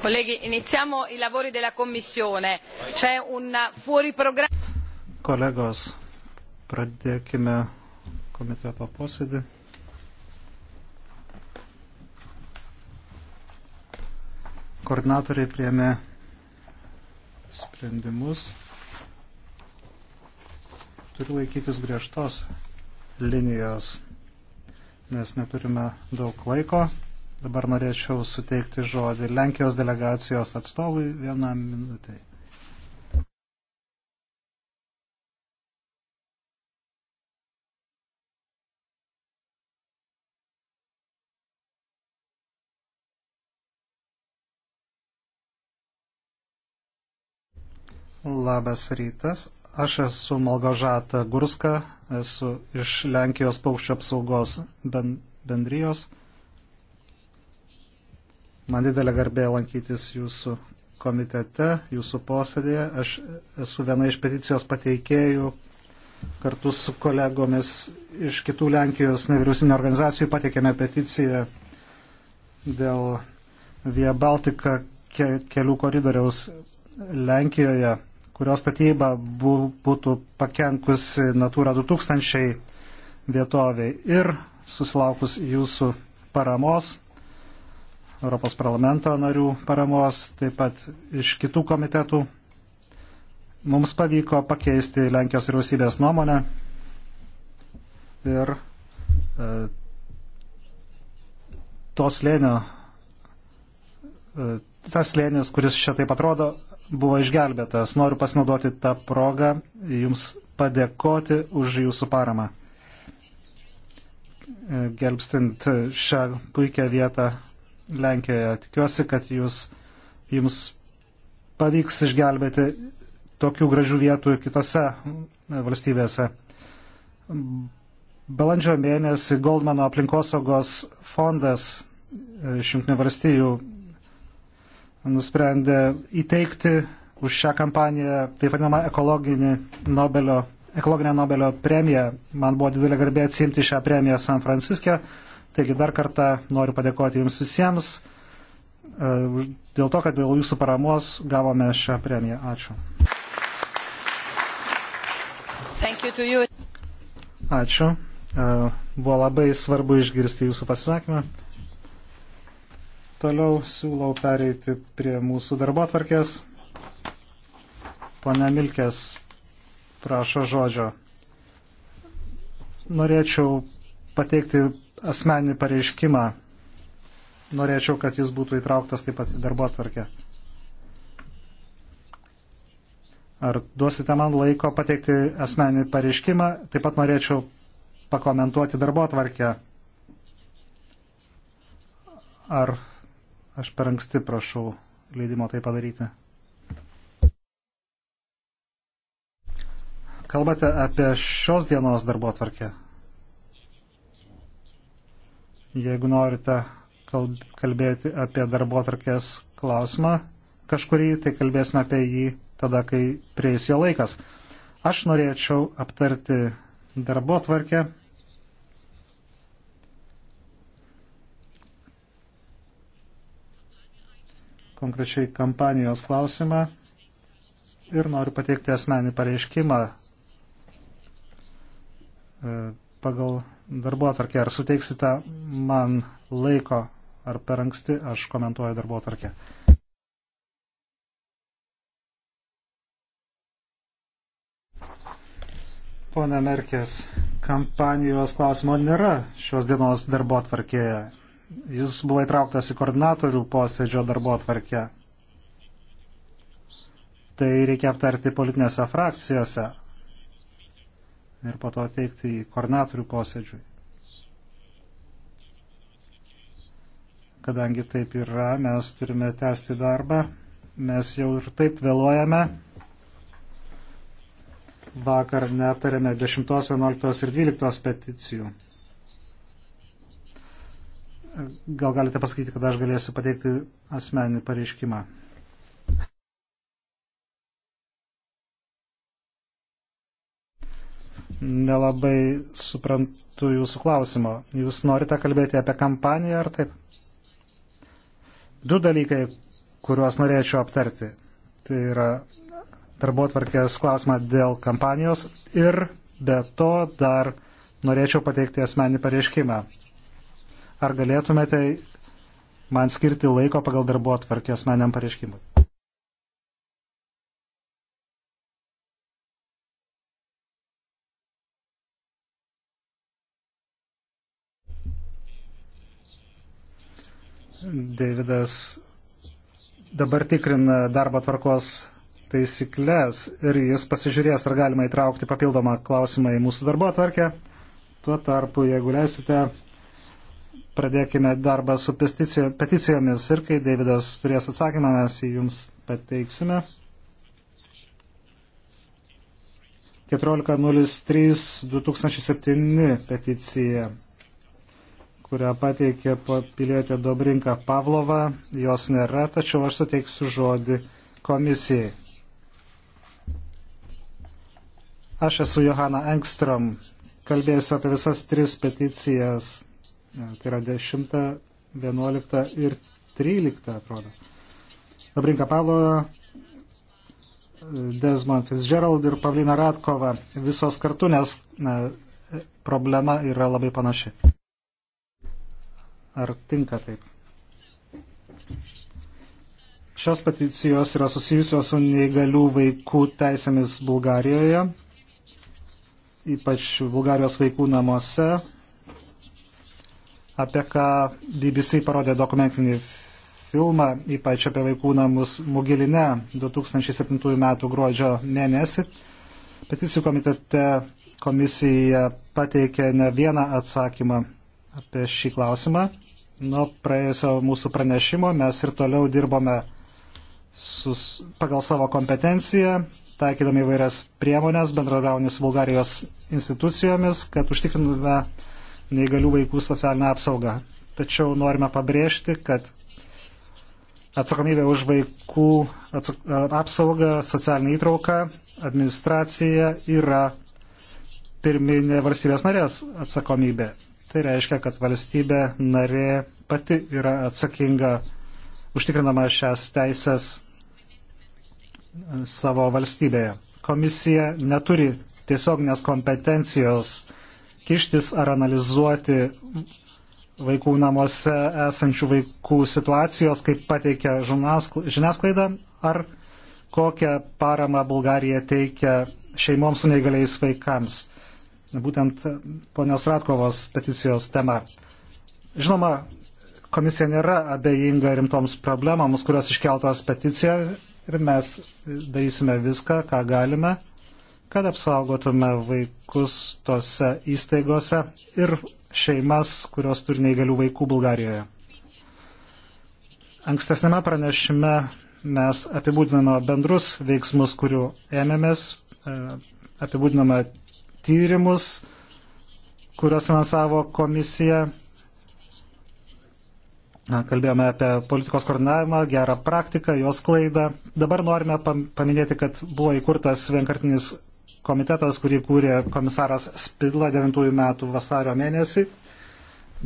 Colleghi, iniziamo i lavori della Commissione. C'è un fuori programma. Kolegos, pradėkime komiteto posėdį. Koordinatoriai priėmė sprendimus. Turi laikytis griežtos linijos, nes neturime daug laiko. Dabar norėčiau suteikti žodį Lenkijos delegacijos atstovui vieną minutę. Labas rytas. Aš esu Malgožata Gurska, esu iš Lenkijos paukščio apsaugos bendrijos. Man didelė garbė lankytis jūsų komitete, jūsų posėdėje. Aš esu viena iš peticijos pateikėjų kartu su kolegomis iš kitų Lenkijos nevyriausybinio organizacijų pateikėme peticiją dėl Via Baltica kelių koridoriaus Lenkijoje, kurios statyba būtų pakenkusi Natūra 2000 vietoviai ir susilaukus jūsų paramos Europos parlamento narių paramos, taip pat iš kitų komitetų. Mums pavyko pakeisti Lenkijos vyriausybės nuomonę ir e, to slėnio, e, tas slėnis, kuris šitaip atrodo, buvo išgelbėtas. Noriu pasinaudoti tą progą jums padėkoti už jūsų paramą. E, gelbstint šią puikią vietą Lenkijoje. Tikiuosi, kad jūs, jums pavyks išgelbėti tokių gražių vietų kitose e, valstybėse. Balandžio mėnesį Goldmano aplinkosaugos fondas e, iš Junktinių valstijų nusprendė įteikti už šią kampaniją taip vadinamą ekologinį Nobelio, ekologinę Nobelio premiją. Man buvo didelė garbė atsimti šią premiją San Franciske Taigi dar kartą noriu padėkoti Jums visiems e, dėl to, kad dėl Jūsų paramos gavome šią premiją. Ačiū. Ačiū. E, buvo labai svarbu išgirsti Jūsų pasisakymą. Toliau siūlau pereiti prie mūsų darbo atvarkės. Pane Milkės prašo žodžio. Norėčiau pateikti asmeninį pareiškimą. Norėčiau, kad jis būtų įtrauktas taip pat į darbo atvarkę. Ar duosite man laiko pateikti asmeninį pareiškimą? Taip pat norėčiau pakomentuoti darbo atvarkę. Ar aš per anksti prašau leidimo tai padaryti? Kalbate apie šios dienos darbo atvarkę? Jeigu norite kalbėti apie darbo tarkės klausimą kažkurį, tai kalbėsime apie jį tada, kai prieis jo laikas. Aš norėčiau aptarti darbo tvarkę. konkrečiai kampanijos klausimą ir noriu pateikti asmenį pareiškimą e, pagal darbo atvarkę. Ar suteiksite man laiko, ar per anksti aš komentuoju darbo atvarkę? Pone Merkės, kampanijos klausimo nėra šios dienos darbo atvarkėje. Jis buvo įtrauktas į koordinatorių posėdžio darbo atvarkę. Tai reikia aptarti politinėse frakcijose ir po to teikti į koordinatorių posėdžiui. Kadangi taip yra, mes turime tęsti darbą, mes jau ir taip vėluojame. Vakar neaptarėme 10, 11 ir 12 peticijų. Gal galite pasakyti, kad aš galėsiu pateikti asmeninį pareiškimą. nelabai suprantu jūsų klausimo. Jūs norite kalbėti apie kampaniją ar taip? Du dalykai, kuriuos norėčiau aptarti. Tai yra darbo atvarkės klausimą dėl kampanijos ir be to dar norėčiau pateikti asmenį pareiškimą. Ar galėtumėte man skirti laiko pagal darbo atvarkės asmeniam pareiškimui? Davidas dabar tikrina darbo tvarkos taisyklės ir jis pasižiūrės, ar galima įtraukti papildomą klausimą į mūsų darbo atvarkę. Tuo tarpu, jeigu leisite, pradėkime darbą su peticijomis ir kai Davidas turės atsakymą, mes jį jums pateiksime. 14.03.2007 peticija kurią pateikė pilietė Dobrinka Pavlova. Jos nėra, tačiau aš suteiksiu žodį komisijai. Aš esu Johana Engstrom. Kalbėsiu apie visas tris peticijas. E, tai yra 10, 11 ir 13, atrodo. Dabrinka Pavlova, e, Desmond Fitzgerald ir Pavlina Ratkova. Visos kartu, nes e, problema yra labai panaši. Ar tinka taip? Šios peticijos yra susijusios su neįgalių vaikų teisėmis Bulgarijoje, ypač Bulgarijos vaikų namuose, apie ką BBC parodė dokumentinį filmą, ypač apie vaikų namus Mugiline 2007 m. gruodžio mėnesį. Peticijų komitete komisija pateikė ne vieną atsakymą apie šį klausimą nuo praėjusio mūsų pranešimo mes ir toliau dirbome sus, pagal savo kompetenciją, taikydami įvairias priemonės, bendradarbiaujame su Bulgarijos institucijomis, kad užtikrintume neįgalių vaikų socialinę apsaugą. Tačiau norime pabrėžti, kad atsakomybė už vaikų atsak apsaugą, socialinę įtrauką, administracija yra pirminė valstybės narės atsakomybė. Tai reiškia, kad valstybė narė pati yra atsakinga užtikrinama šias teisės savo valstybėje. Komisija neturi tiesioginės kompetencijos kištis ar analizuoti vaikų namuose esančių vaikų situacijos, kaip pateikia žiniasklaida, ar kokią paramą Bulgarija teikia šeimoms su neįgaliais vaikams būtent ponios Ratkovos peticijos tema. Žinoma, komisija nėra abejinga rimtoms problemams, kurios iškeltos peticijoje ir mes darysime viską, ką galime, kad apsaugotume vaikus tose įstaigose ir šeimas, kurios turi neįgalių vaikų Bulgarijoje. Ankstesnėme pranešime mes apibūdiname bendrus veiksmus, kurių ėmėmės, e, apibūdiname tyrimus, kuriuos finansavo komisija. Kalbėjome apie politikos koordinavimą, gerą praktiką, jos klaidą. Dabar norime paminėti, kad buvo įkurtas vienkartinis komitetas, kurį kūrė komisaras Spidla 9 metų vasario mėnesį.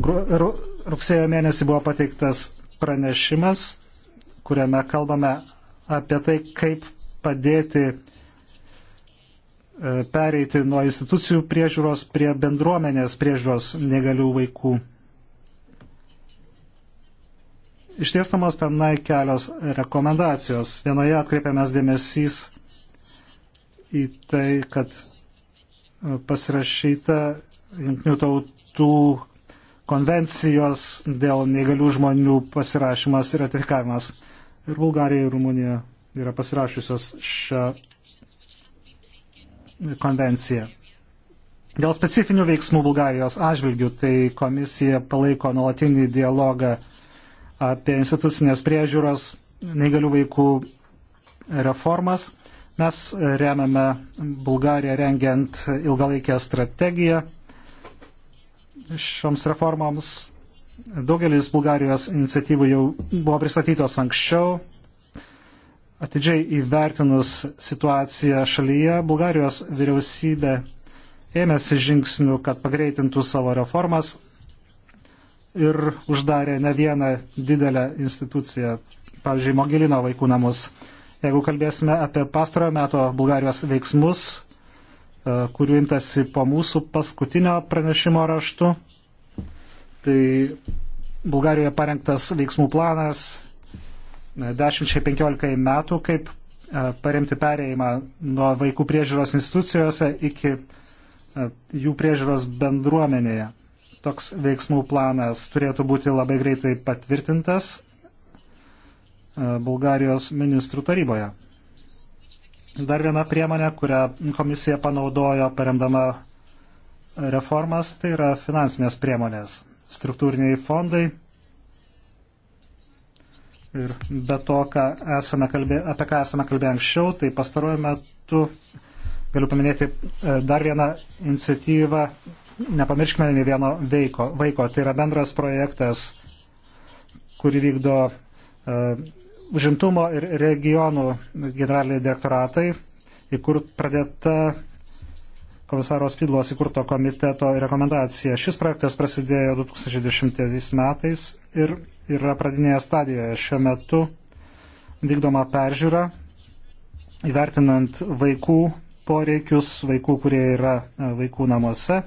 Rugsėjo mėnesį buvo pateiktas pranešimas, kuriame kalbame apie tai, kaip padėti E, pereiti nuo institucijų priežiūros prie bendruomenės priežiūros negalių vaikų. Ištiesnamos tenai kelios rekomendacijos. Vienoje atkreipiamės dėmesys į tai, kad e, pasirašyta Junktinių tautų konvencijos dėl negalių žmonių pasirašymas ir ratifikavimas. Ir Bulgarija ir Rumunija yra pasirašiusios šią konvenciją. Dėl specifinių veiksmų Bulgarijos atžvilgių, tai komisija palaiko nuolatinį dialogą apie institucinės priežiūros neįgalių vaikų reformas. Mes remiame Bulgariją rengiant ilgalaikę strategiją šioms reformoms. Daugelis Bulgarijos iniciatyvų jau buvo pristatytos anksčiau, Atidžiai įvertinus situaciją šalyje, Bulgarijos vyriausybė ėmėsi žingsnių, kad pagreitintų savo reformas ir uždarė ne vieną didelę instituciją, pavyzdžiui, Mogilino vaikų namus. Jeigu kalbėsime apie pastarojo meto Bulgarijos veiksmus, e, kurių imtasi po mūsų paskutinio pranešimo raštu, tai Bulgarijoje parengtas veiksmų planas 10-15 metų, kaip e, paremti perėjimą nuo vaikų priežiūros institucijose iki e, jų priežiūros bendruomenėje. Toks veiksmų planas turėtų būti labai greitai patvirtintas e, Bulgarijos ministrų taryboje. Dar viena priemonė, kurią komisija panaudojo paremdama reformas, tai yra finansinės priemonės. Struktūriniai fondai Ir be to, ką esame kalbė, apie ką esame kalbėję anksčiau, tai pastaruoju metu galiu paminėti e, dar vieną iniciatyvą, nepamirškime nei vieno veiko, vaiko. Tai yra bendras projektas, kurį vykdo uh, užimtumo ir regionų generaliniai direktoratai, į kur pradėta komisaro Spidlos įkurto komiteto rekomendacija. Šis projektas prasidėjo 2010 metais ir yra pradinėje stadijoje. Šiuo metu vykdoma peržiūra, įvertinant vaikų poreikius, vaikų, kurie yra e, vaikų namuose.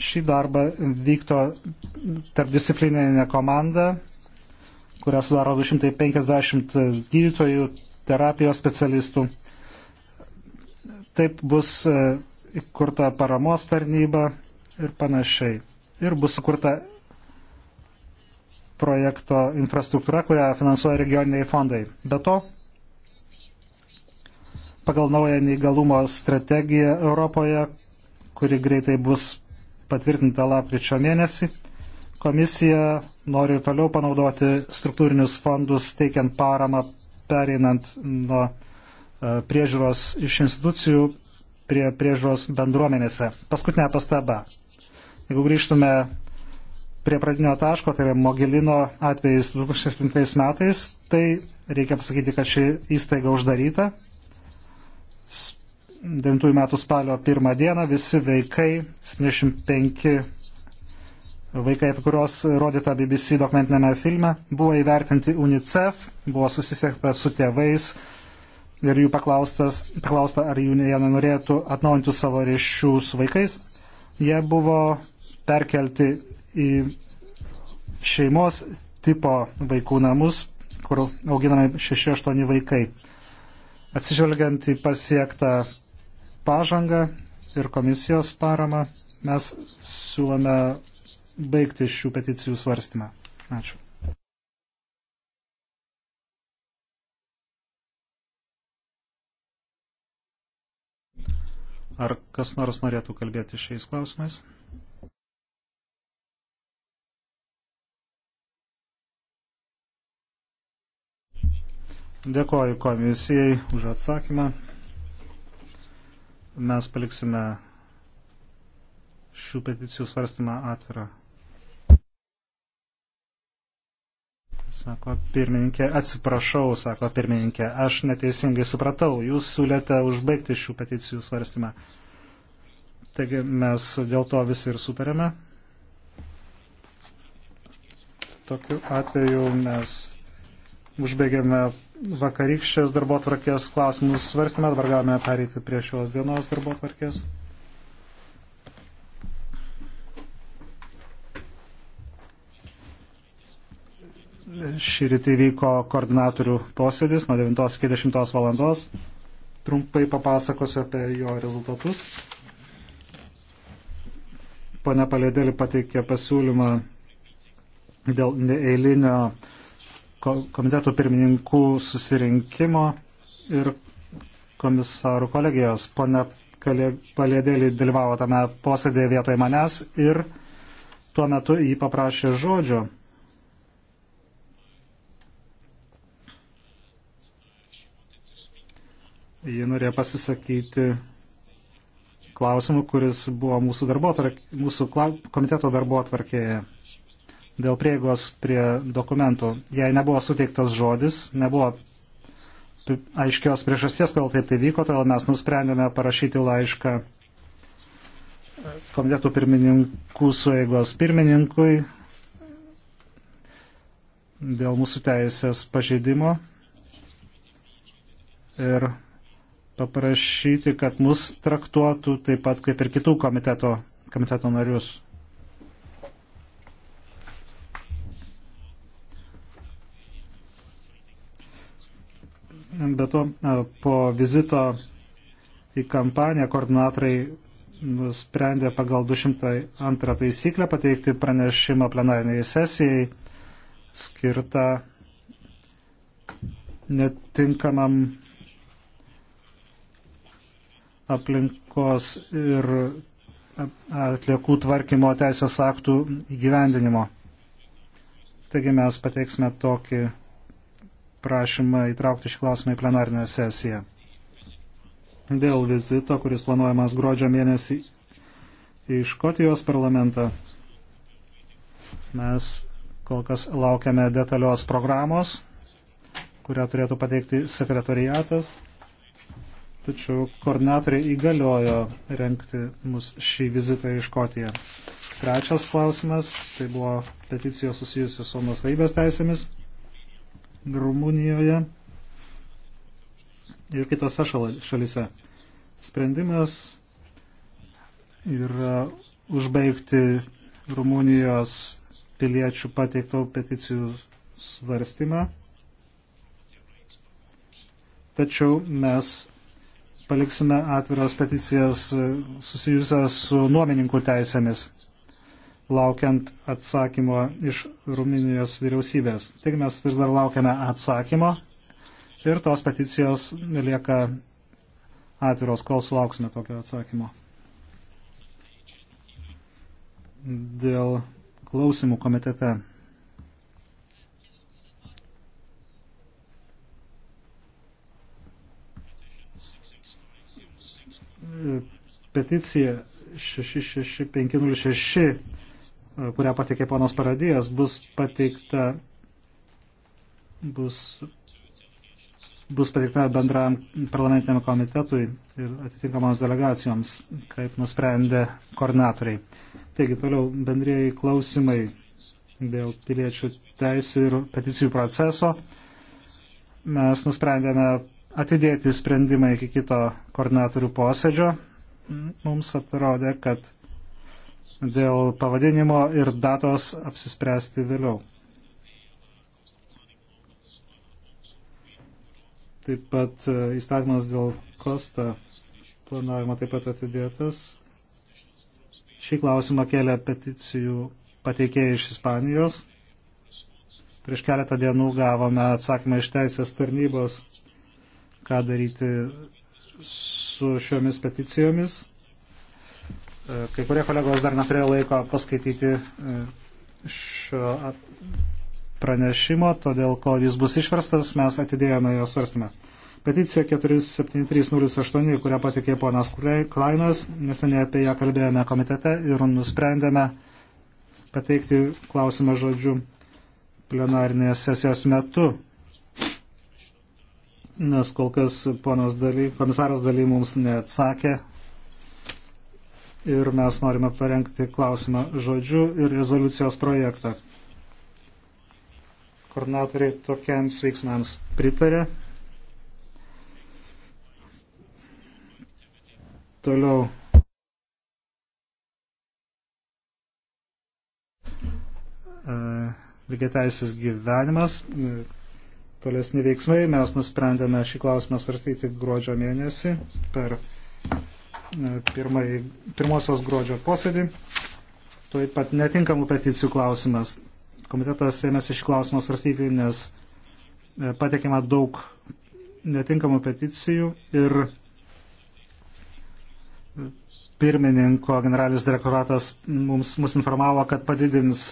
Šį darbą vykto tarpdisciplininė komanda, kurią sudaro 250 gydytojų, terapijos specialistų. Taip bus e, įkurta paramos tarnyba ir panašiai. Ir bus sukurta projekto infrastruktūra, kurią finansuoja regioniniai fondai. Be to, pagal naują neįgalumo strategiją Europoje, kuri greitai bus patvirtinta lapkričio mėnesį, komisija nori toliau panaudoti struktūrinius fondus, teikiant paramą pereinant nuo e, priežiūros iš institucijų prie priežos bendruomenėse. Paskutinė pastaba. Jeigu grįžtume prie pradinio taško, tai yra Mogilino atvejais 2005 metais, tai reikia pasakyti, kad ši įstaiga uždaryta. 9 metų spalio 1 dieną visi vaikai, 75 vaikai, apie kuriuos rodyta BBC dokumentinėme filme, buvo įvertinti UNICEF, buvo susisiekta su tėvais, ir jų paklausta, ar jų nenorėtų atnaujinti savo ryšių su vaikais, jie buvo perkelti į šeimos tipo vaikų namus, kur auginami 6-8 vaikai. Atsižvelgiant į pasiektą pažangą ir komisijos paramą, mes siūlome baigti šių peticijų svarstymą. Ačiū. Ar kas nors norėtų kalbėti šiais klausimais? Dėkoju komisijai už atsakymą. Mes paliksime šių peticijų svarstymą atvirą. sako pirmininkė, atsiprašau, sako pirmininkė, aš neteisingai supratau, jūs siūlėte užbaigti šių peticijų svarstymą. Taigi mes dėl to visi ir sutarėme. Tokiu atveju mes užbaigėme vakarykščias darbo tvarkės klausimus svarstymą, dabar galime pereiti prie šios dienos darbo tvarkės. Šį rytį vyko koordinatorių posėdis nuo 9 iki 10 valandos. Trumpai papasakosiu apie jo rezultatus. Pane Palėdėlį pateikė pasiūlymą dėl neeilinio komitetų pirmininkų susirinkimo ir komisarų kolegijos. Pone Palėdėlį dalyvavo tame posėdėje vietoje manęs ir tuo metu jį paprašė žodžio. Ji norėjo pasisakyti klausimu, kuris buvo mūsų, darbo, mūsų komiteto darbo atvarkėje dėl prieigos prie dokumentų. Jei nebuvo suteiktas žodis, nebuvo aiškios priežasties, kodėl taip tai vyko, todėl mes nusprendėme parašyti laišką komitetų pirmininkų sueigos pirmininkui dėl mūsų teisės pažeidimo ir paprašyti, kad mus traktuotų taip pat kaip ir kitų komiteto, komiteto narius. Be to, po vizito į kampaniją koordinatoriai nusprendė pagal 202 taisyklę pateikti pranešimą plenariniai sesijai skirtą netinkamam aplinkos ir atliekų tvarkymo teisės aktų įgyvendinimo. Taigi mes pateiksime tokį prašymą įtraukti šį klausimą į plenarinę sesiją. Dėl vizito, kuris planuojamas gruodžio mėnesį į Škotijos parlamentą, mes kol kas laukiame detalios programos, kurią turėtų pateikti sekretariatas tačiau koordinatoriai įgaliojo renkti mus šį vizitą į Škotiją. Trečias klausimas, tai buvo peticijos susijusios su nusvaibės teisėmis Rumunijoje ir kitose šalise. Sprendimas yra užbaigti Rumunijos piliečių pateiktų peticijų svarstymą. Tačiau mes paliksime atviras peticijas e, susijusias su nuomininkų teisėmis, laukiant atsakymo iš Rumunijos vyriausybės. Taigi mes vis dar laukiame atsakymo ir tos peticijos lieka atviros, kol sulauksime tokio atsakymo. Dėl klausimų komitete. peticija 66506, kurią pateikė ponas Paradijas, bus pateikta, bus, bus pateikta bendram parlamentiniam komitetui ir atitinkamoms delegacijoms, kaip nusprendė koordinatoriai. Taigi toliau bendrėjai klausimai dėl piliečių teisų ir peticijų proceso. Mes nusprendėme atidėti sprendimą iki kito koordinatorių posėdžio. Mums atrodė, kad dėl pavadinimo ir datos apsispręsti vėliau. Taip pat e, įstatymas dėl kosta planavimo taip pat atidėtas. Šį klausimą kėlė peticijų pateikėjai iš Ispanijos. Prieš keletą dienų gavome atsakymą iš teisės tarnybos ką daryti su šiomis peticijomis. E, kai kurie kolegos dar neturėjo laiko paskaityti e, šio pranešimo, todėl kol jis bus išverstas, mes atidėjome jo svarstymą. Peticija 47308, kurią patikė ponas Klainas, neseniai apie ją kalbėjome komitete ir nusprendėme pateikti klausimą žodžiu plenarinės sesijos metu nes kol kas ponas daly, komisaras daly mums neatsakė. Ir mes norime parengti klausimą žodžiu ir rezoliucijos projektą. Koordinatoriai tokiems veiksmams pritarė. Toliau. E, Lygiai teisės gyvenimas tolesni veiksmai. Mes nusprendėme šį klausimą svarstyti gruodžio mėnesį per e, pirmai, pirmosios gruodžio posėdį. Tuoj pat netinkamų peticijų klausimas. Komitetas ėmėsi šį klausimą svarstyti, nes e, patekima daug netinkamų peticijų ir e, pirmininko generalinis direktoratas mums, mus informavo, kad padidins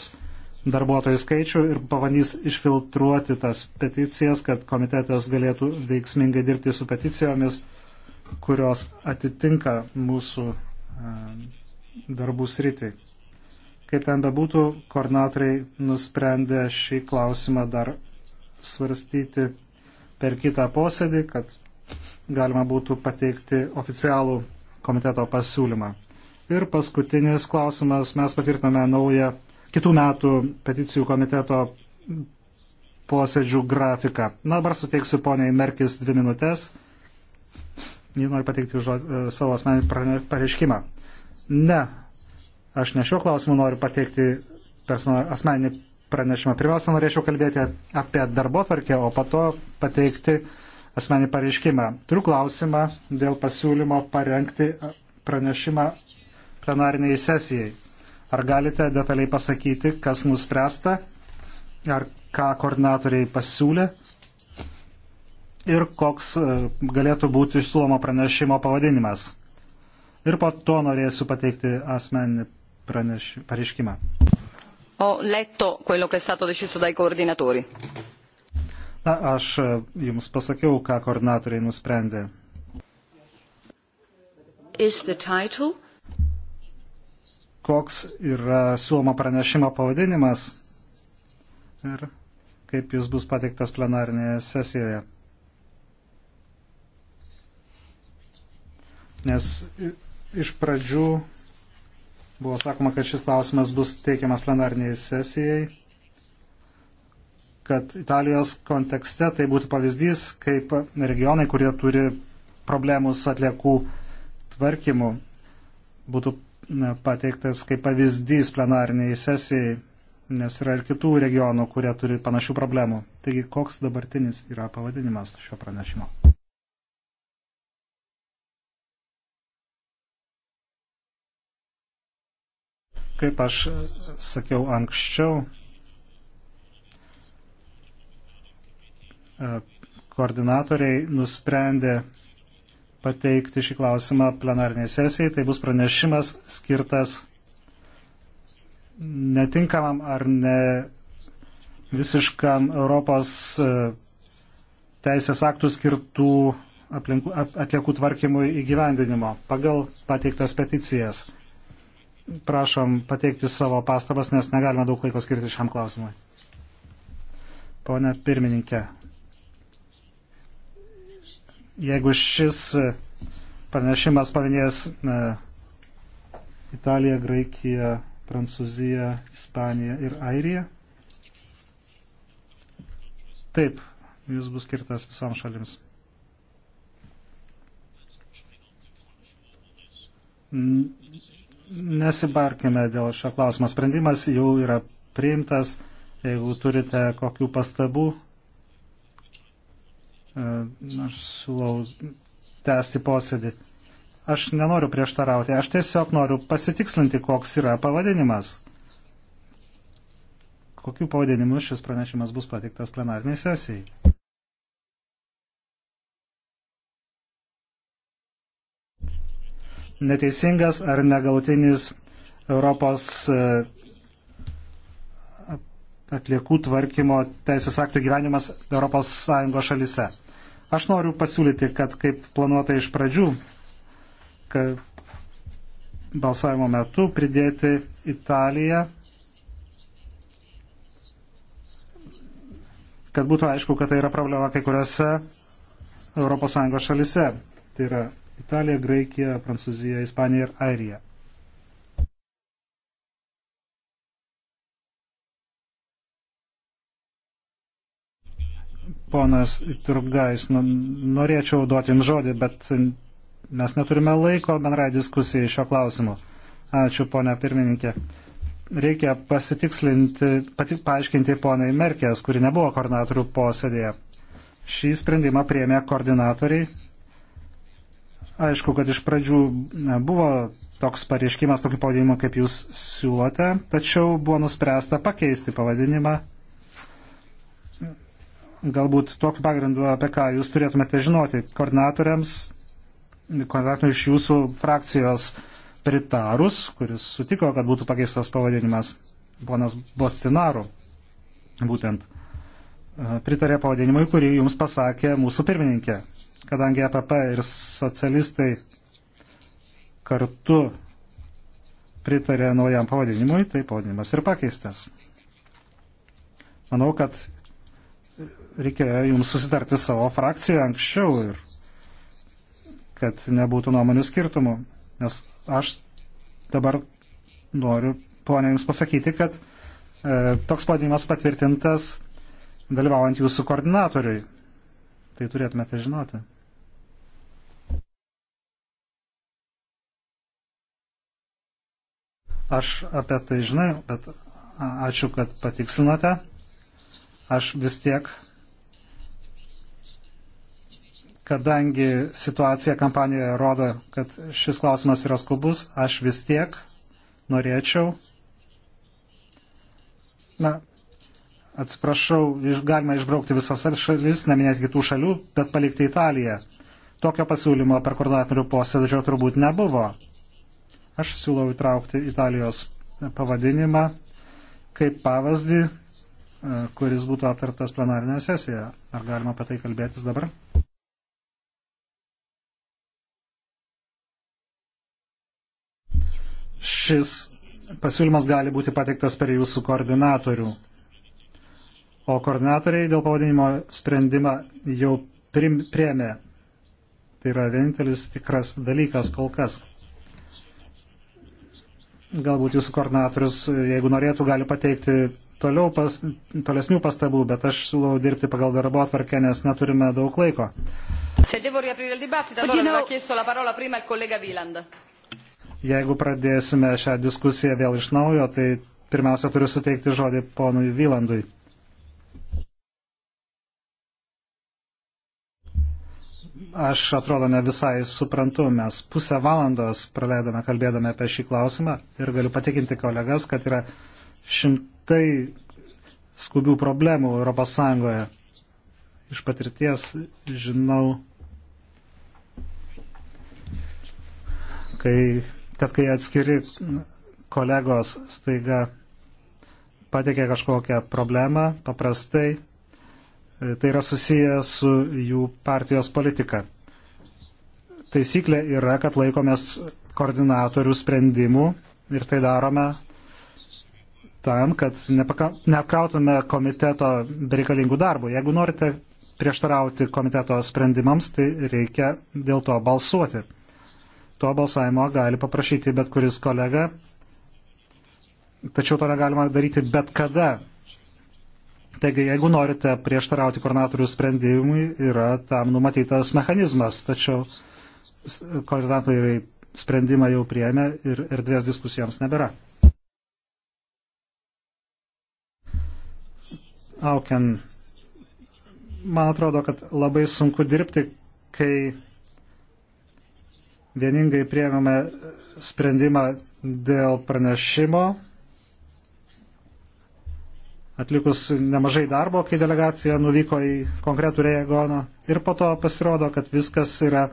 darbuotojų skaičių ir pabandys išfiltruoti tas peticijas, kad komitetas galėtų veiksmingai dirbti su peticijomis, kurios atitinka mūsų e, darbų sritį. Kaip ten bebūtų, koordinatoriai nusprendė šį klausimą dar svarstyti per kitą posėdį, kad galima būtų pateikti oficialų komiteto pasiūlymą. Ir paskutinis klausimas, mes patvirtiname naują kitų metų peticijų komiteto posėdžių grafiką. Na, dabar suteiksiu poniai Merkis dvi minutės. Jį nori pateikti žod, e, savo asmenį pareiškimą. Ne, aš ne šiuo klausimu noriu pateikti asmeninį pranešimą. Pirmiausia, norėčiau kalbėti apie darbo tvarkę, o po to pateikti asmenį pareiškimą. Turiu klausimą dėl pasiūlymo parengti pranešimą plenariniai sesijai. Ar galite detaliai pasakyti, kas nuspręsta, ar ką koordinatoriai pasiūlė ir koks e, galėtų būti siūloma pranešimo pavadinimas. Ir po to norėsiu pateikti asmeninį praneš... pareiškimą. Ho letto quello che è stato deciso dai coordinatori. Na, aš e, jums pasakiau, ką koordinatoriai nusprendė. Is the title? koks yra siūloma pranešimo pavadinimas ir kaip jis bus pateiktas plenarinėje sesijoje. Nes iš pradžių buvo sakoma, kad šis klausimas bus teikiamas plenariniai sesijai, kad Italijos kontekste tai būtų pavyzdys, kaip regionai, kurie turi problemų su atliekų tvarkymu, būtų pateiktas kaip pavyzdys plenariniai sesijai, nes yra ir kitų regionų, kurie turi panašių problemų. Taigi, koks dabartinis yra pavadinimas šio pranešimo? Kaip aš sakiau anksčiau, koordinatoriai nusprendė pateikti šį klausimą plenarniai sesijai. Tai bus pranešimas skirtas netinkamam ar ne visiškam Europos e, teisės aktų skirtų aplinkų, atliekų tvarkymui įgyvendinimo pagal pateiktas peticijas. Prašom pateikti savo pastabas, nes negalime daug laiko skirti šiam klausimui. Pone pirmininkė, jeigu šis e, pranešimas paminės e, Italiją, Graikiją, Prancūziją, Ispaniją ir Airiją. Taip, jis bus skirtas visoms šalims. Nesibarkime dėl šio klausimo. Sprendimas jau yra priimtas. Jeigu turite kokių pastabų, Aš siūlau tęsti posėdį. Aš nenoriu prieštarauti, aš tiesiog noriu pasitikslinti, koks yra pavadinimas. Kokiu pavadinimu šis pranešimas bus pateiktas plenarniai sesijai? Neteisingas ar negalutinis Europos e, atliekų tvarkymo teisės aktų gyvenimas ES šalise. Aš noriu pasiūlyti, kad kaip planuota iš pradžių, kad balsavimo metu pridėti Italiją, kad būtų aišku, kad tai yra problema kai kuriuose ES šalise. Tai yra Italija, Graikija, Prancūzija, Ispanija ir Airija. ponas Turgais, nu, norėčiau duoti jums žodį, bet mes neturime laiko bendrai diskusijai šio klausimu. Ačiū, ponia pirmininkė. Reikia pasitikslinti, pati, paaiškinti ponai Merkės, kuri nebuvo koordinatorių posėdėje. Šį sprendimą priemė koordinatoriai. Aišku, kad iš pradžių buvo toks pareiškimas, tokį pavadinimą, kaip jūs siūlote, tačiau buvo nuspręsta pakeisti pavadinimą galbūt tokiu pagrindu, apie ką jūs turėtumėte žinoti. Koordinatoriams, koordinatorių iš jūsų frakcijos pritarus, kuris sutiko, kad būtų pakeistas pavadinimas, ponas Bostinaru, būtent e, pritarė pavadinimui, kurį jums pasakė mūsų pirmininkė. Kadangi APP e ir socialistai kartu pritarė naujam pavadinimui, tai pavadinimas ir pakeistas. Manau, kad reikėjo jums susitarti savo frakciją anksčiau ir kad nebūtų nuomonių skirtumų. Nes aš dabar noriu, ponė, jums pasakyti, kad e, toks pavadinimas patvirtintas dalyvaujant jūsų koordinatoriui. Tai turėtumėte žinoti. Aš apie tai žinau, bet ačiū, kad patikslinote. Aš vis tiek kadangi situacija kampanijoje rodo, kad šis klausimas yra skubus, aš vis tiek norėčiau. Na, atsiprašau, galima išbraukti visas šalis, neminėti kitų šalių, bet palikti Italiją. Tokio pasiūlymo per koordinatorių posėdžio turbūt nebuvo. Aš siūlau įtraukti Italijos pavadinimą kaip pavazdį, e, kuris būtų aptartas plenarinėje sesijoje. Ar galima apie tai kalbėtis dabar? šis pasiūlymas gali būti pateiktas per jūsų koordinatorių. O koordinatoriai dėl pavadinimo sprendimą jau prim, priemė. Tai yra vienintelis tikras dalykas kol kas. Galbūt jūsų koordinatorius, jeigu norėtų, gali pateikti toliau pas, tolesnių pastabų, bet aš siūlau dirbti pagal darbo atvarkę, nes neturime daug laiko. Se devo riaprire il dibattito, allora you know... aveva chiesto la parola prima il collega Viland. Jeigu pradėsime šią diskusiją vėl iš naujo, tai pirmiausia turiu suteikti žodį ponui Vylandui. Aš atrodo ne visai suprantu, mes pusę valandos praleidome kalbėdami apie šį klausimą ir galiu patikinti kolegas, kad yra šimtai skubių problemų ES. Iš patirties žinau, kai kad kai atskiri kolegos staiga patikė kažkokią problemą, paprastai e, tai yra susiję su jų partijos politika. Taisyklė yra, kad laikomės koordinatorių sprendimų ir tai darome tam, kad neapkrautume komiteto bereikalingų darbų. Jeigu norite prieštarauti komiteto sprendimams, tai reikia dėl to balsuoti. To balsavimo gali paprašyti bet kuris kolega, tačiau to negalima daryti bet kada. Taigi, jeigu norite prieštarauti koordinatorių sprendimui, yra tam numatytas mechanizmas, tačiau koordinatoriai sprendimą jau priėmė ir erdvės diskusijoms nebėra. Auken, man atrodo, kad labai sunku dirbti, kai vieningai priemėme sprendimą dėl pranešimo, atlikus nemažai darbo, kai delegacija nuvyko į konkretų regioną ir po to pasirodo, kad viskas yra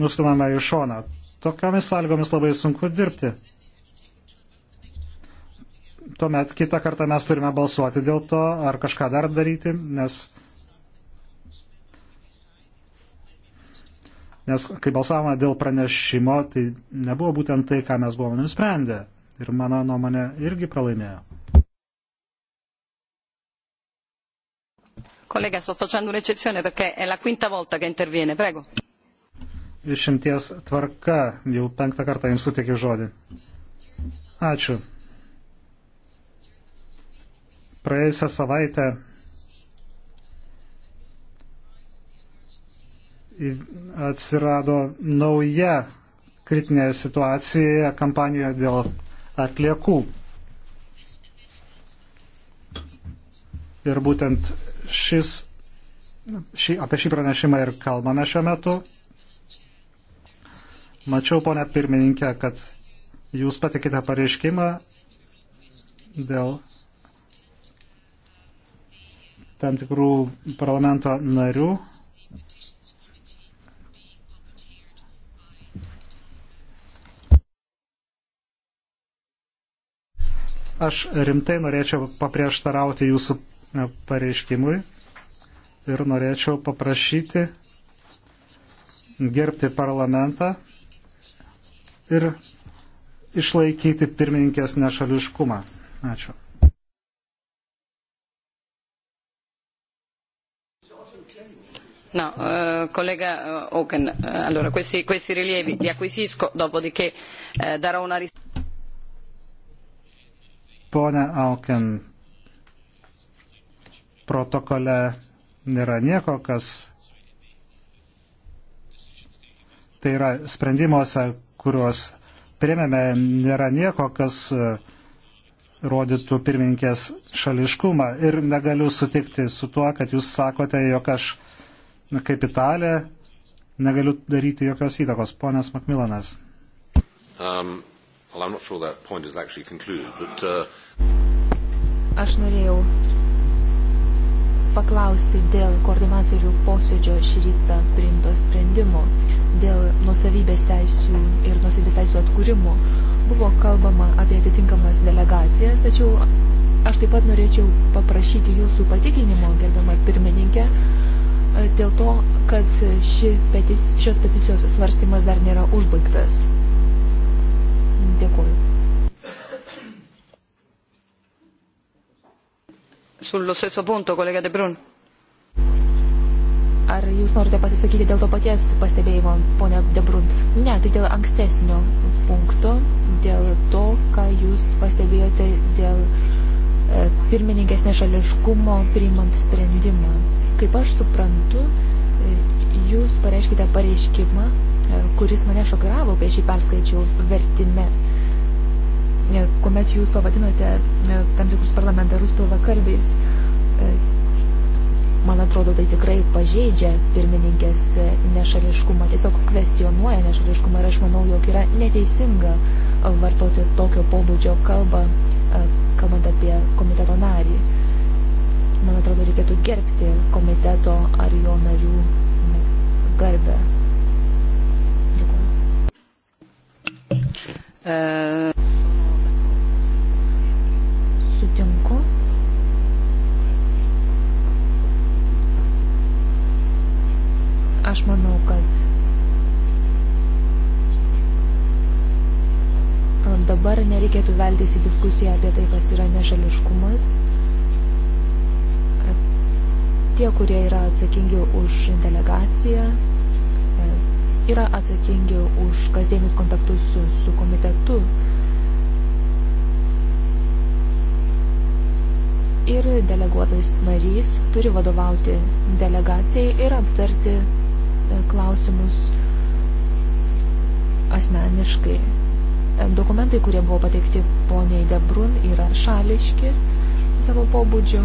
nustumama į šoną. Tokiomis sąlygomis labai sunku dirbti. Tuomet kitą kartą mes turime balsuoti dėl to, ar kažką dar daryti, nes Nes kai balsavome dėl pranešimo, tai nebuvo būtent tai, ką mes buvome nusprendę. Ir mano nuomonė irgi pralaimėjo. Collega, sto facendo un'eccezione perché è la quinta volta che interviene. Prego. Išimties tvarka, jau penktą kartą jums suteikiu žodį. Ačiū. Praėjusią savaitę atsirado nauja kritinė situacija kampanijoje dėl atliekų. Ir būtent šis, šį, apie šį pranešimą ir kalbame šiuo metu. Mačiau, ponia pirmininkė, kad jūs patikite pareiškimą dėl tam tikrų parlamento narių Aš rimtai norėčiau paprieštarauti jūsų e, pareiškimui ir norėčiau paprašyti gerbti parlamentą ir išlaikyti pirmininkės nešališkumą. Ačiū. No, eh, collega Oken, eh, eh, allora questi, questi rilievi li acquisisco, dopodiché eh, darò una risposta. Pone Auken, protokole nėra nieko, kas. Tai yra sprendimuose, kuriuos priemėme, nėra nieko, kas e, rodytų pirmininkės šališkumą. Ir negaliu sutikti su tuo, kad jūs sakote, jog aš kaip italė negaliu daryti jokios įtakos. Ponas Makmilanas. Um, well, Aš norėjau paklausti dėl koordinatorių posėdžio šį rytą priimto sprendimo, dėl nusavybės teisų ir nusavybės teisų atkūrimo. Buvo kalbama apie atitinkamas delegacijas, tačiau aš taip pat norėčiau paprašyti jūsų patikinimo, gerbiama pirmininkė, dėl to, kad ši petic, šios peticijos svarstymas dar nėra užbaigtas. Dėkuoju. sullo stesso punto, kolega De Brun. Ar jūs norite pasisakyti dėl to paties pastebėjimo, ponia Debrunt? Ne, tai dėl ankstesnio punkto, dėl to, ką jūs pastebėjote dėl e, pirmininkės nešališkumo priimant sprendimą. Kaip aš suprantu, e, jūs pareiškite pareiškimą, e, kuris mane šokiravo, kai šį perskaičiau vertime. E, kuomet jūs pavadinote tam tikrus parlamentarus pilvakalbiais. E, man atrodo, tai tikrai pažeidžia pirmininkės e, nešališkumą, tiesiog kvestionuoja nešališkumą ir aš manau, jog yra neteisinga vartoti tokio pobūdžio kalbą, e, kalbant apie komiteto narį. Man atrodo, reikėtų gerbti komiteto ar jo narių garbę. Dėkuoju. Uh sutinku. Aš manau, kad dabar nereikėtų veltis į diskusiją apie tai, kas yra nešališkumas. Tie, kurie yra atsakingi už delegaciją, e, yra atsakingi už kasdienius kontaktus su, su komitetu ir deleguotas narys turi vadovauti delegacijai ir aptarti e, klausimus asmeniškai. E, dokumentai, kurie buvo pateikti poniai Debrun, yra šališki savo pobūdžio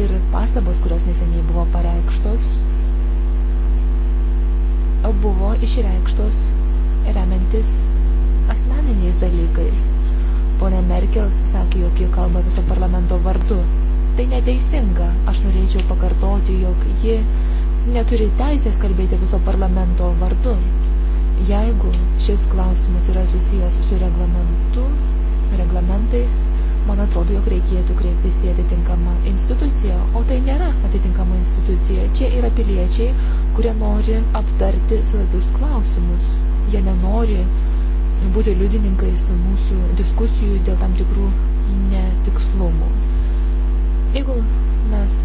ir pastabos, kurios neseniai buvo pareikštos, buvo išreikštos remiantis asmeniniais dalykais Pone Merkel sakė, jog ji kalba viso parlamento vardu. Tai neteisinga. Aš norėčiau pakartoti, jog ji neturi teisės kalbėti viso parlamento vardu. Jeigu šis klausimas yra susijęs su reglamentu, reglamentais, man atrodo, jog reikėtų kreiptis į atitinkamą instituciją, o tai nėra atitinkama institucija. Čia yra piliečiai, kurie nori aptarti svarbius klausimus. Jie nenori būti liudininkais mūsų diskusijų dėl tam tikrų netikslumų. Jeigu mes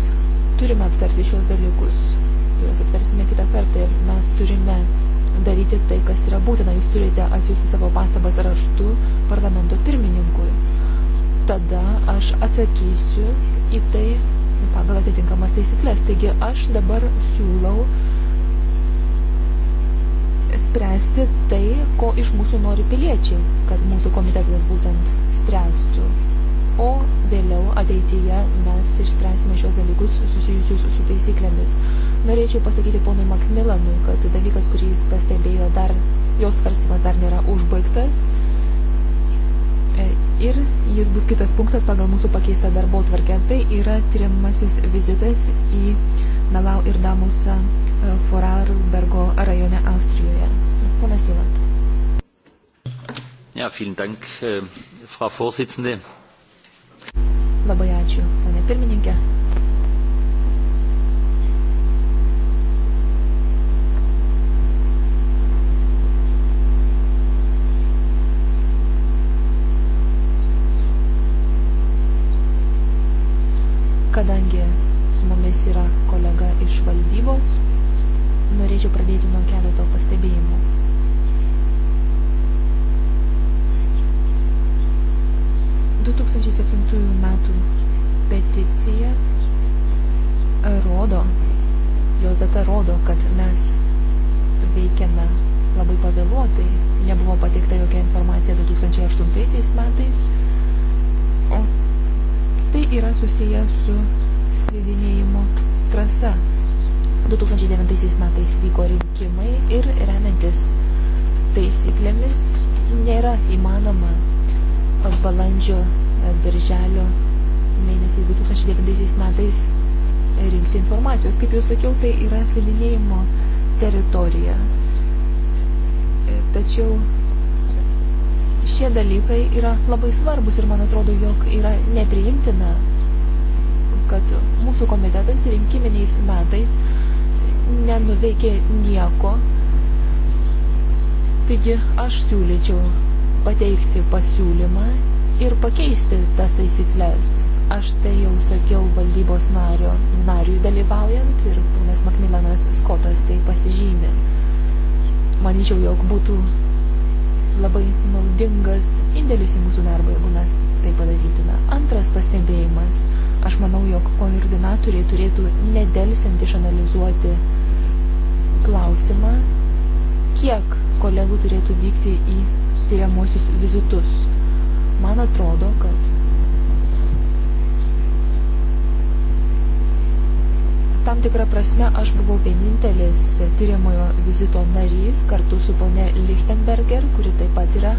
turime aptarti šios dalykus, juos aptarsime kitą kartą ir mes turime daryti tai, kas yra būtina. Jūs turite atsiųsti savo pastabas raštu parlamento pirmininkui. Tada aš atsakysiu į tai pagal atitinkamas taisyklės. Taigi aš dabar siūlau spręsti tai, ko iš mūsų nori piliečiai, kad mūsų komitetas būtent spręstų. O vėliau ateityje mes išspręsime šios dalykus susijusius su taisyklėmis. Norėčiau pasakyti ponui Makmilanui, kad dalykas, kurį jis pastebėjo, dar, jos svarstymas dar nėra užbaigtas. E, ir jis bus kitas punktas pagal mūsų pakeistą darbo tvarkę. Tai yra tyriamasis vizitas į Melau ir Damusą e, Forarbergo rajone Austrijoje. Ponas Vilant. Ja, vielen Dank, äh, Frau Vorsitzende. Labai ačiū, ponė pirmininkė. Kadangi su mumis yra kolega iš valdybos, norėčiau pradėti nuo keleto pastebėjimų. metų peticija e, rodo, jos data rodo, kad mes veikiame labai pavėluotai. Nebuvo pateikta jokia informacija 2008 metais, o tai yra susiję su slidinėjimo trasa. 2009 metais vyko rinkimai ir remiantis taisyklėmis nėra įmanoma balandžio, e, birželio mėnesiais 2009 metais rinkti informacijos. Kaip jau sakiau, tai yra slidinėjimo teritorija. E, tačiau šie dalykai yra labai svarbus ir man atrodo, jog yra nepriimtina, kad mūsų komitetas rinkiminiais metais nenuveikė nieko. Taigi aš siūlyčiau pateikti pasiūlymą ir pakeisti tas taisyklės. Aš tai jau sakiau valdybos nario, nariui dalyvaujant ir ponas Makmilanas Skotas tai pasižymė. Manyčiau, jog būtų labai naudingas indėlis į mūsų darbą, jeigu mes tai padarytume. Antras pastebėjimas. Aš manau, jog koordinatoriai turėtų nedelsiant išanalizuoti klausimą, kiek kolegų turėtų vykti į tyriamuosius vizitus. Man atrodo, kad Tam tikrą prasme aš buvau vienintelis tyriamojo vizito narys kartu su ponė Lichtenberger, kuri taip pat yra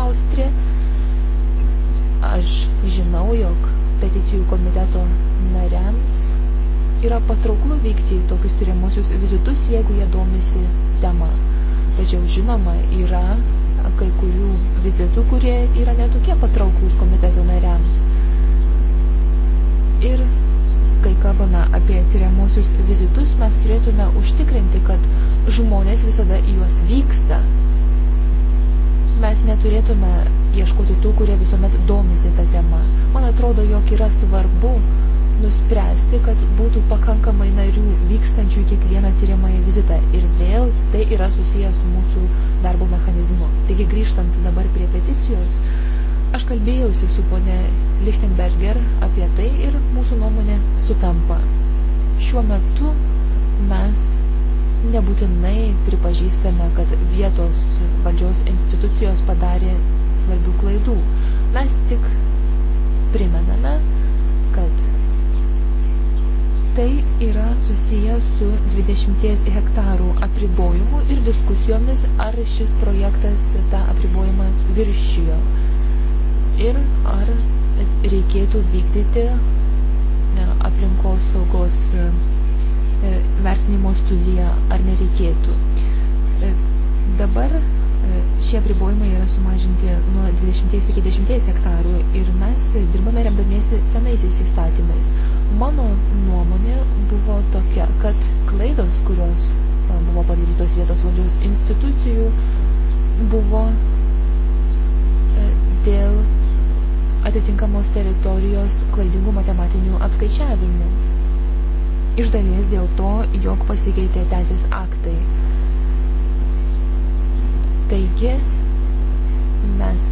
Austrija. Aš žinau, jog peticijų komiteto nariams yra patrauklu vykti į tokius tyriamosius vizitus, jeigu jie domisi tema. Tačiau žinoma, yra kai kurių vizitų, kurie yra netokie patrauklus komiteto nariams. Ir kai kalbame apie tyriamuosius vizitus, mes turėtume užtikrinti, kad žmonės visada į juos vyksta. Mes neturėtume ieškoti tų, kurie visuomet domisi tą temą. Man atrodo, jog yra svarbu nuspręsti, kad būtų pakankamai narių vykstančių į kiekvieną tyriamąją vizitą. Ir vėl tai yra susijęs su mūsų darbo mechanizmu. Taigi grįžtant dabar prie peticijos, uh, Aš kalbėjausi su ponė Lichtenberger apie tai ir mūsų nuomonė sutampa. Šiuo metu mes nebūtinai pripažįstame, kad vietos valdžios institucijos padarė svarbių klaidų. Mes tik primename, kad tai yra susiję su 20 hektarų apribojimu ir diskusijomis, ar šis projektas tą apribojimą viršijo ir ar reikėtų vykdyti e, aplinkos saugos e, e, vertinimo studiją ar nereikėtų. Dabar šie apribojimai yra sumažinti nuo 20 iki 10 hektarų ir mes dirbame remdamiesi senaisiais įstatymais. Mano nuomonė buvo tokia, kad klaidos, kurios buvo padarytos vietos valdžios institucijų, buvo dėl atitinkamos teritorijos klaidingų matematinių apskaičiavimų. Iš dalies dėl to, jog pasikeitė teisės aktai. Taigi, mes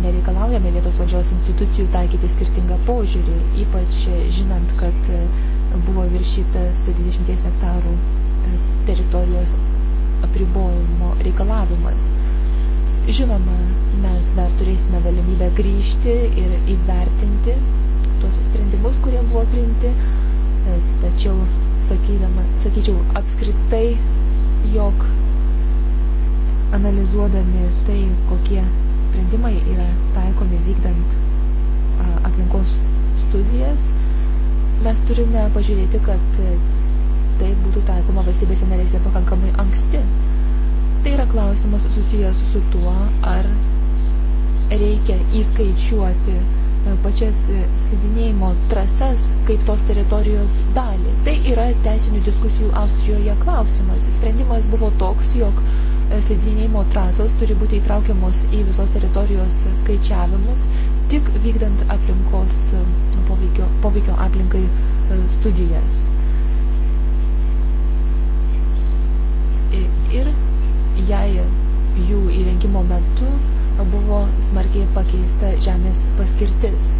nereikalaujame vietos valdžios institucijų taikyti skirtingą požiūrį, ypač žinant, kad buvo viršytas 20 hektarų teritorijos apribojimo reikalavimas. Žinoma, mes dar turėsime galimybę grįžti ir įvertinti tuos sprendimus, kurie buvo priimti, tačiau sakydama, sakyčiau apskritai, jog analizuodami tai, kokie sprendimai yra taikomi vykdant aplinkos studijas, mes turime pažiūrėti, kad e, tai būtų taikoma valstybėse narėse pakankamai anksti. Tai yra klausimas susijęs su tuo, ar reikia įskaičiuoti e, pačias e, slidinėjimo trasas kaip tos teritorijos dalį. Tai yra teisinių diskusijų Austrijoje klausimas. Sprendimas buvo toks, jog e, slidinėjimo trasos turi būti įtraukiamos į visos teritorijos skaičiavimus, tik vykdant aplinkos poveikio, poveikio aplinkai studijas. Ir jei jų įrengimo metu buvo smarkiai pakeista žemės paskirtis.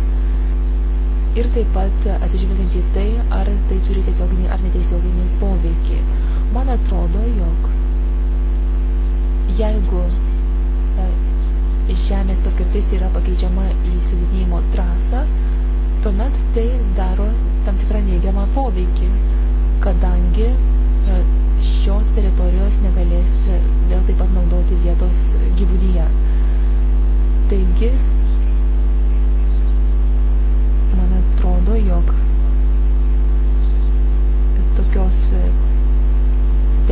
Ir taip pat atsižvelgiant į tai, ar tai turi tiesioginį ar netiesioginį poveikį. Man atrodo, jog jeigu e, žemės paskirtis yra pakeičiama į slidinėjimo trasą, tuomet tai daro tam tikrą neigiamą poveikį, kadangi e, šios teritorijos negalės e, vėl taip pat naudoti vietos gyvūnyje. Taigi, man atrodo, jog tokios e,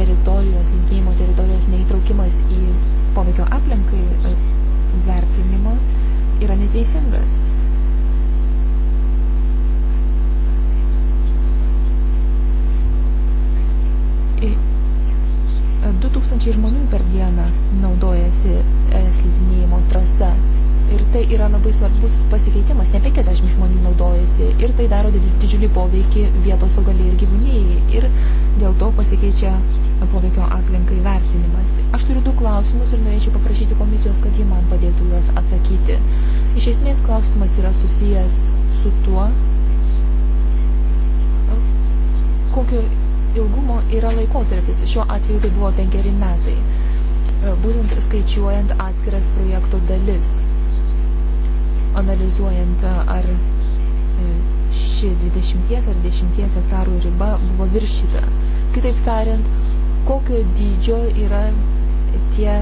teritorijos, linkėjimo teritorijos neįtraukimas į poveikio aplinkai e, vertinimą yra neteisingas. 2000 e, žmonių per dieną naudojasi e, slidinėjimo trasa. Ir tai yra labai svarbus pasikeitimas. Ne 50 žmonių naudojasi. Ir tai daro didžiulį poveikį vietos augaliai ir gyvūnėjai. Ir dėl to pasikeičia poveikio aplinkai vertinimas. Aš turiu du klausimus ir norėčiau paprašyti komisijos, kad ji man padėtų juos atsakyti. Iš esmės klausimas yra susijęs su tuo, e, kokio ilgumo yra laikotarpis. Šiuo atveju tai buvo penkeri metai, e, būtent skaičiuojant atskiras projekto dalis, analizuojant e, ar e, ši 20 ar 10 hektarų riba buvo viršyta. Kitaip tariant, kokio dydžio yra tie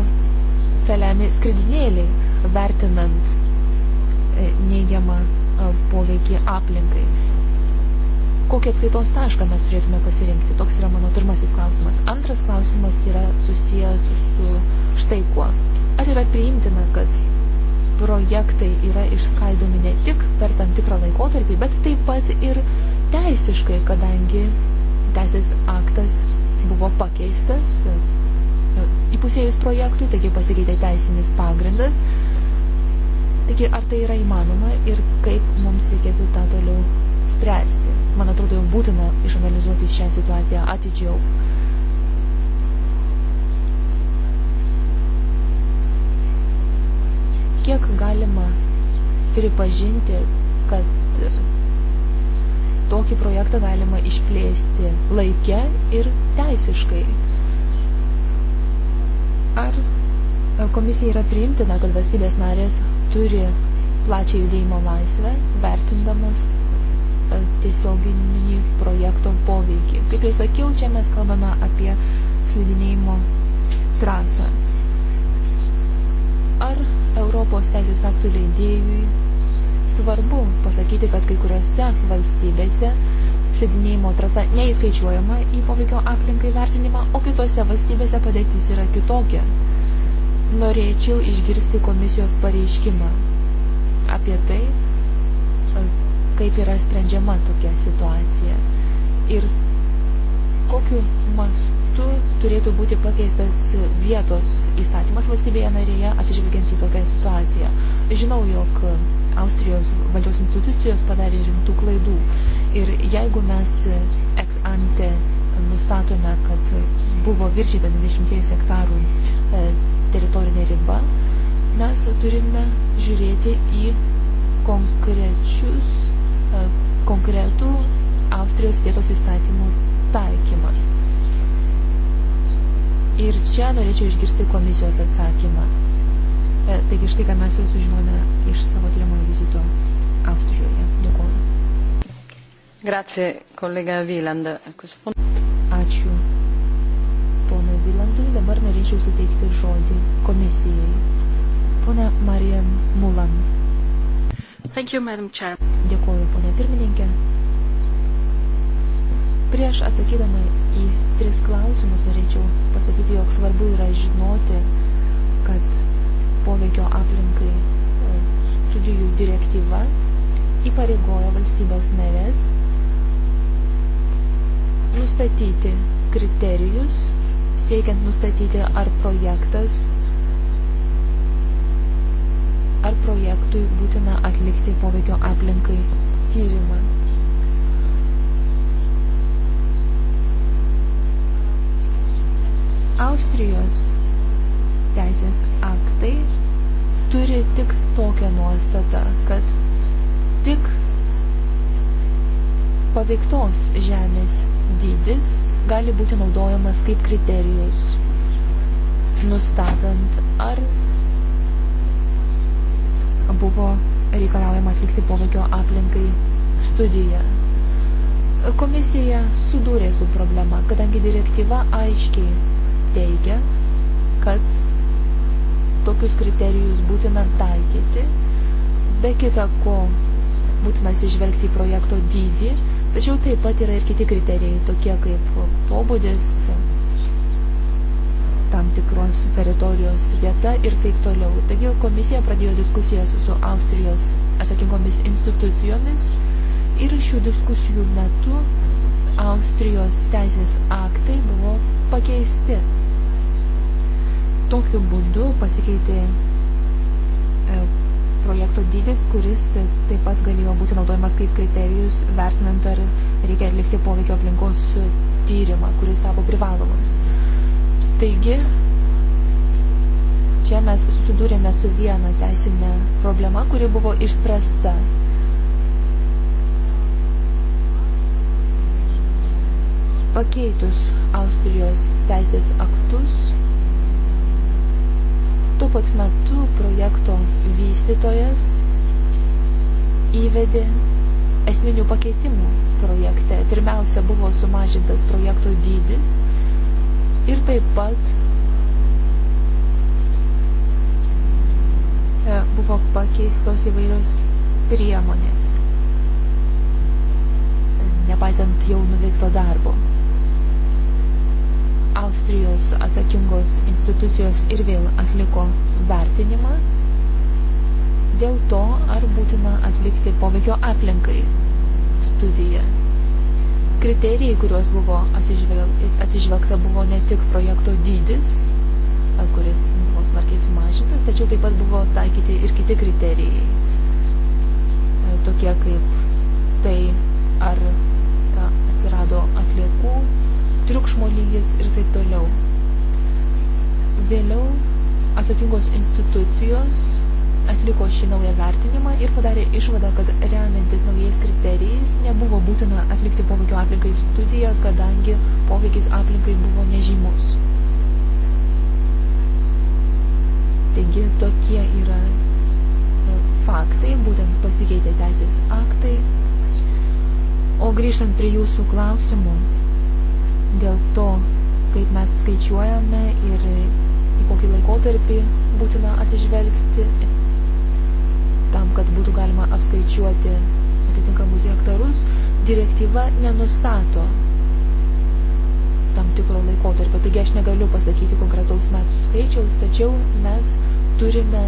saliami skridinėliai, vertinant neigiamą poveikį aplinkai kokį atskaitos tašką mes turėtume pasirinkti. Toks yra mano pirmasis klausimas. Antras klausimas yra susijęs su štai kuo. Ar yra priimtina, kad projektai yra išskaidomi ne tik per tam tikrą laikotarpį, bet taip pat ir teisiškai, kadangi teisės aktas buvo pakeistas e, įpusėjus projektui, taigi pasikeitė teisinis pagrindas. Taigi, ar tai yra įmanoma ir kaip mums reikėtų tą toliau spręsti. Man atrodo, jau būtina išanalizuoti šią situaciją atidžiau. Kiek galima pripažinti, kad tokį projektą galima išplėsti laike ir teisiškai? Ar komisija yra priimtina, kad valstybės narės turi plačią judėjimo laisvę, vertindamos E, tiesioginį projekto poveikį. Kaip jau sakiau, čia mes kalbame apie slidinėjimo trasą. Ar Europos teisės aktų leidėjui svarbu pasakyti, kad kai kuriuose valstybėse slidinėjimo trasa neįskaičiuojama į poveikio aplinkai vertinimą, o kitose valstybėse padėtis yra kitokia. Norėčiau išgirsti komisijos pareiškimą apie tai, e, kaip yra sprendžiama tokia situacija ir kokiu mastu turėtų būti pakeistas vietos įstatymas valstybėje narėje, atsižvelgiant į tokią situaciją. Žinau, jog Austrijos valdžios institucijos padarė rimtų klaidų ir jeigu mes ex ante nustatome, kad buvo viršyta 20 hektarų e, teritorinė riba, mes turime žiūrėti į konkrečius E, konkretų Austrijos vietos įstatymų taikymą. Ir čia norėčiau išgirsti komisijos atsakymą. E, taigi štai, ką mes jau sužinome iš savo tyriamojo vizito Austrijoje. Dėkuoju. Grazie, kolega Vyland. Ačiū ponui Vylandui. Dabar norėčiau suteikti žodį komisijai. Pone Marija Mulan. Thank you, Madam Chair. Dėkuoju, ponė pirmininkė. Prieš atsakydama į tris klausimus norėčiau pasakyti, jog svarbu yra žinoti, kad poveikio aplinkai e, studijų direktyva įpareigoja valstybės narės nustatyti kriterijus, siekiant nustatyti, ar projektas ar projektui būtina atlikti poveikio aplinkai tyrimą. Austrijos teisės aktai turi tik tokią nuostatą, kad tik paveiktos žemės dydis gali būti naudojamas kaip kriterijus, nustatant ar buvo reikalaujama atlikti poveikio aplinkai studiją. Komisija sudūrė su problema, kadangi direktyva aiškiai teigia, kad tokius kriterijus būtina taikyti, be kita ko būtina atsižvelgti į projekto dydį, tačiau taip pat yra ir kiti kriterijai, tokie kaip pobūdis, tam tikros teritorijos vieta ir taip toliau. Taigi komisija pradėjo diskusijas su Austrijos atsakingomis institucijomis ir šių diskusijų metu Austrijos teisės aktai buvo pakeisti. Tokiu būdu pasikeitė e, projekto dydis, kuris taip pat galėjo būti naudojamas kaip kriterijus, vertinant ar reikia atlikti poveikio aplinkos tyrimą, kuris tapo privalomas. Taigi, čia mes susidūrėme su viena teisinė problema, kuri buvo išspręsta. Pakeitus Austrijos teisės aktus, tuo pat metu projekto vystytojas įvedė esminių pakeitimų projekte. Pirmiausia, buvo sumažintas projekto dydis – ir taip pat e, buvo pakeistos įvairios priemonės, nepaisant jau nuveikto darbo. Austrijos atsakingos institucijos ir vėl atliko vertinimą dėl to, ar būtina atlikti poveikio aplinkai studiją kriterijai, kuriuos buvo atsižvelgta, buvo ne tik projekto dydis, kuris buvo smarkiai sumažintas, tačiau taip pat buvo taikyti ir kiti kriterijai, tokie kaip tai, ar atsirado atliekų, triukšmo lygis ir taip toliau. Vėliau atsakingos institucijos atliko šį naują vertinimą ir padarė išvadą, kad remiantis naujais kriterijais nebuvo būtina atlikti poveikio aplinkai studiją, kadangi poveikis aplinkai buvo nežymus. Taigi tokie yra e, faktai, būtent pasikeitė teisės aktai. O grįžtant prie jūsų klausimų dėl to, kaip mes skaičiuojame ir į kokį laikotarpį būtina atsižvelgti, tam, kad būtų galima apskaičiuoti atitinkamus hektarus, direktyva nenustato tam tikro laikotarpio. Taigi aš negaliu pasakyti konkretaus metų skaičiaus, tačiau mes turime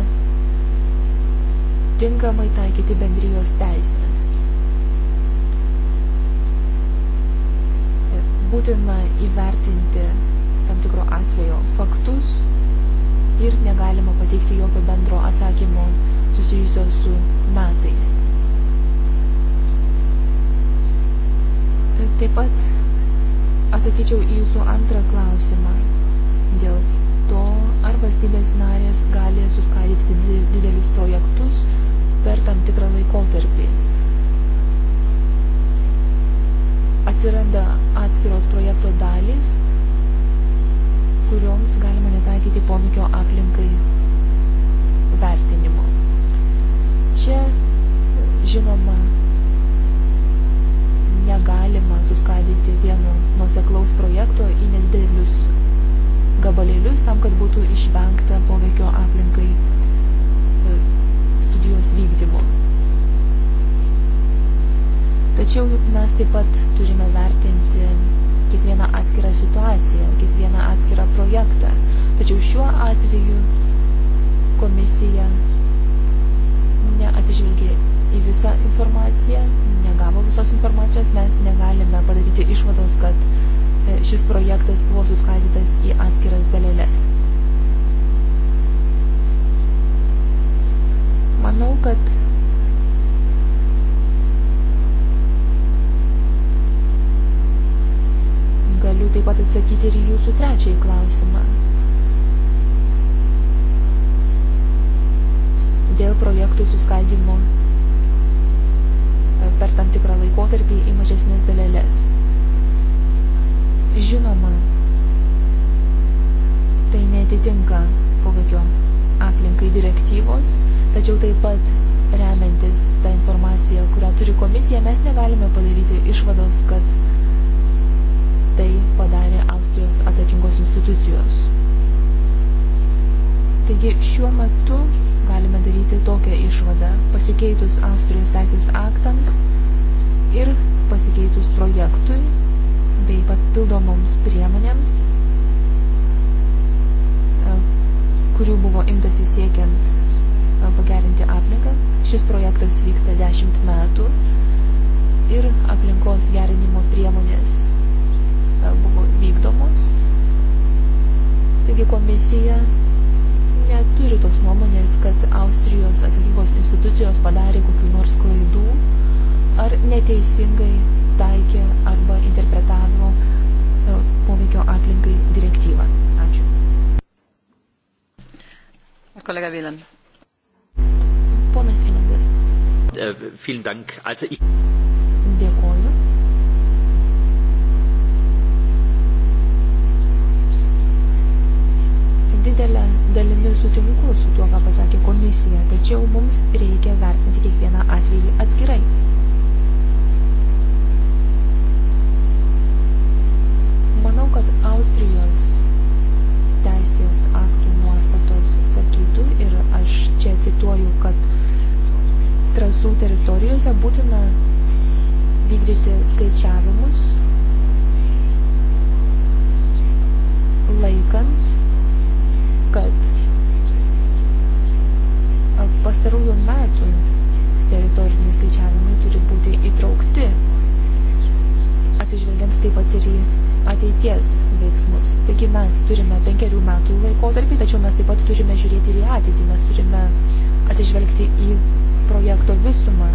tinkamai taikyti bendrijos teisę. Būtina įvertinti tam tikro atvejo faktus ir negalima pateikti jokio bendro atsakymo susijusios su metais. Taip pat atsakyčiau į jūsų antrą klausimą dėl to, ar valstybės narės gali suskaidyti didelius projektus per tam tikrą laikotarpį. Atsiranda atskiros projekto dalys, kurioms galima netaikyti poveikio aplinkai vertinimo. Čia, žinoma, negalima suskaidyti vieno nuoseklaus projekto į nedidelius gabalėlius tam, kad būtų išvengta poveikio aplinkai e, studijos vykdymo. Tačiau juk mes taip pat turime vertinti kiekvieną atskirą situaciją, kiekvieną atskirą projektą. Tačiau šiuo atveju komisija neatsižvelgė į visą informaciją, negavo visos informacijos, mes negalime padaryti išvados, kad e, šis projektas buvo suskaidytas į atskiras dalelės. Manau, kad galiu taip pat atsakyti ir jūsų trečiai klausimą. dėl projektų suskaidimo e, per tam tikrą laikotarpį į mažesnės dalelės. Žinoma, tai netitinka poveikio aplinkai direktyvos, tačiau taip pat remiantis tą informaciją, kurią turi komisija, mes negalime padaryti išvados, kad tai padarė Austrijos atsakingos institucijos. Taigi šiuo metu galime daryti tokią išvadą. Pasikeitus Austrijos teisės aktams ir pasikeitus projektui bei papildomoms priemonėms, e, kurių buvo imtasi siekiant e, pagerinti aplinką. Šis projektas vyksta 10 metų ir aplinkos gerinimo priemonės e, buvo vykdomos. Taigi komisija neturi tos nuomonės, kad Austrijos atsakingos institucijos padarė kokių nors klaidų ar neteisingai taikė arba interpretavo e, poveikio aplinkai direktyvą. Ačiū. Kolega Viland. Ponas Vilandas. Äh, Dėkoju. Didelę dalimi sutinku su tuo, ką pasakė komisija, tačiau mums reikia vertinti kiekvieną atvejį atskirai. Manau, kad Austrijos teisės aktų nuostatos sakytų ir aš čia cituoju, kad trasų teritorijose būtina vykdyti skaičiavimus laikant kad pastarųjų metų teritoriniai skaičiavimai turi būti įtraukti, atsižvelgiant taip pat ir į ateities veiksmus. Taigi mes turime penkerių metų laikotarpį, tačiau mes taip pat turime žiūrėti ir į ateitį, mes turime atsižvelgti į projekto visumą.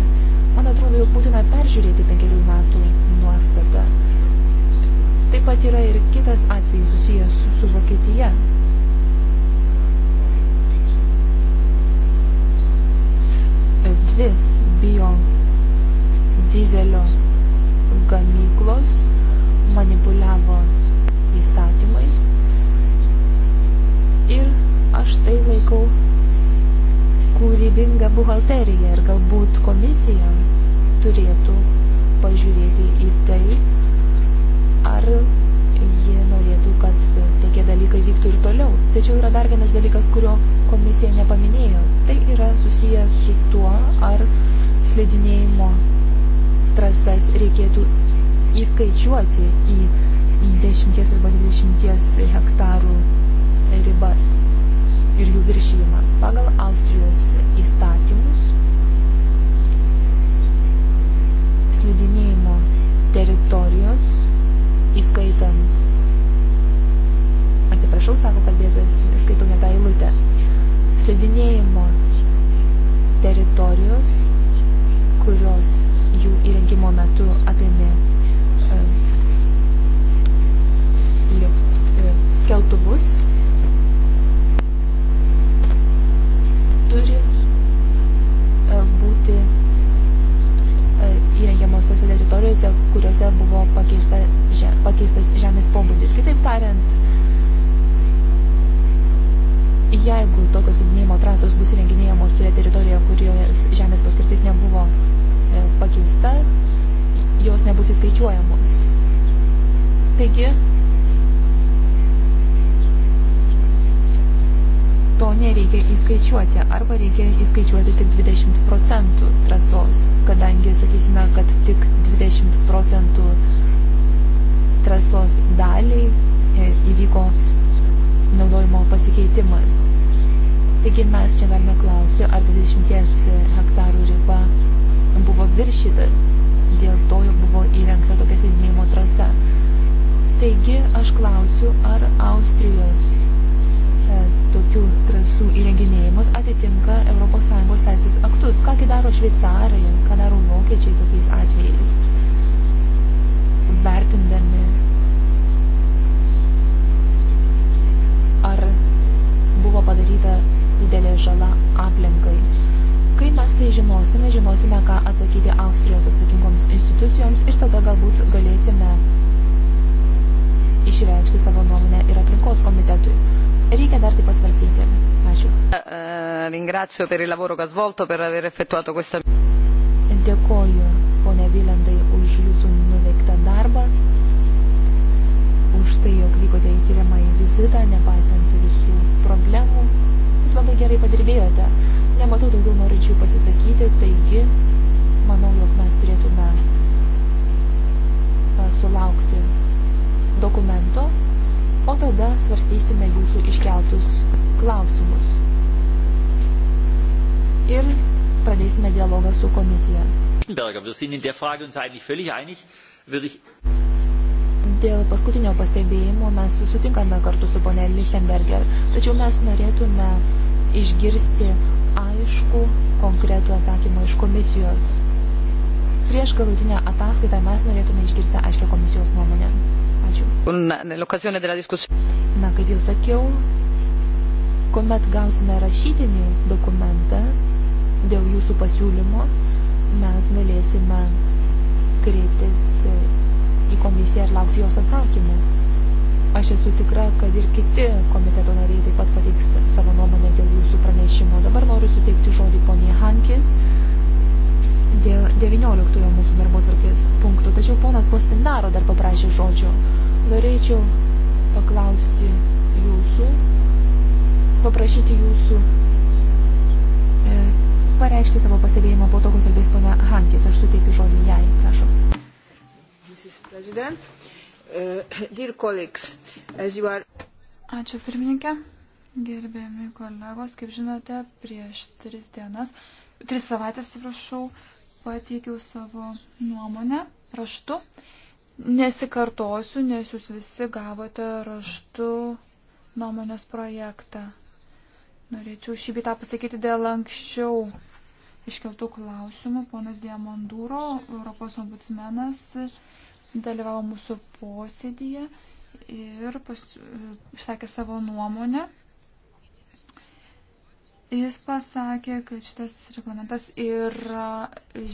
Man atrodo, jog būtina peržiūrėti penkerių metų nuostatą. Taip pat yra ir kitas atvejis susijęs su, su Vokietija. dvi bio dizelio gamyklos manipuliavo įstatymais ir aš tai laikau kūrybinga buhalterija ir galbūt komisija turėtų pažiūrėti į tai, ar jie norėtų, kad tokie dalykai vyktų ir toliau. Tačiau yra dar vienas dalykas, kurio komisija nepaminėjo. Tai yra susiję su tuo, ar slidinėjimo trasas reikėtų įskaičiuoti į 10 arba 20 hektarų ribas ir jų viršijimą. Pagal Austrijos įstatymus slidinėjimo teritorijos, įskaitant, atsiprašau, sako kalbėtojas, skaitau ne tą eilutę, slidinėjimo teritorijos, kurios jų įrengimo metu apėmė e, lift, e, keltuvus, turi e, būti e, įrengiamos tose teritorijose, kuriuose buvo pakeista, pakeistas žemės pobūdis. Kitaip tariant, Jeigu tokios slidinėjimo trasos bus įrenginėjamos toje teritorijoje, kurioje žemės paskirtis nebuvo e, pakeista, jos nebus įskaičiuojamos. Taigi, to nereikia įskaičiuoti arba reikia įskaičiuoti tik 20 procentų trasos, kadangi sakysime, kad tik 20 procentų trasos daliai e, įvyko naudojimo pasikeitimas. Taigi mes čia galime klausti, ar 20 e, hektarų riba buvo viršyta, dėl to jau buvo įrengta tokia slidinėjimo trasa. Taigi aš klausiu, ar Austrijos e, tokių trasų įrenginėjimas atitinka ES teisės aktus. Kągi daro šveicarai, ką daro vokiečiai tokiais atvejais, vertindami buvo padaryta didelė žala aplinkai. Kai mes tai žinosime, žinosime, ką atsakyti Austrijos atsakingoms institucijoms ir tada galbūt galėsime išreikšti savo nuomonę ir aplinkos komitetui. Reikia dar tai pasvarstyti. Ačiū. E, e, ringrazio per il lavoro che ha svolto, per aver effettuato questa. Dėkoju, ponia Vilendai, už jūsų nuveiktą darbą, už tai, jog vykote į tyriamąjį vizitą, nepaisant visų problemų. Jūs labai gerai padirbėjote. Nematau daugiau norinčių pasisakyti, taigi manau, jog mes turėtume e, sulaukti dokumento, o tada svarstysime jūsų iškeltus klausimus. Ir pradėsime dialogą su komisija. Berger, wir sind in der Frage uns eigentlich völlig einig. Würde ich Dėl paskutinio pastebėjimo mes sutinkame kartu su ponė Lichtenberger, tačiau mes norėtume išgirsti aišku konkretų atsakymą iš komisijos. Prieš galutinę ataskaitą mes norėtume išgirsti aiškę komisijos nuomonę. Ačiū. Na, kaip jau sakiau, kuomet gausime rašytinį dokumentą dėl jūsų pasiūlymo, mes galėsime kreiptis į komisiją ir laukti jos atsakymų. Aš esu tikra, kad ir kiti komiteto nariai taip pat pateiks savo nuomonę dėl jūsų pranešimo. Dabar noriu suteikti žodį poniai Hankis dėl 19 mūsų darbo tvarkės punktų. Tačiau ponas Bostinaro dar paprašė žodžio. Norėčiau paklausti jūsų, paprašyti jūsų e, pareikšti savo pastebėjimą po to, kai kalbės ponia Hankis. Aš suteikiu žodį jai, prašau. Mrs. President. Uh, dear colleagues, as you are... Ačiū pirmininkė. Gerbėmi kolegos, kaip žinote, prieš tris dienas, tris savaitės, prašau, pateikiau savo nuomonę raštu. Nesikartosiu, nes jūs visi gavote raštu nuomonės projektą. Norėčiau šį bitą pasakyti dėl anksčiau iškeltų klausimų. Ponas Diamondūro, Europos ombudsmenas, dalyvavo mūsų posėdėje ir pas, išsakė savo nuomonę. Jis pasakė, kad šitas reglamentas yra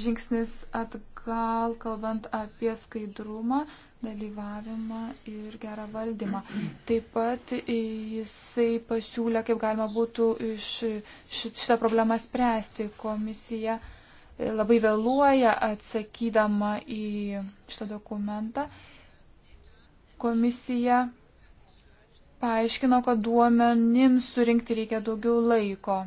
žingsnis atgal, kalbant apie skaidrumą, dalyvavimą ir gerą valdymą. Taip pat jisai pasiūlė, kaip galima būtų iš, šitą problemą spręsti. Komisija uh, labai vėluoja atsakydama į šitą dokumentą. Komisija paaiškino, kad duomenims surinkti reikia daugiau laiko.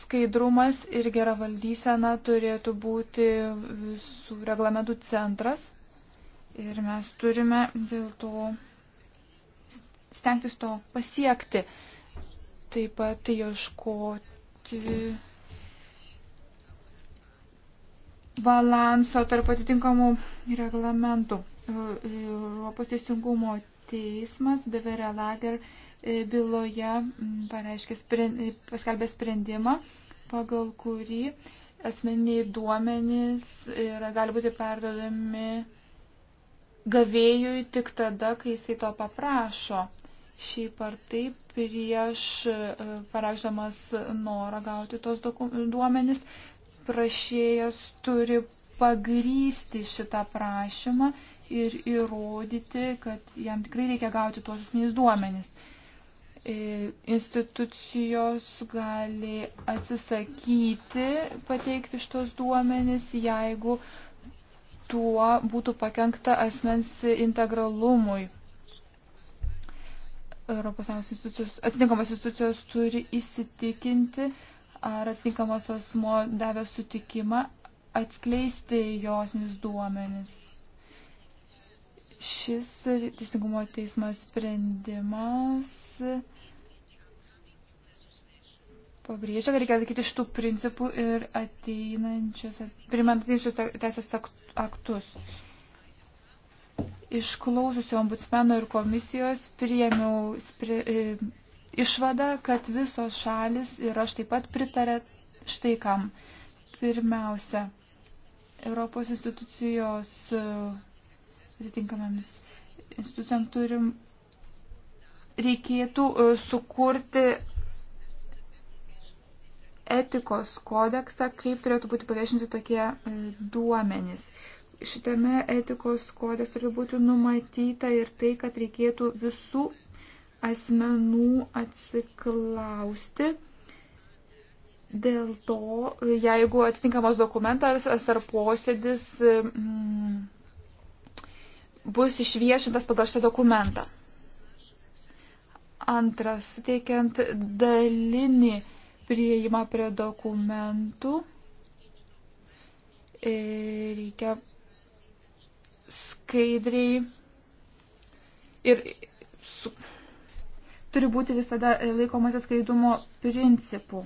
Skaidrumas ir gera valdysena turėtų būti visų reglamentų centras ir mes turime dėl to stengtis to pasiekti. Taip pat ieškoti balanso tarp atitinkamų reglamentų. E, Europos teisingumo teismas Beverė Lager e, byloje pareiškė, e, paskelbė sprendimą, pagal kurį asmeniniai duomenys yra, gali būti perdodami gavėjui tik tada, kai jisai to paprašo. Šiaip ar taip, prieš pareikšdamas norą gauti tos duomenys, prašėjas turi pagrysti šitą prašymą ir įrodyti, kad jam tikrai reikia gauti tuos asmenys duomenys. E, institucijos gali atsisakyti pateikti šitos duomenys, jeigu tuo būtų pakengta asmens integralumui. Europos institucijos, atitinkamos institucijos turi įsitikinti, ar atitinkamas asmo davė sutikimą atskleisti josnius duomenis. Šis teisingumo teismas sprendimas pabrėžia, kad reikia laikyti šitų principų ir ateinančius, primantančius teisės aktus. Išklausiusi ombudsmeno ir komisijos priėmiau spre, išvada, kad visos šalis ir aš taip pat pritarė štai kam. Pirmiausia, Europos institucijos e, atitinkamams institucijams turim reikėtų e, sukurti etikos kodeksą, kaip turėtų būti paviešinti tokie e, duomenys. Šitame etikos kodekse turi būti numatyta ir tai, kad reikėtų visų asmenų atsiklausti dėl to, jeigu atitinkamas dokumentas ar posėdis mm, bus išviešintas pagal šitą dokumentą. Antra, suteikiant dalinį prieimą prie dokumentų, e, reikia skaidriai ir su, turi būti visada laikomasi skaidumo principų.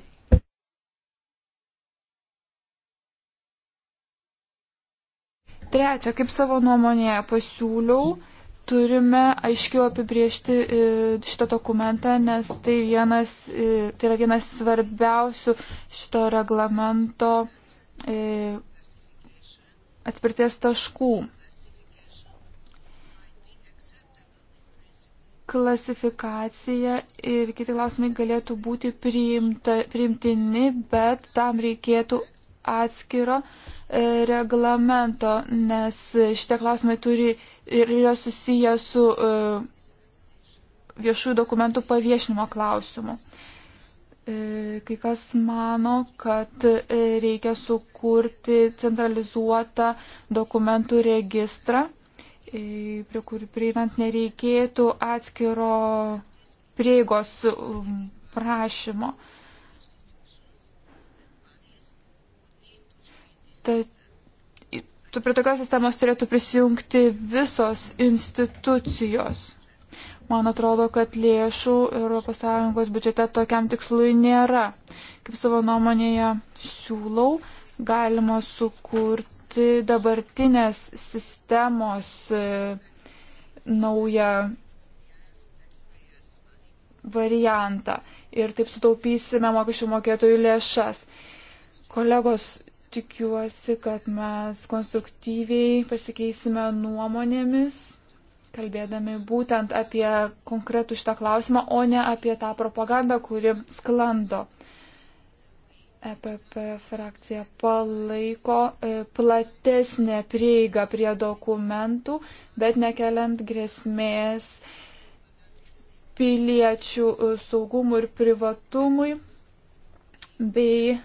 Trečia, kaip savo nuomonėje pasiūliau, turime aiškiau apibriežti e, šitą dokumentą, nes tai, vienas, e, tai yra vienas svarbiausių šito reglamento e, atspirties taškų. klasifikacija ir kiti klausimai galėtų būti priimta, priimtini, bet tam reikėtų atskiro e, reglamento, nes šitie klausimai turi ir yra susiję su e, viešų dokumentų paviešinimo klausimu. E, kai kas mano, kad reikia sukurti centralizuotą dokumentų registrą E, prie kurių prieinant nereikėtų atskiro prieigos um, prašymo. Tad tu prie tokios sistemos turėtų prisijungti visos institucijos. Man atrodo, kad lėšų ES biudžete tokiam tikslui nėra. Kaip savo nuomonėje siūlau, galima sukurti kad dabartinės sistemos e, naują variantą ir taip sutaupysime mokesčių mokėtojų lėšas. Kolegos, tikiuosi, kad mes konstruktyviai pasikeisime nuomonėmis, kalbėdami būtent apie konkretų šitą klausimą, o ne apie tą propagandą, kuri sklando. EPP frakcija palaiko e, platesnę prieigą prie dokumentų, bet nekeliant grėsmės piliečių e, saugumui ir privatumui, bei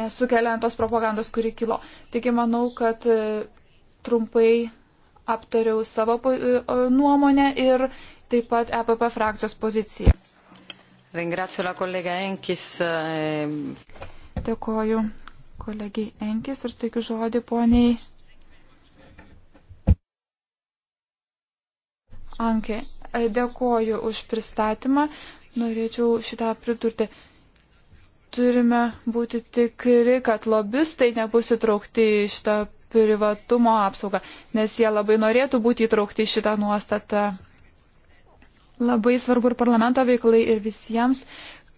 nesukeliant tos propagandos, kuri kilo. Tik manau, kad e, trumpai aptariau savo nuomonę ir taip pat EPP frakcijos poziciją. Ringrazio la collega Enkis. Dėkoju kolegiai Enkis ir teikiu žodį poniai Ankė. Dėkoju už pristatymą. Norėčiau šitą pridurti. Turime būti tikri, kad lobistai nebus įtraukti į šitą privatumo apsaugą, nes jie labai norėtų būti įtraukti į šitą nuostatą. Labai svarbu ir parlamento veiklai, ir visiems,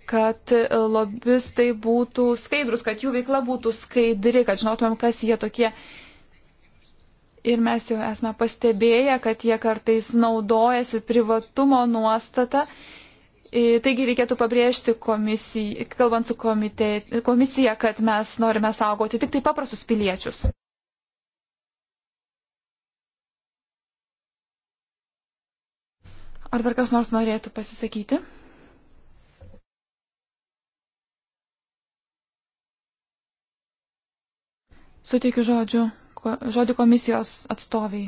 kad e, lobistai būtų skaidrus, kad jų veikla būtų skaidri, kad žinotumėm, kas jie tokie. Ir mes jau esame pastebėję, kad jie kartais naudojasi privatumo nuostatą. E, taigi reikėtų pabrėžti komisiją, kalbant su komite, komisija, kad mes norime saugoti tik tai paprastus piliečius. Ar dar kas nors norėtų pasisakyti? Suteikiu žodžiu, žodį komisijos atstoviai.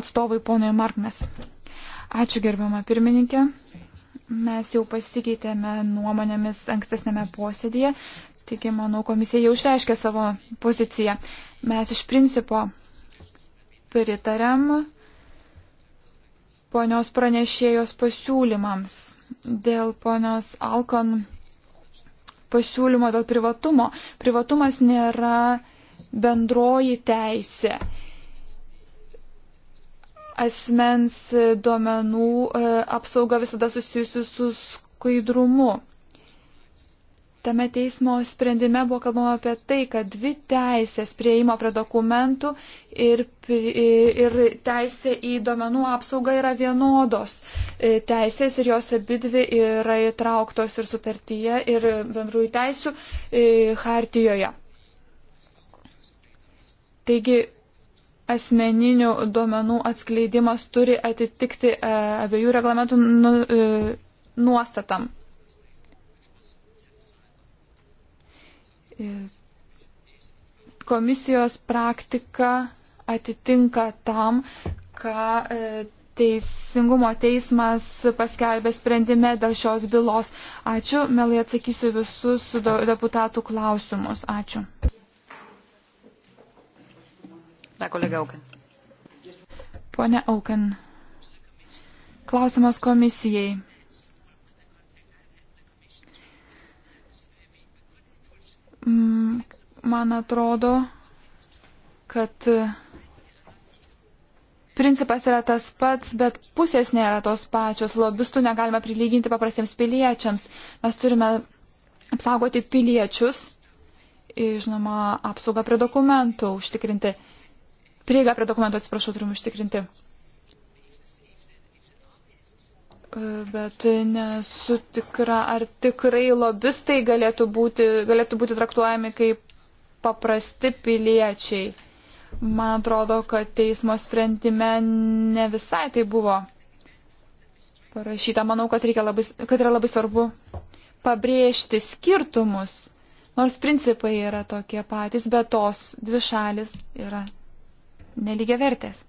Atstovai ponui Marknes. Ačiū gerbiama pirmininkė. Mes jau pasikeitėme nuomonėmis ankstesnėme posėdėje. Taigi, manau, komisija jau išreiškė savo poziciją. Mes iš principo pritarėm ponios pranešėjos pasiūlymams dėl ponios Alkon pasiūlymo dėl privatumo. Privatumas nėra bendroji teisė. Asmens duomenų e, apsauga visada susijusi su skaidrumu. Tame teismo sprendime buvo kalbama apie tai, kad dvi teisės prieimo prie dokumentų ir, ir teisė į duomenų apsaugą yra vienodos e, teisės ir jos abidvi yra įtrauktos ir sutartyje, ir bendrųjų teisių e, hartijoje. Taigi asmeninių duomenų atskleidimas turi atitikti e, abiejų reglamentų nu, nuostatam. komisijos praktika atitinka tam, ką e, Teisingumo teismas paskelbė sprendime dėl šios bylos. Ačiū, melai atsakysiu visus deputatų klausimus. Ačiū. Da, kolega Auken. Pone Auken, klausimas komisijai. Mm, man atrodo, kad principas yra tas pats, bet pusės nėra tos pačios. Lobistų negalime prilyginti paprastiems piliečiams. Mes turime apsaugoti piliečius, žinoma, apsaugą prie dokumentų užtikrinti. Prieigą prie dokumentų, atsiprašau, turime užtikrinti. Bet nesu tikra, ar tikrai lobistai galėtų būti, galėtų būti traktuojami kaip paprasti piliečiai. Man atrodo, kad teismo sprendime ne visai tai buvo parašyta. Manau, kad, labai, kad yra labai svarbu pabrėžti skirtumus, nors principai yra tokie patys, bet tos dvi šalis yra nelygiavertės.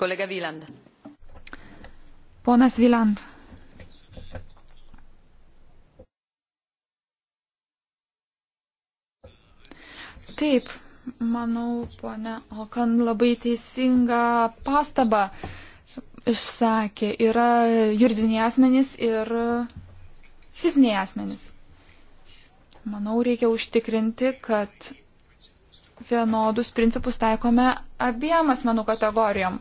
Kolega Vyland. Ponas Viland. Taip, manau, ponia Okan labai teisingą pastabą išsakė. Yra juridiniai asmenys ir fiziniai asmenys. Manau, reikia užtikrinti, kad vienodus principus taikome abiem asmenų kategorijom.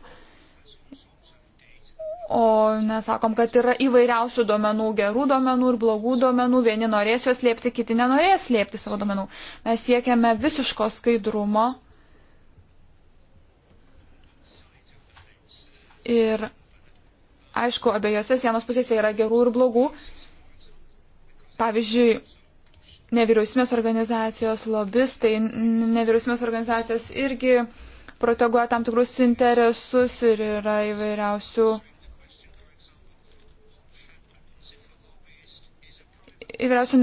O nesakom, kad yra įvairiausių duomenų, gerų duomenų ir blogų duomenų, vieni norės juos slėpti, kiti nenorės slėpti savo duomenų. Mes siekiame visiško skaidrumo. Ir aišku, abiejose sienos pusėse yra gerų ir blogų. Pavyzdžiui, nevyriausybės organizacijos, lobistai, nevyriausybės organizacijos irgi proteguoja tam tikrus interesus ir yra įvairiausių įvairiausių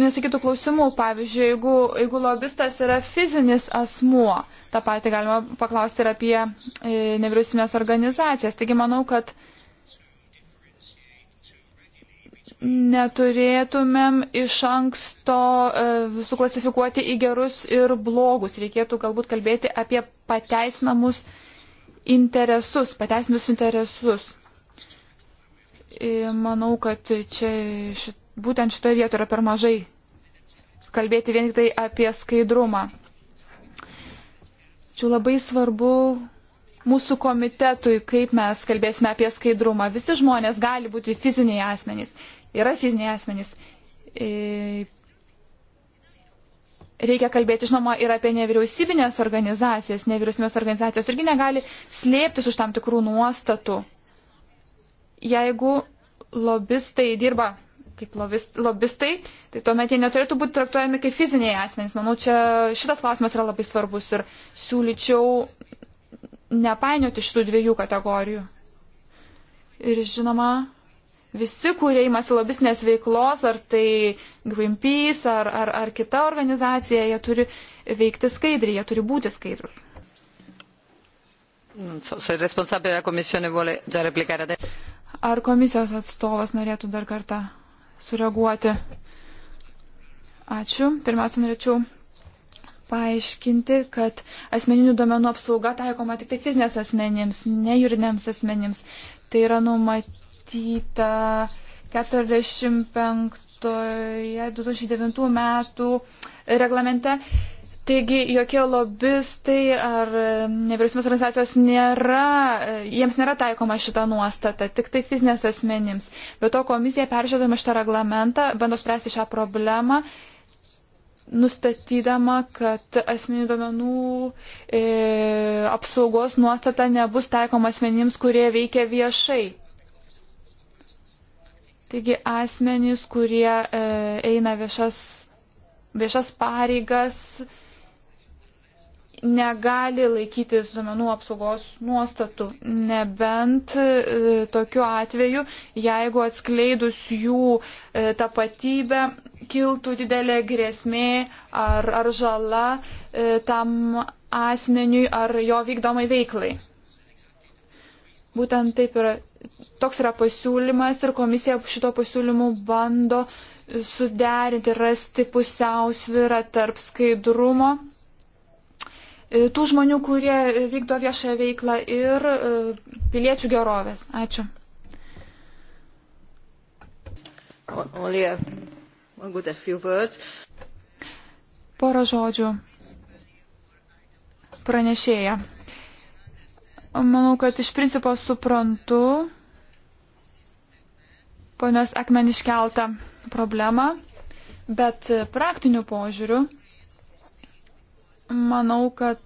nesakytų klausimų. Pavyzdžiui, jeigu, jeigu lobistas yra fizinis asmuo, tą patį galima paklausti ir apie e, nevyriausybinės organizacijas. Taigi manau, kad neturėtumėm iš anksto e, suklasifikuoti į gerus ir blogus. Reikėtų galbūt kalbėti apie pateisinamus interesus, pateisinus interesus e, manau, kad čia šit, būtent šitoje vietoje yra per mažai kalbėti vien tik tai apie skaidrumą. Čia labai svarbu mūsų komitetui, kaip mes kalbėsime apie skaidrumą. Visi žmonės gali būti fiziniai asmenys. Yra fiziniai asmenys. E, reikia kalbėti, žinoma, ir apie nevyriausybinės organizacijas. Nevyriausybinės organizacijos irgi negali slėptis už tam tikrų nuostatų. Jeigu lobistai dirba kaip lobistai, tai tuomet jie neturėtų būti traktuojami kaip fiziniai asmenys. Manau, čia šitas klausimas yra labai svarbus ir siūlyčiau nepainioti šitų dviejų kategorijų. Ir žinoma, visi, kurie įmasi lobistinės veiklos, ar tai Greenpeace, ar, ar, ar kita organizacija, jie turi veikti skaidriai, jie turi būti skaidrus. Nu, ar komisijos atstovas norėtų dar kartą sureaguoti. Ačiū. Pirmiausia, norėčiau paaiškinti, kad asmeninių duomenų apsauga taikoma tik tai fizinės asmenims, ne juridiniams asmenims. Tai yra numatyta 45-2009 metų reglamente Taigi jokie lobistai ar e, nevyriausybės organizacijos nėra, e, jiems nėra taikoma šita nuostata, tik tai fizinės asmenims. Be to komisija peržiūrėdama šitą reglamentą bando spręsti šią problemą, nustatydama, kad asmeninių duomenų e, apsaugos nuostata nebus taikoma asmenims, kurie veikia viešai. Taigi asmenys, kurie e, eina viešas, viešas pareigas, negali laikytis duomenų apsaugos nuostatų, nebent e, tokiu atveju, jeigu atskleidus jų e, tapatybę kiltų didelė grėsmė ar, ar žala e, tam asmeniui ar jo vykdomai veiklai. Būtent taip yra, toks yra pasiūlymas ir komisija šito pasiūlymu bando suderinti, rasti pusiausvyrą tarp skaidrumo E, tų žmonių, kurie e, vykdo viešąją veiklą ir e, piliečių gerovės. Ačiū. Porą žodžių. Pranešėja. Manau, kad iš principo suprantu ponios akmeniškeltą problemą, bet praktiniu požiūriu manau, kad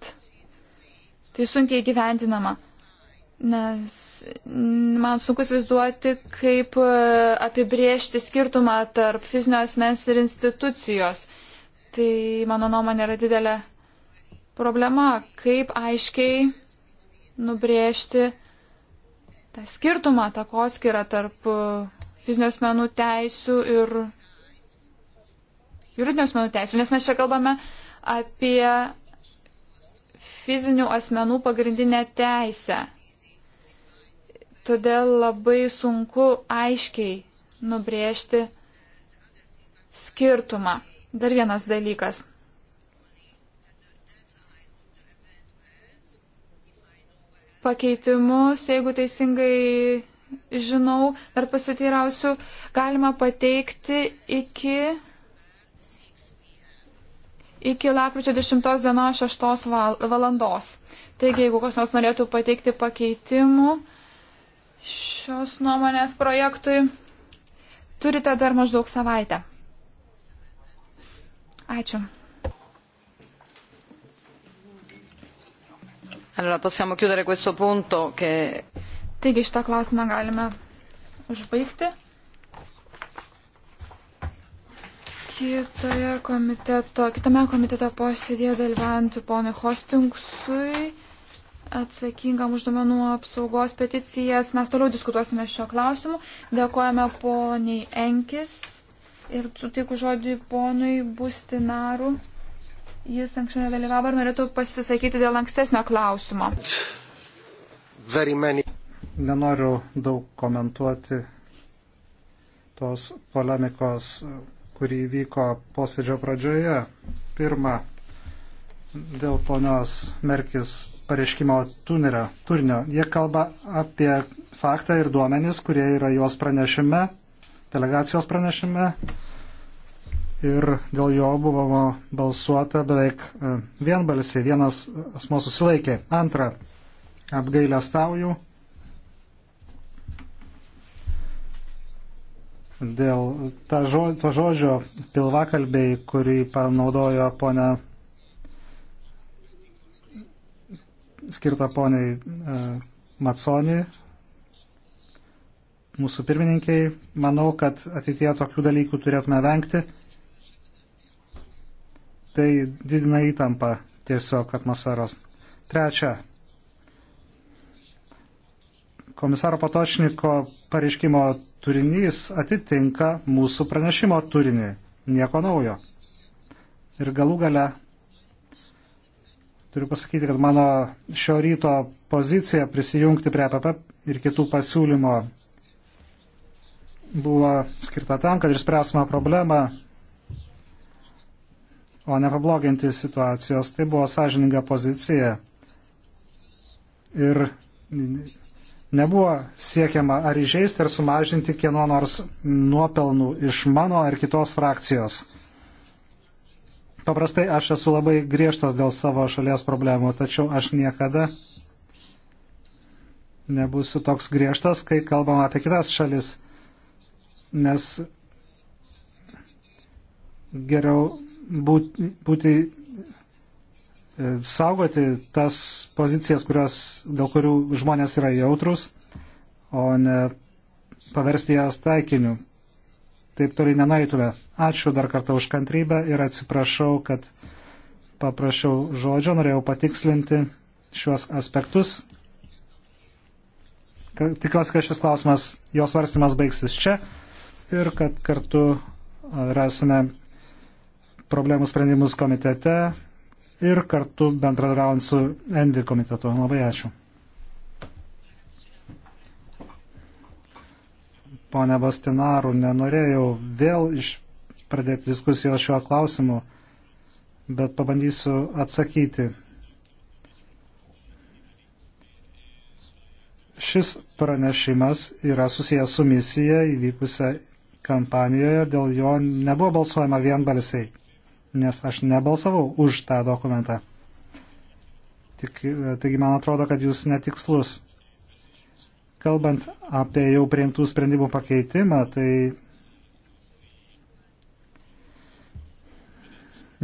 tai sunkiai gyventinama. Nes man sunku įsivaizduoti, kaip e, apibriežti skirtumą tarp fizinio asmens ir institucijos. Tai mano nuomonė yra didelė problema, kaip aiškiai nubrėžti tą skirtumą, tą koskirą tarp e, fizinio asmenų teisų ir juridinio asmenų teisų. Nes mes čia kalbame apie fizinių asmenų pagrindinę teisę. Todėl labai sunku aiškiai nubrėžti skirtumą. Dar vienas dalykas. Pakeitimus, jeigu teisingai žinau, dar pasiteirausiu, galima pateikti iki iki lapkričio 10 dienos 6 valandos. Taigi, jeigu kas nors norėtų pateikti pakeitimų šios nuomonės projektui, turite dar maždaug savaitę. Ačiū. Allora, possiamo chiudere questo punto che... Taigi šitą klausimą galime užbaigti. Kitoje komiteto, kitame komiteto posėdėje dalyvaujant ponui Hostingsui atsakingam už duomenų apsaugos peticijas. Mes toliau diskutuosime šio klausimu. Dėkojame poniai Enkis ir sutiku žodį ponui Bustinaru. Jis anksčiau nedalyvavo ir norėtų pasisakyti dėl ankstesnio klausimo. Nenoriu daug komentuoti tos polemikos, kurį vyko posėdžio pradžioje. Pirma, dėl ponios Merkis pareiškimo tunerio, turinio. Jie kalba apie faktą ir duomenis, kurie yra jos pranešime, delegacijos pranešime. Ir dėl jo buvo balsuota beveik e, vienbalsiai, vienas asmo susilaikė. Antra, apgailę stauju dėl ta žo, to žodžio pilvakalbiai, kurį panaudojo ponia skirta poniai e, Matsoni, mūsų pirmininkiai. Manau, kad ateitie tokių dalykų turėtume vengti. Tai didina įtampą tiesiog atmosferos. Trečia. Komisaro Patočniko pareiškimo turinys atitinka mūsų pranešimo turinį. Nieko naujo. Ir galų gale turiu pasakyti, kad mano šio ryto pozicija prisijungti prie APP ir kitų pasiūlymo buvo skirta tam, kad išspręsime problemą, o ne pabloginti situacijos. Tai buvo sąžininga pozicija. Ir nebuvo siekiama ar įžeisti, ar sumažinti kieno nors nuopelnų iš mano ar kitos frakcijos. Paprastai aš esu labai griežtas dėl savo šalies problemų, tačiau aš niekada nebūsiu toks griežtas, kai kalbam apie kitas šalis, nes geriau būti, būti E, saugoti tas pozicijas, kurios, dėl kurių žmonės yra jautrus, o ne paversti jas taikiniu. Taip toli nenaitume. Ačiū dar kartą už kantrybę ir atsiprašau, kad paprašiau žodžio, norėjau patikslinti šiuos aspektus. Tikiuosi, kad šis klausimas, jos svarstymas baigsis čia ir kad kartu e, rasime problemų sprendimus komitete ir kartu bendradarbiaujant su Envi komitetu. Labai ačiū. Pone Bastinaru, nenorėjau vėl iš pradėti diskusijos šiuo klausimu, bet pabandysiu atsakyti. Šis pranešimas yra susijęs su misija įvykusią kampanijoje, dėl jo nebuvo balsuojama vienbalsiai nes aš nebalsavau už tą dokumentą. Tik, taigi man atrodo, kad jūs netikslus. Kalbant apie jau priimtų sprendimų pakeitimą, tai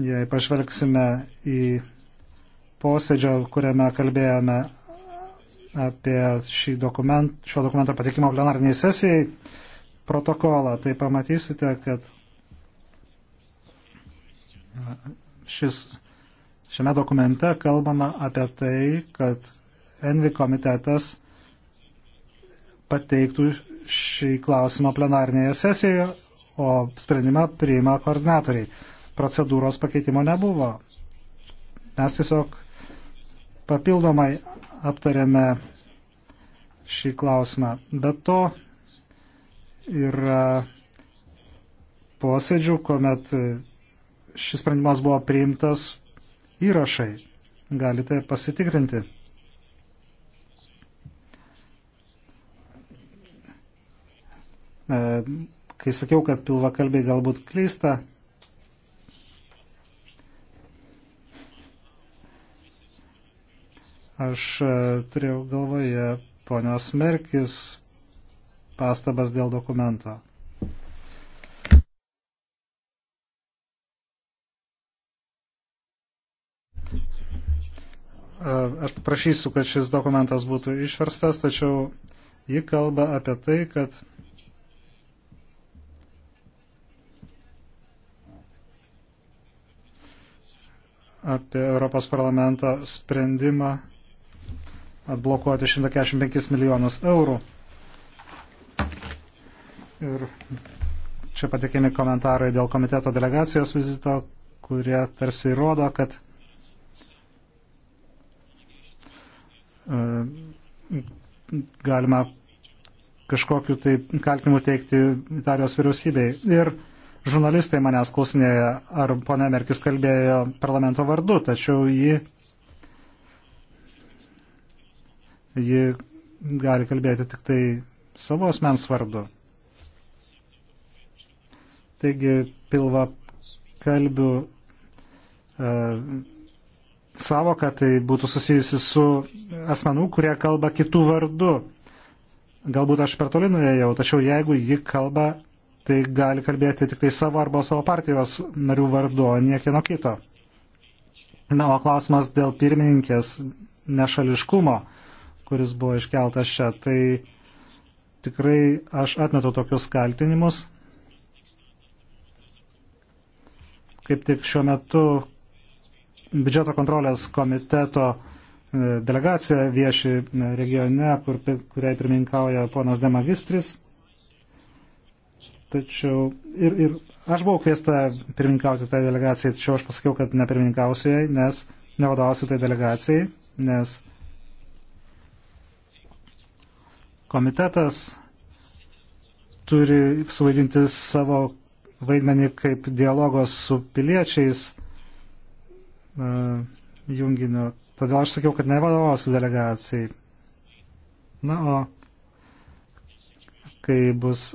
jei pažvelgsime į posėdžio, kuriame kalbėjome apie šį dokument, šio dokumento patikimo plenarniai sesijai protokolą, tai pamatysite, kad šis, šiame dokumente kalbama apie tai, kad Envi komitetas pateiktų šį klausimą plenarnėje sesijoje, o sprendimą priima koordinatoriai. Procedūros pakeitimo nebuvo. Mes tiesiog papildomai aptarėme šį klausimą. Be to yra posėdžių, kuomet šis sprendimas buvo priimtas įrašai. Galite pasitikrinti. E, kai sakiau, kad pilvakalbiai galbūt klysta, aš e, turėjau galvoje ponios Merkis pastabas dėl dokumento. Aš prašysiu, kad šis dokumentas būtų išverstas, tačiau ji kalba apie tai, kad apie Europos parlamento sprendimą atblokuoti 145 milijonus eurų. Ir čia patikimi komentarai dėl komiteto delegacijos vizito, kurie tarsi rodo, kad E, galima kažkokiu tai kaltinimu teikti Italijos vyriausybei. Ir žurnalistai manęs klausinėja, ar ponia Merkis kalbėjo parlamento vardu, tačiau ji, ji gali kalbėti tik tai savo asmens vardu. Taigi pilva kalbių uh, e, savoka, tai būtų susijusi su asmenų, kurie kalba kitų vardu. Galbūt aš per toli nuėjau, tačiau jeigu ji kalba, tai gali kalbėti tik tai savo arba savo partijos narių vardu, o niekieno kito. Na, o klausimas dėl pirmininkės nešališkumo, kuris buvo iškeltas čia, tai tikrai aš atmetu tokius kaltinimus. Kaip tik šiuo metu biudžeto kontrolės komiteto e, delegacija vieši e, regione, kur, kuriai pirmininkauja ponas Demagistris. Tačiau ir, ir aš buvau kviesta pirmininkauti tai delegacijai, tačiau aš pasakiau, kad nepirmininkausiu jai, nes nevadovausiu tai delegacijai, nes komitetas turi suvaidinti savo vaidmenį kaip dialogos su piliečiais uh, e, junginiu. Todėl aš sakiau, kad nevadovosiu delegacijai. Na, o kai bus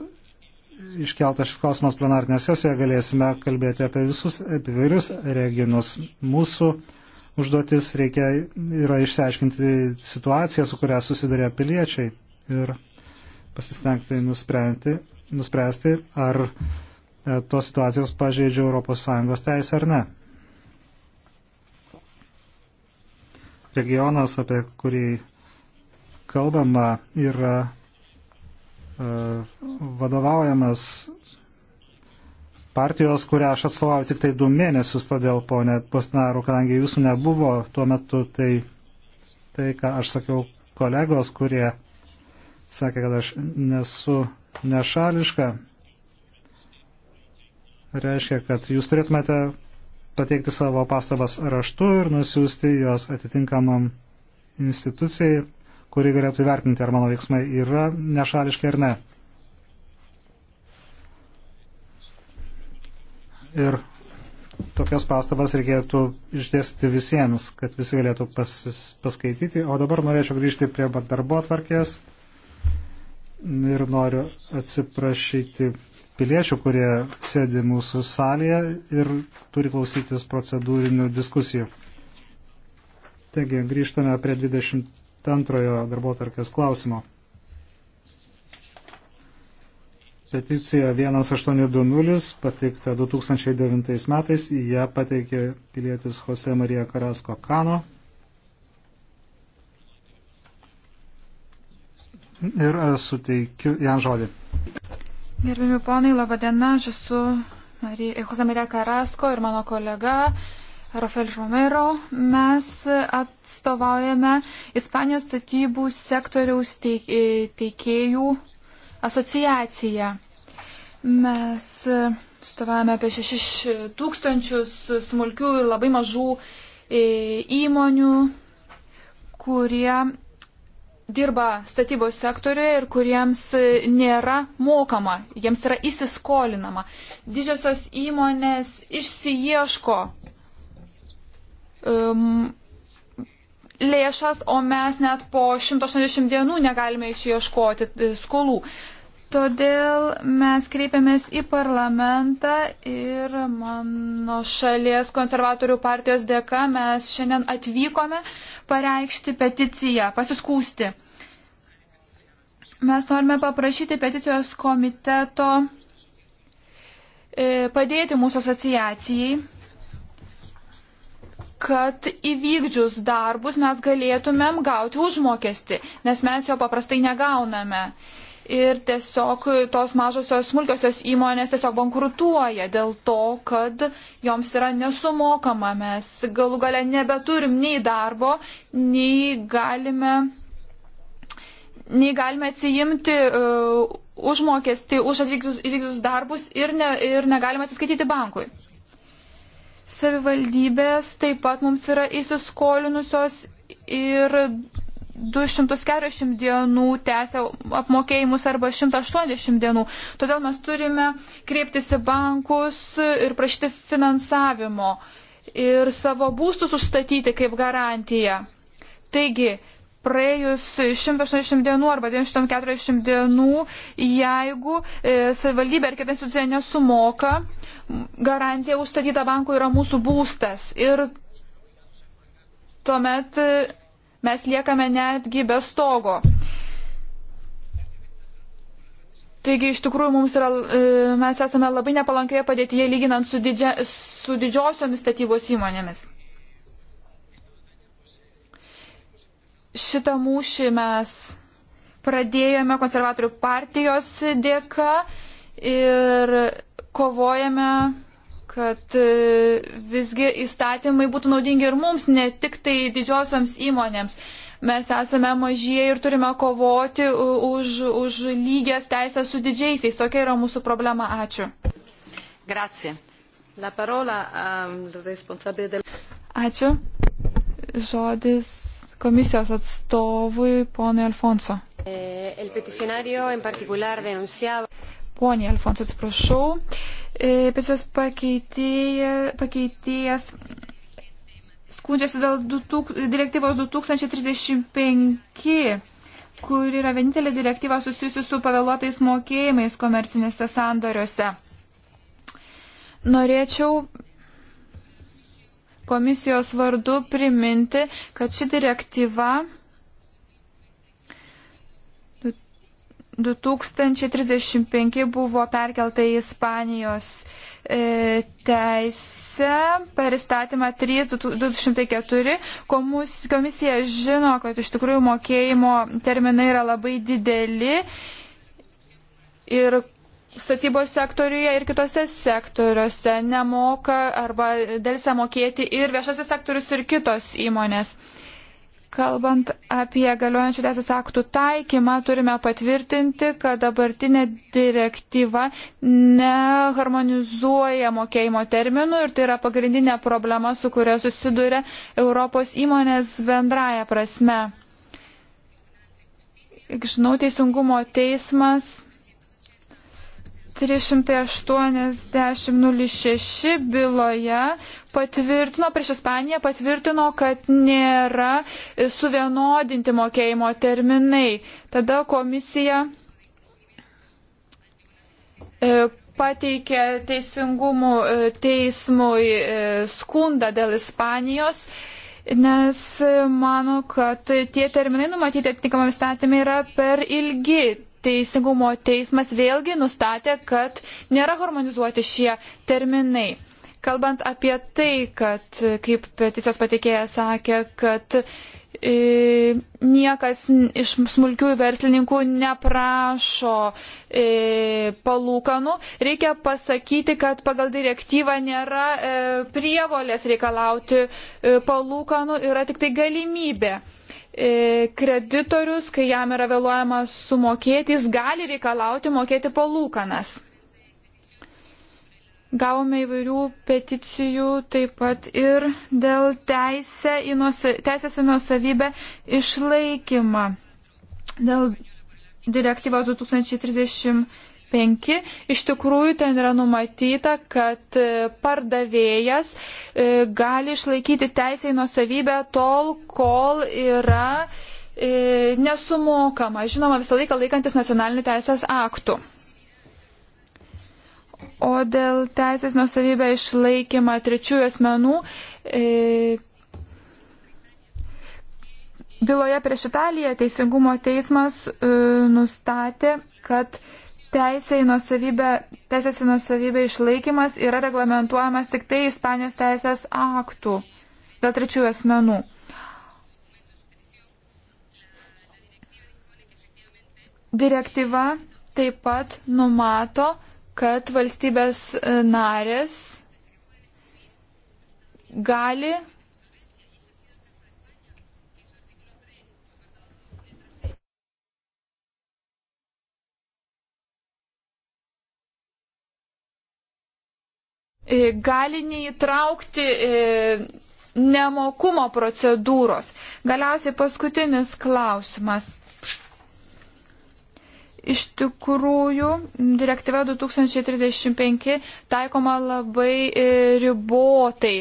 iškeltas šis klausimas plenarnė sesija, galėsime kalbėti apie visus, apie vairius regionus. Mūsų užduotis reikia yra išsiaiškinti situaciją, su kuria susidarė piliečiai ir pasistengti nuspręsti, nuspręsti ar e, tos situacijos pažeidžia ES teisę ar ne. regionas, apie kurį kalbama, yra e, vadovaujamas partijos, kurią aš atstovauju tik tai du mėnesius, todėl, ponė Postnaru, kadangi jūsų nebuvo tuo metu, tai tai, ką aš sakiau kolegos, kurie sakė, kad aš nesu nešališka, reiškia, kad jūs turėtumėte pateikti savo pastabas raštu ir nusiųsti juos atitinkamam institucijai, kuri galėtų įvertinti, ar mano veiksmai yra nešališki ar ne. Ir tokias pastabas reikėtų išdėstyti visiems, kad visi galėtų pasis, paskaityti. O dabar norėčiau grįžti prie darbo atvarkės ir noriu atsiprašyti piliečių, kurie sėdi mūsų salėje ir turi klausytis procedūrinių diskusijų. Taigi, grįžtame prie 22 darbo tarkės klausimo. Peticija 1820 pateikta 2009 metais, ją pateikė pilietis Jose Marija Karasko Kano. Ir e, suteikiu jam žodį. Gerbimi ponai, laba diena, aš esu Jose Marija Karasko ir mano kolega Rafael Romero. Mes atstovaujame Ispanijos statybų sektoriaus e, teikėjų asociaciją. Mes atstovaujame apie 6 tūkstančius smulkių ir labai mažų e, įmonių, kurie dirba statybos sektoriuje ir kuriems e, nėra mokama, jiems yra įsiskolinama. Didžiosios įmonės išsiieško um, lėšas, o mes net po 180 dienų negalime išieškoti e, skolų. Todėl mes kreipiamės į parlamentą ir mano šalies konservatorių partijos dėka mes šiandien atvykome pareikšti peticiją, pasiskūsti. Mes norime paprašyti peticijos komiteto e, padėti mūsų asociacijai, kad įvykdžius darbus mes galėtumėm gauti užmokesti, nes mes jo paprastai negauname ir tiesiog tos mažosios smulkiosios įmonės tiesiog bankrutuoja dėl to, kad joms yra nesumokama. Mes galų gale nebeturim nei darbo, nei galime, nei galime atsijimti uh, užmokestį už atvykdus, įvykdus darbus ir, ne, ir negalime atsiskaityti bankui. Savivaldybės taip pat mums yra įsiskolinusios ir 240 dienų tęsia apmokėjimus arba 180 dienų. Todėl mes turime kreiptis į bankus ir prašyti finansavimo ir savo būstus užstatyti kaip garantiją. Taigi, praėjus 180 dienų arba 240 dienų, jeigu e, savivaldybė ar kita institucija nesumoka, garantija užstatyta bankų yra mūsų būstas. Ir tuomet e, mes liekame netgi be stogo. Taigi iš tikrųjų mums yra, e, mes esame labai nepalankioje padėtyje lyginant su, didžia, su didžiosiomis statybos įmonėmis. Šitą mūšį mes pradėjome konservatorių partijos dėka ir kovojame kad e, visgi įstatymai būtų naudingi ir mums, ne tik tai didžiosioms įmonėms. Mes esame mažieji ir turime kovoti e, už, už lygias teisės su didžiaisiais. Tokia yra mūsų problema. Ačiū. Grazie. La parola um, responsabile del... Ačiū. Žodis komisijos atstovui ponui Alfonso. Eh, Pone Alfonso, atsiprašau. E, Pečios pakeitėjas skundžiasi dėl 2000, direktyvos 2035, kur yra vienintelė direktyva susijusi su pavėluotais mokėjimais komercinėse sandoriuose. Norėčiau komisijos vardu priminti, kad ši direktyva 2035 buvo perkelta į Ispanijos e, teisę per įstatymą 3204. Komisija žino, kad iš tikrųjų mokėjimo terminai yra labai dideli ir statybos sektoriuje ir kitose sektoriuose nemoka arba dėlse mokėti ir viešasis sektorius ir kitos įmonės. E, Kalbant apie galiojančių teisės aktų taikymą, turime patvirtinti, kad dabartinė direktyva neharmonizuoja mokėjimo terminų ir tai yra pagrindinė problema, su kuria susiduria Europos įmonės bendraja prasme. Žinau, teisingumo teismas 380.06 byloje patvirtino, prieš Ispaniją patvirtino, kad nėra suvienodinti mokėjimo terminai. Tada komisija e, pateikė teisingumų e, teismui e, skundą dėl Ispanijos, nes mano, kad tie terminai numatyti atitinkamam statymui yra per ilgi. Teisingumo teismas vėlgi nustatė, kad nėra harmonizuoti šie terminai. Kalbant apie tai, kad, kaip peticijos patikėjas sakė, kad e, niekas iš smulkiųjų verslininkų neprašo e, palūkanų. Reikia pasakyti, kad pagal direktyvą nėra e, prievolės reikalauti palūkanų, yra tik tai galimybė. Kreditorius, kai jam yra vėluojama sumokėti, jis gali reikalauti mokėti palūkanas. Gavome įvairių peticijų taip pat ir dėl teisę į nusa, teisės į nusavybę išlaikymą. Dėl direktyvos 2035 iš tikrųjų ten yra numatyta, kad e, pardavėjas e, gali išlaikyti teisę į nusavybę tol, kol yra e, nesumokama, žinoma, visą laiką laikantis nacionalinių teisės aktų. O dėl teisės nusavybę išlaikymą trečiųjų asmenų. E, Byloje prieš Italiją Teisingumo teismas e, nustatė, kad teisė į nusavybę, teisės į nusavybę išlaikymas yra reglamentuojamas tik tai Ispanijos teisės aktų dėl trečiųjų asmenų. Direktyva taip pat numato, kad valstybės e, narės gali e, gali neįtraukti e, nemokumo procedūros. Galiausiai paskutinis klausimas. Iš tikrųjų, direktyva 2035 taikoma labai e, ribotai,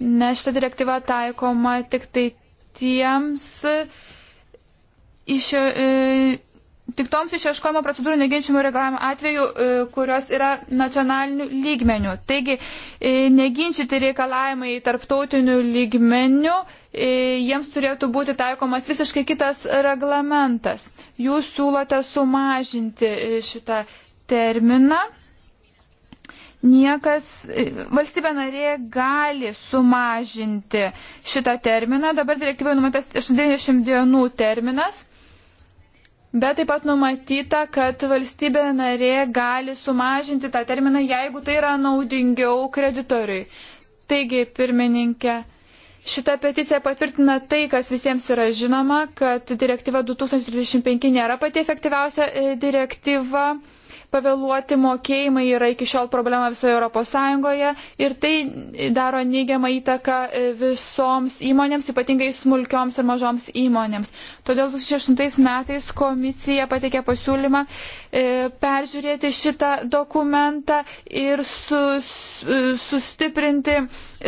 nes šita direktyva taikoma tik tai tiems e, iš. E, tik toms išieškojimo procedūrų neginčiamų reikalavimų atveju, kurios yra nacionalinių lygmenių. Taigi, neginčyti reikalavimai tarptautinių lygmenių E, jiems turėtų būti taikomas visiškai kitas reglamentas. Jūs siūlote sumažinti e, šitą terminą. Niekas, e, valstybė narė gali sumažinti šitą terminą. Dabar direktyvoje numatytas 90 dienų terminas. Bet taip pat numatyta, kad valstybė narė gali sumažinti tą terminą, jeigu tai yra naudingiau kreditoriui. Taigi, pirmininkė, Šita peticija patvirtina tai, kas visiems yra žinoma, kad direktyva 2035 nėra pati efektyviausia e, direktyva pavėluoti mokėjimai yra iki šiol problema visoje ES ir tai daro neigiamą įtaką e, visoms įmonėms, ypatingai smulkioms ir mažoms įmonėms. Todėl 2008 metais komisija patikė pasiūlymą e, peržiūrėti šitą dokumentą ir sus, sustiprinti,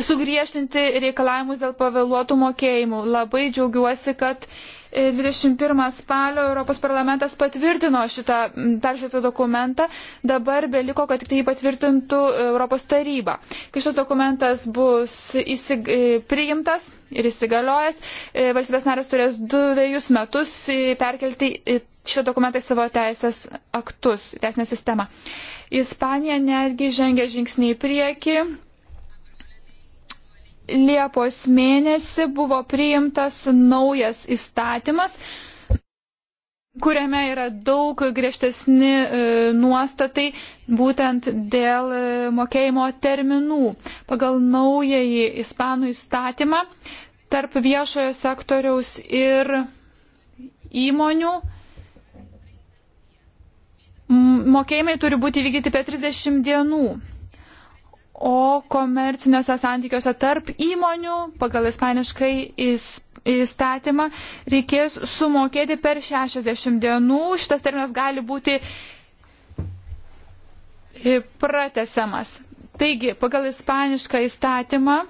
sugriežtinti reikalavimus dėl pavėluotų mokėjimų. Labai džiaugiuosi, kad 21 spalio Europos parlamentas patvirtino šitą peržiūrėtą dokumentą, dabar beliko, kad tik tai jį patvirtintų Europos taryba. Kai šis dokumentas bus įsig... E, priimtas ir įsigaliojęs, e, valstybės narės turės dviejus metus e, perkelti šitą dokumentą į savo teisės aktus, teisinę sistemą. Ispanija netgi žengia žingsnį į priekį Liepos mėnesį buvo priimtas naujas įstatymas, kuriame yra daug griežtesni e, nuostatai būtent dėl e, mokėjimo terminų. Pagal naująjį Ispanų įstatymą tarp viešojo sektoriaus ir įmonių mokėjimai turi būti vykdyti per 30 dienų o komerciniuose santykiuose tarp įmonių pagal ispaniškai įstatymą reikės sumokėti per 60 dienų. Šitas terminas gali būti pratesiamas. Taigi, pagal ispanišką įstatymą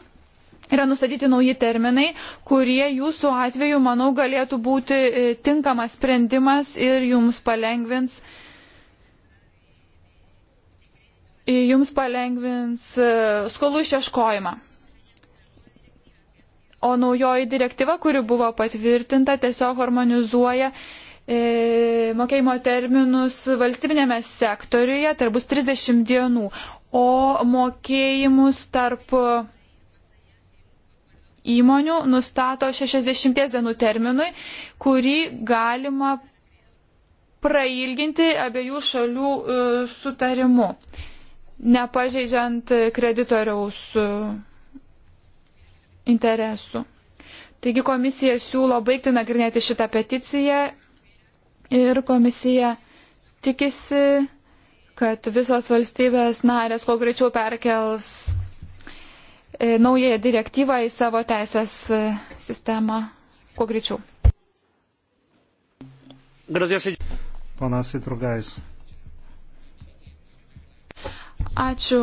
yra nustatyti nauji terminai, kurie jūsų atveju, manau, galėtų būti e, tinkamas sprendimas ir jums palengvins uh, jums palengvins e, skolų išieškojimą. O naujoji direktyva, kuri buvo patvirtinta, tiesiog harmonizuoja e, mokėjimo terminus valstybinėme sektoriuje, tai bus 30 dienų, o mokėjimus tarp įmonių nustato 60 dienų terminui, kurį galima prailginti abiejų šalių e, sutarimu. E, nepažeidžiant kreditoriaus e, interesų. Taigi komisija siūlo baigti nagrinėti šitą peticiją ir komisija tikisi, kad visos valstybės narės kuo greičiau perkels e, naują direktyvą į savo teisės e, sistemą kuo greičiau. Panas Itrugais. Ačiū.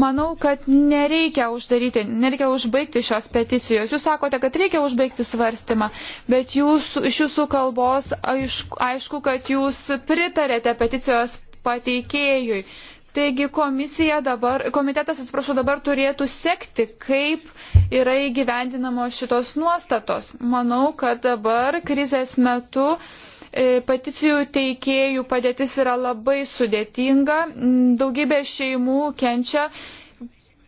Manau, kad nereikia uždaryti, nereikia užbaigti šios peticijos. Jūs sakote, kad reikia užbaigti svarstymą, bet jūs, iš jūsų kalbos aišku, aišku, kad jūs pritarėte peticijos pateikėjui. Taigi komisija dabar, komitetas, atsiprašau, dabar turėtų sekti, kaip yra įgyvendinamos šitos nuostatos. Manau, kad dabar krizės metu E, peticijų teikėjų padėtis yra labai sudėtinga. Mm, daugybė šeimų kenčia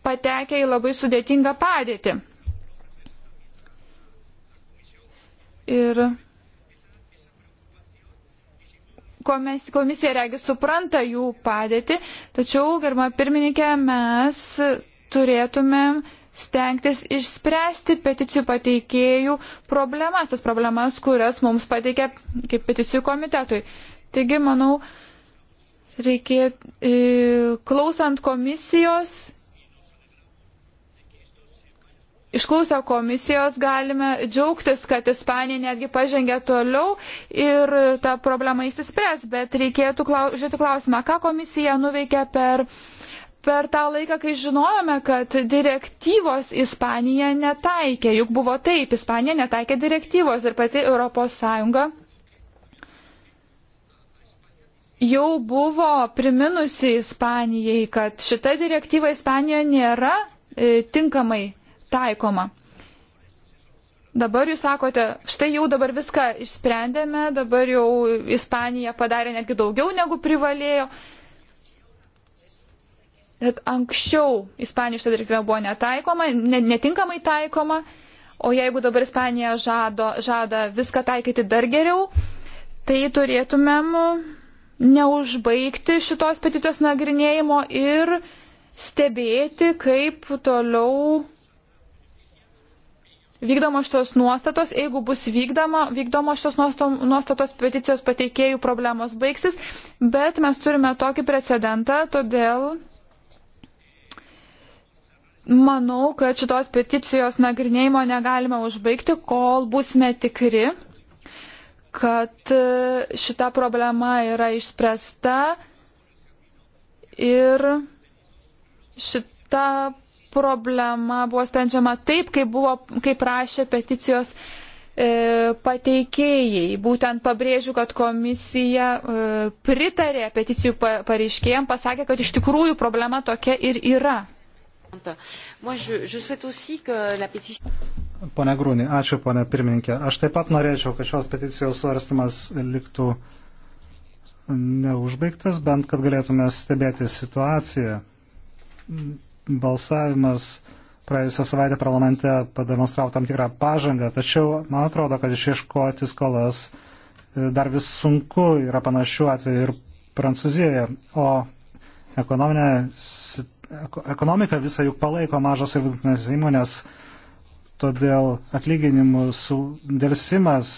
patekę į labai sudėtingą padėtį. Ir komisija regi supranta jų padėtį, tačiau, germa pirmininkė, mes turėtumėm stengtis išspręsti peticijų pateikėjų problemas, tas problemas, kurias mums pateikė kaip peticijų komitetui. Taigi, manau, reikėtų, e, klausant komisijos, Išklausę komisijos galime džiaugtis, kad Ispanija netgi pažengė toliau ir ta problema įsispręs, bet reikėtų klau, žiūrėti klausimą, ką komisija nuveikė per per tą laiką, kai žinojome, kad direktyvos Ispanija netaikė, juk buvo taip, Ispanija netaikė direktyvos ir pati ES jau buvo priminusi Ispanijai, kad šita direktyva Ispanijoje nėra e, tinkamai taikoma. Dabar jūs sakote, štai jau dabar viską išsprendėme, dabar jau Ispanija padarė netgi daugiau negu privalėjo kad anksčiau Ispanijos šita direktyva buvo netaikoma, netinkamai taikoma, o jeigu dabar Ispanija žado, žada viską taikyti dar geriau, tai turėtumėm neužbaigti šitos peticijos nagrinėjimo ir stebėti, kaip toliau vykdomos šitos nuostatos, jeigu bus vykdoma, vykdomos šitos nuostatos peticijos pateikėjų problemos baigsis, bet mes turime tokį precedentą, todėl Manau, kad šitos peticijos nagrinėjimo negalime užbaigti, kol busime tikri, kad e, šita problema yra išspręsta ir šita problema buvo sprendžiama taip, kaip, buvo, kaip prašė peticijos e, pateikėjai. Būtent pabrėžiu, kad komisija e, pritarė peticijų pareiškėjams, pasakė, kad iš tikrųjų problema tokia ir yra. Pone Grūnį, ačiū, pone pirmininkė. Aš taip pat norėčiau, kad šios peticijos svarstymas liktų neužbaigtas, bent kad galėtume stebėti situaciją. Balsavimas praėjusią savaitę parlamente pademonstravo tam tikrą pažangą, tačiau man atrodo, kad išieškoti skolas e, dar vis sunku yra panašių atvejų ir Prancūzijoje, o ekonominė situacija ekonomika visą juk palaiko mažos ir vidutinės įmonės, todėl atlyginimų dėlsimas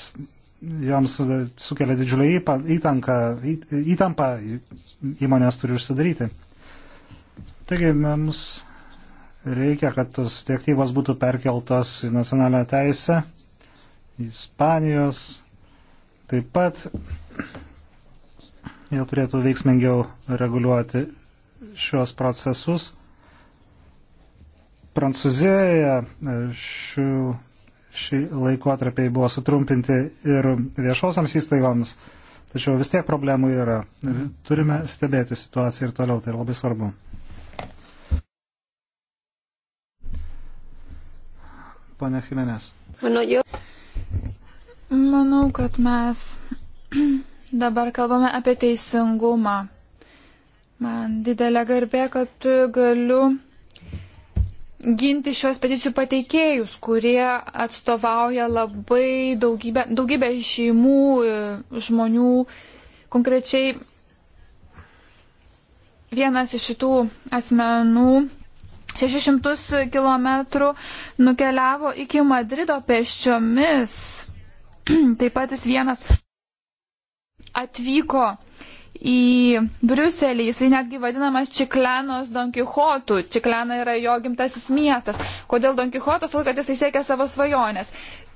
joms sukelia didžiulę įtanką, įtampą, įmonės turi užsidaryti. Taigi mums reikia, kad tos direktyvos būtų perkeltos į nacionalinę teisę, į Ispanijos, taip pat jau turėtų veiksmingiau reguliuoti šios procesus. Prancūzijoje e, šių, šį laikotarpį buvo sutrumpinti ir viešosiams įstaigoms, tačiau vis tiek problemų yra. Turime stebėti situaciją ir toliau, tai labai svarbu. Pane Jimenez. Manau, kad mes dabar kalbame apie teisingumą Man didelė garbė, kad galiu ginti šios peticijų pateikėjus, kurie atstovauja labai daugybę, daugybę šeimų, e, žmonių. Konkrečiai vienas iš šitų asmenų 600 km nukeliavo iki Madrido pėsčiomis. Taip pat jis vienas atvyko į Briuselį. Jisai netgi vadinamas Čiklenos Donkichotu. Čiklena yra jo gimtasis miestas. Kodėl Donkichotas? Todėl, kad jisai siekia savo svajonės.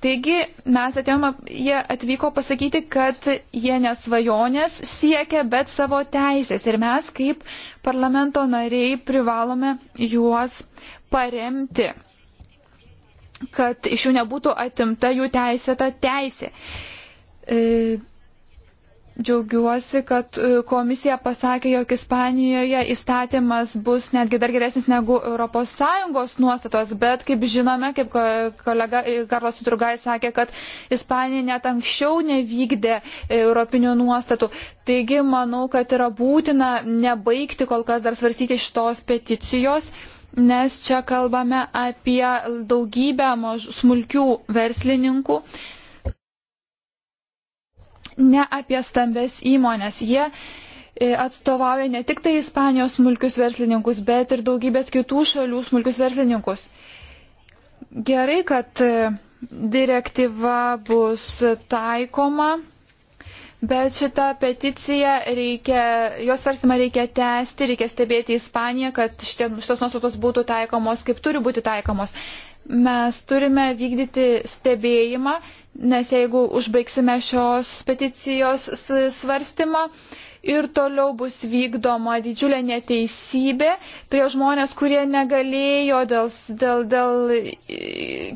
Taigi mes atėjome, jie atvyko pasakyti, kad jie nesvajonės siekia, bet savo teisės. Ir mes kaip parlamento nariai privalome juos paremti kad iš jų nebūtų atimta jų teisėta teisė. E, Džiaugiuosi, kad e, komisija pasakė, jog Ispanijoje įstatymas bus netgi dar geresnis negu ES nuostatos, bet kaip žinome, kaip kolega Karlos e, Turgai sakė, kad Ispanija net anksčiau nevykdė europinių nuostatų. Taigi manau, kad yra būtina nebaigti kol kas dar svarstyti šitos peticijos nes čia kalbame apie daugybę maž, smulkių verslininkų, ne apie stambes įmonės. Jie e, atstovauja ne tik tai Ispanijos smulkius verslininkus, bet ir daugybės kitų šalių smulkius verslininkus. Gerai, kad e, direktyva bus taikoma, bet šitą peticiją reikia, jos svarstymą reikia tęsti, reikia stebėti Ispaniją, kad šitie, šitos nuostatos būtų taikomos, kaip turi būti taikomos mes turime vykdyti stebėjimą, nes jeigu užbaigsime šios peticijos svarstymą ir toliau bus vykdoma didžiulė neteisybė prie žmonės, kurie negalėjo dėl, dėl, dėl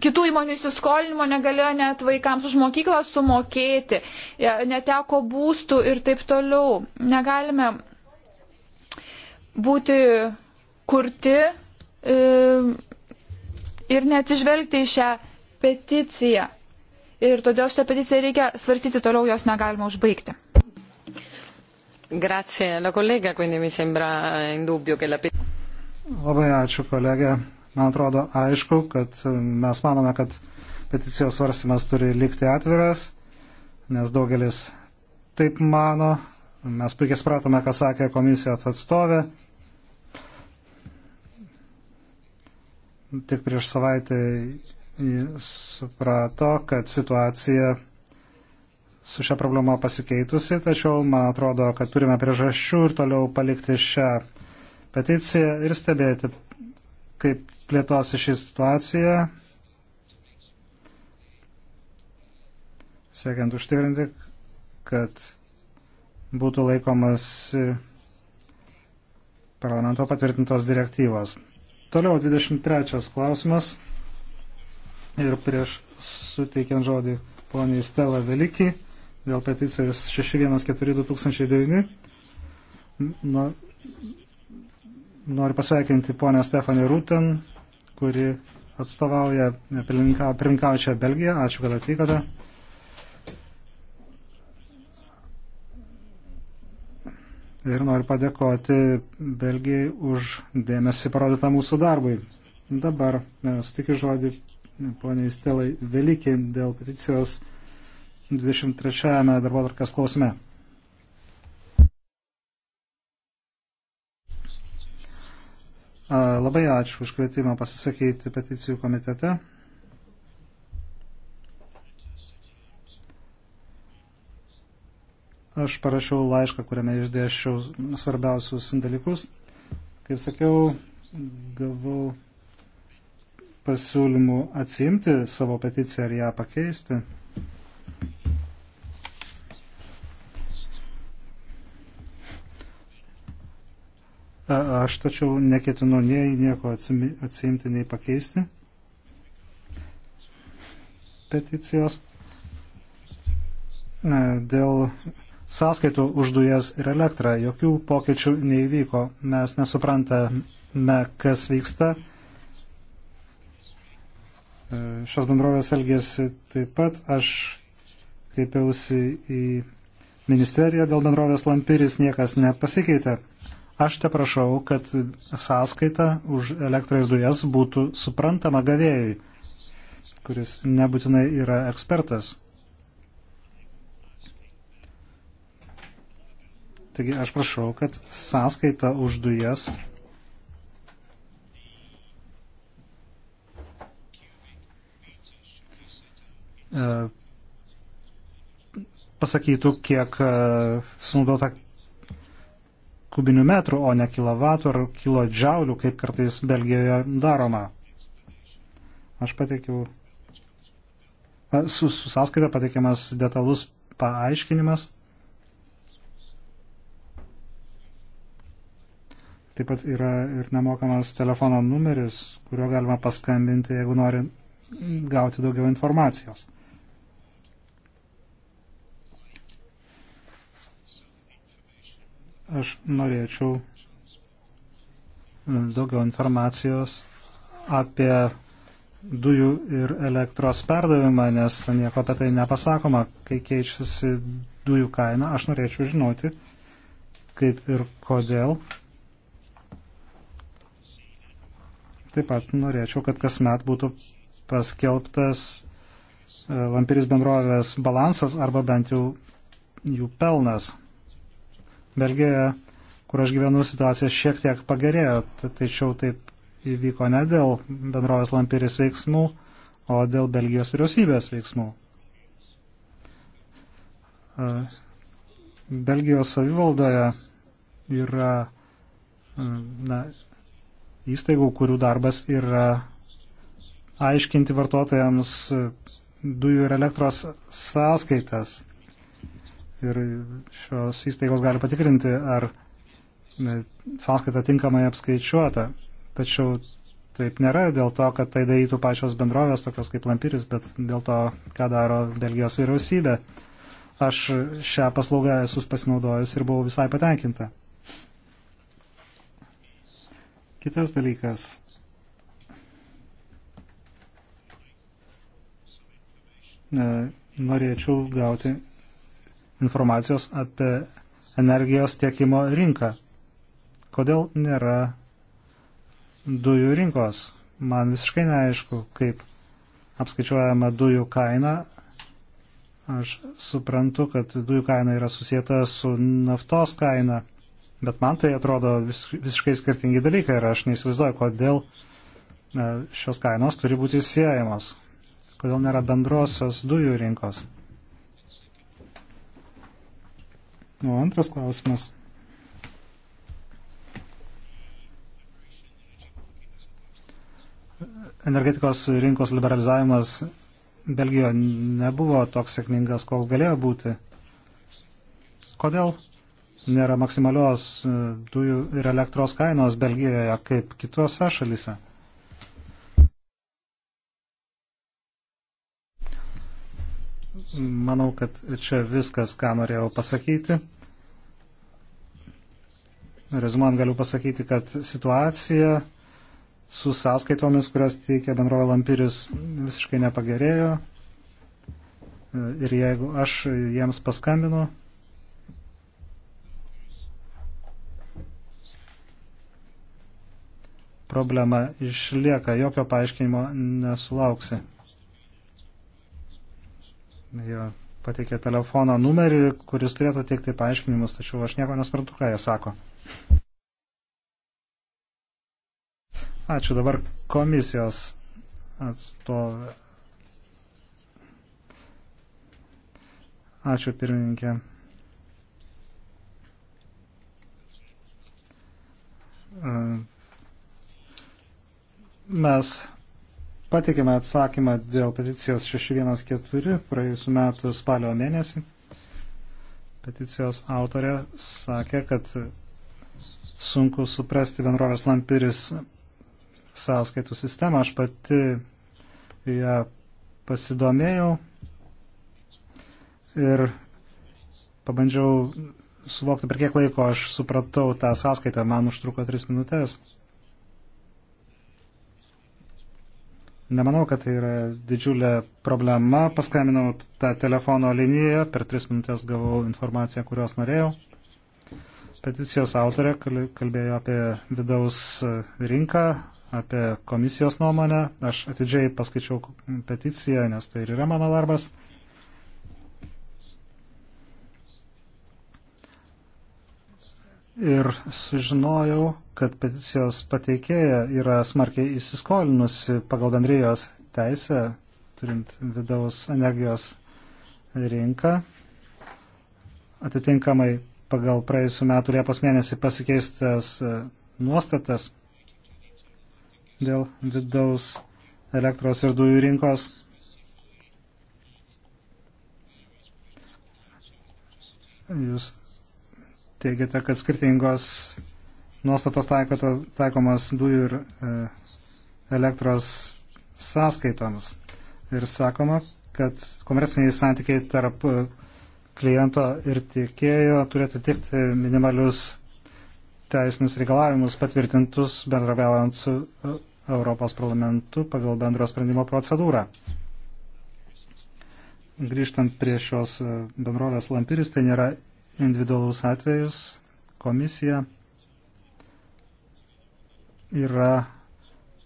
kitų įmonių įsiskolinimo, negalėjo net vaikams už mokyklą sumokėti, neteko būstų ir taip toliau. Negalime būti kurti. E, ir neatsižvelgti į šią peticiją. Ir todėl šitą peticiją reikia svarstyti toliau, jos negalima užbaigti. Grazie, la collega, quindi mi sembra in dubbio che la Labai ačiū, kolegė. Man atrodo aišku, kad mes manome, kad peticijos svarstymas turi likti atviras, nes daugelis taip mano. Mes puikiai supratome, ką sakė komisijos atstovė. tik prieš savaitę suprato, kad situacija su šia problema pasikeitusi, tačiau man atrodo, kad turime priežasčių ir toliau palikti šią peticiją ir stebėti, kaip plėtosi šį situaciją, siekiant užtikrinti, kad būtų laikomas parlamento patvirtintos direktyvos. Toliau 23 klausimas. Ir prieš suteikiant žodį poniai Stela Velikį dėl peticijos 614-2009. Nu, noriu pasveikinti ponę Stefanį Rūten, kuri atstovauja pirmininkaujančią Belgiją. Ačiū, kad atvykote. ir noriu padėkoti Belgijai už dėmesį parodytą mūsų darbui. Dabar e, sutikiu žodį poniai Stelai Velikiai dėl peticijos 23 darbo tarkas klausime. Labai ačiū už kvietimą pasisakyti peticijų komitete. Aš parašiau laišką, kuriame išdėšiau svarbiausius dalykus. Kaip sakiau, gavau pasiūlymų atsimti savo peticiją ir ją pakeisti. Aš tačiau neketinu nei nieko atsiimti, nei pakeisti peticijos dėl sąskaitų už dujas ir elektrą. Jokių pokyčių neįvyko. Mes nesuprantame, kas vyksta. E, šios bendrovės elgėsi taip pat. Aš kreipiausi į ministeriją dėl bendrovės Lampiris, niekas nepasikeitė. Aš te prašau, kad sąskaita už elektrą ir dujas būtų suprantama gavėjui, kuris nebūtinai yra ekspertas. Taigi aš prašau, kad sąskaita už dujas e, pasakytų, kiek e, sunaudota kubinių metrų, o ne kilovatų ar kilo džiaulių, kaip kartais Belgijoje daroma. Aš pateikiau, e, su, su sąskaita pateikiamas detalus paaiškinimas. Taip pat yra ir nemokamas telefono numeris, kuriuo galima paskambinti, jeigu nori gauti daugiau informacijos. Aš norėčiau daugiau informacijos apie dujų ir elektros perdavimą, nes nieko apie tai nepasakoma, kai keičiasi dujų kaina. Aš norėčiau žinoti, kaip ir kodėl Taip pat norėčiau, kad kasmet būtų paskelbtas Lampiris e, bendrovės balansas arba bent jau jų pelnas. Belgijoje, kur aš gyvenu, situacija šiek tiek pagerėjo, tačiau taip įvyko ne dėl bendrovės Lampiris veiksmų, o dėl Belgijos vyriausybės veiksmų. E, Belgijos savivaldoje yra e, na, įstaigų, kurių darbas yra aiškinti vartotojams dujų ir elektros sąskaitas. Ir šios įstaigos gali patikrinti, ar e, sąskaita tinkamai apskaičiuota. Tačiau taip nėra dėl to, kad tai darytų pačios bendrovės, tokios kaip Lampiris, bet dėl to, ką daro Belgijos vyriausybė. Aš šią paslaugą esu pasinaudojęs ir buvau visai patenkinta. Kitas dalykas. Norėčiau gauti informacijos apie energijos tiekimo rinką. Kodėl nėra dujų rinkos? Man visiškai neaišku, kaip apskaičiuojama dujų kaina. Aš suprantu, kad dujų kaina yra susijęta su naftos kaina. Bet man tai atrodo vis, visiškai skirtingi dalykai ir aš neįsivaizduoju, kodėl e, šios kainos turi būti siejamos, kodėl nėra bendrosios dujų rinkos. O antras klausimas. Energetikos rinkos liberalizavimas Belgijoje nebuvo toks sėkmingas, koks galėjo būti. Kodėl nėra maksimalios e, dujų ir elektros kainos Belgijoje kaip kitose šalise. Manau, kad čia viskas, ką norėjau pasakyti. Rezumant galiu pasakyti, kad situacija su sąskaitomis, kurias teikia bendrovė Lampiris, visiškai nepagerėjo. E, ir jeigu aš jiems paskambinu, problema išlieka, jokio paaiškinimo nesulauksi. Jo pateikė telefono numerį, kuris turėtų teikti paaiškinimus, tačiau aš nieko nesuprantu, ką jie sako. Ačiū dabar komisijos atstovė. Ačiū pirmininkė mes patikėme atsakymą dėl peticijos 614 praėjusiu metu spalio mėnesį. Peticijos autorė sakė, kad sunku suprasti bendrovės Lampiris sąskaitų sistemą. Aš pati ją pasidomėjau ir pabandžiau suvokti, per kiek laiko aš supratau tą sąskaitą. Man užtruko 3 minutės. Nemanau, kad tai yra didžiulė problema. Paskambinau tą telefono liniją, per tris minutės gavau informaciją, kurios norėjau. Peticijos autorė kalbėjo apie vidaus e, rinką, apie komisijos nuomonę. Aš atidžiai paskaičiau peticiją, nes tai ir yra mano darbas. ir sužinojau, kad peticijos pateikėja yra smarkiai įsiskolinusi pagal bendrijos teisę, turint vidaus energijos rinką. Atitinkamai pagal praėjusiu metu Liepos mėnesį pasikeistas e, nuostatas dėl vidaus elektros ir dujų rinkos. Jūs teigiate, kad skirtingos nuostatos taikoto, taikomas dujų ir e, elektros sąskaitoms. Ir sakoma, kad komerciniai santykiai tarp e, kliento ir tiekėjo turi atitikti minimalius teisinius reikalavimus patvirtintus bendrabiaujant su e, Europos parlamentu pagal bendro sprendimo procedūrą. Grįžtant prie šios e, bendrovės Lampiris, tai nėra individualus atvejus komisija yra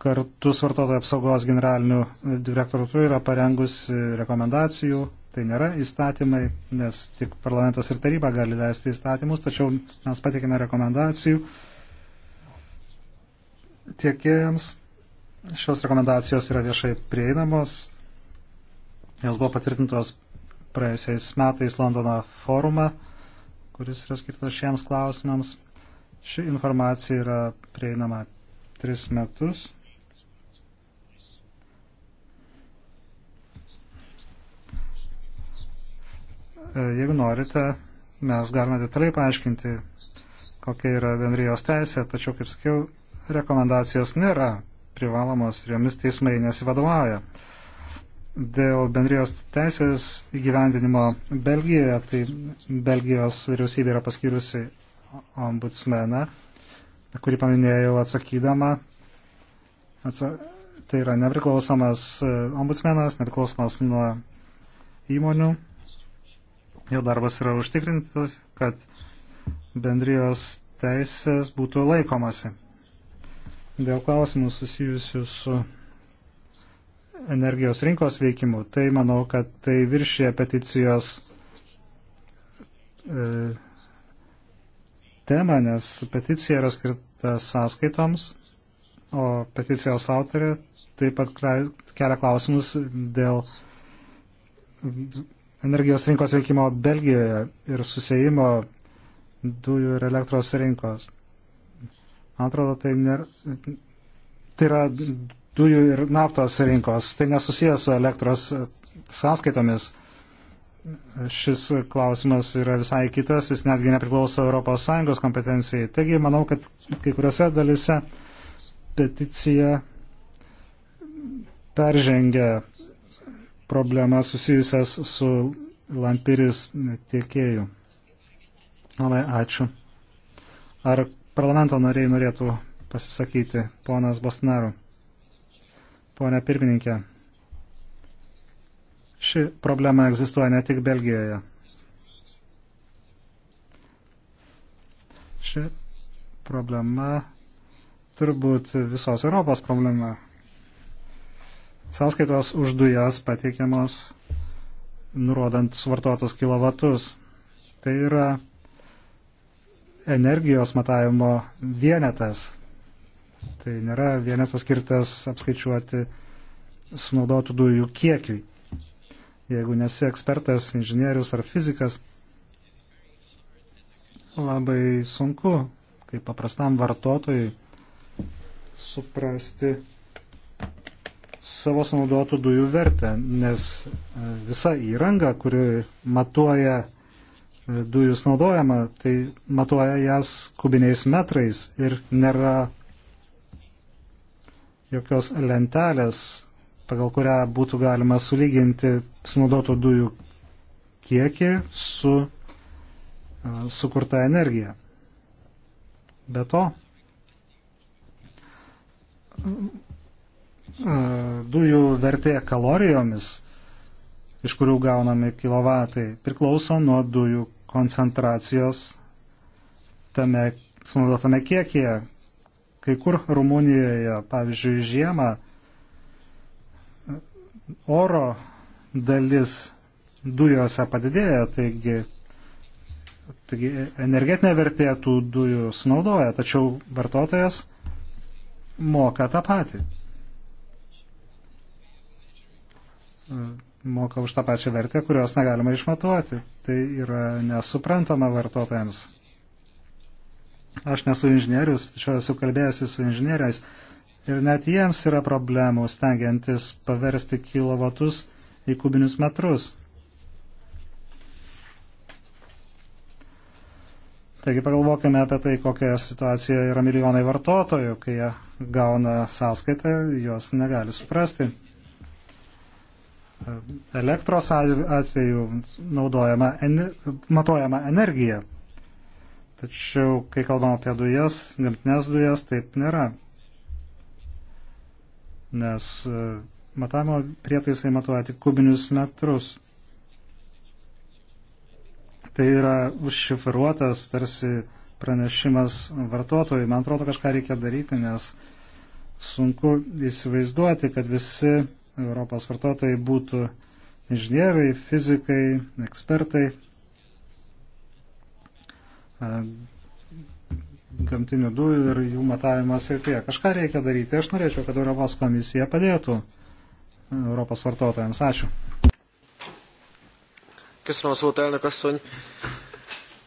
kartu su vartotojų apsaugos generaliniu direktoratu yra parengus rekomendacijų. Tai nėra įstatymai, nes tik parlamentas ir taryba gali leisti įstatymus, tačiau mes patikime rekomendacijų tiekėjams. Šios rekomendacijos yra viešai prieinamos. Jos buvo patvirtintos praėjusiais metais Londono forume kuris yra skirtas šiems klausimams. Ši informacija yra prieinama tris metus. E, jeigu norite, mes galime detaliai paaiškinti, kokia yra bendrijos teisė, tačiau, kaip sakiau, rekomendacijos nėra privalomos ir jomis teismai nesivadovauja dėl bendrijos teisės įgyvendinimo Belgijoje, tai Belgijos vyriausybė yra paskyrusi ombudsmeną, kurį paminėjau atsakydama. Atsa, tai yra nepriklausomas e, ombudsmenas, nepriklausomas nuo įmonių. Jo darbas yra užtikrintas, kad bendrijos teisės būtų laikomasi. Dėl klausimų susijusių su energijos rinkos veikimu, tai manau, kad tai viršė peticijos e, temą, nes peticija yra skirta sąskaitoms, o peticijos autorė taip pat kelia klausimus dėl energijos rinkos veikimo Belgijoje ir susėjimo dujų ir elektros rinkos. Man atrodo, tai, nėra, tai yra dujų ir naftos rinkos. Tai nesusijęs su elektros sąskaitomis. Šis klausimas yra visai kitas, jis netgi nepriklauso ES kompetencijai. Taigi, manau, kad kai kuriuose dalise peticija peržengia problemą susijusias su lampiris tiekėjų. Labai ačiū. Ar parlamento nariai norėtų pasisakyti, ponas Bosnaru? Pone pirmininkė, ši problema egzistuoja ne tik Belgijoje. Ši problema turbūt visos Europos problema. Sąskaitos už dujas pateikiamos nurodant suvartuotus kilovatus. Tai yra energijos matavimo vienetas, Tai nėra vienetas skirtas apskaičiuoti sunaudotų dujų kiekiui. Jeigu nesi ekspertas, inžinierius ar fizikas, labai sunku, kaip paprastam vartotojui, suprasti savo sunaudotų dujų vertę, nes e, visa įranga, kuri matuoja e, dujų sunaudojimą, tai matuoja jas kubiniais metrais ir nėra jokios lentelės, pagal kurią būtų galima sulyginti sunaudotų dujų kiekį su sukurta energija. Be to, dujų vertė kalorijomis, iš kurių gaunami kilovatai, priklauso nuo dujų koncentracijos tame sunaudotame kiekyje, Kai kur Rumunijoje, pavyzdžiui, žiemą oro dalis dujose padidėja, taigi, taigi energetinė vertė tų dujų sunaudoja, tačiau vartotojas moka tą patį. Moka už tą pačią vertę, kurios negalima išmatuoti. Tai yra nesuprantama vartotojams. Aš nesu inžinierius, tačiau esu kalbėjęsis su inžinieriais ir net jiems yra problemų stengiantis paversti kilovatus į kubinius metrus. Taigi pagalvokime apie tai, kokia situacija yra milijonai vartotojų, kai jie gauna sąskaitą, jos negali suprasti. Elektros atveju naudojama, matuojama energija. Tačiau, kai kalbam apie dujas, gamtinės dujas, taip nėra. Nes e, matavimo prietaisai matuoja tik kubinius metrus. Tai yra užšifruotas tarsi pranešimas vartotojui. Man atrodo, kažką reikia daryti, nes sunku įsivaizduoti, kad visi Europos vartotojai būtų inžinieriai, fizikai, ekspertai. E, gamtinių dujų ir jų matavimas ir tie. Kažką reikia daryti. Aš norėčiau, kad Europos komisija padėtų Europos vartotojams. Ačiū. Köszönöm a szót, elnök asszony.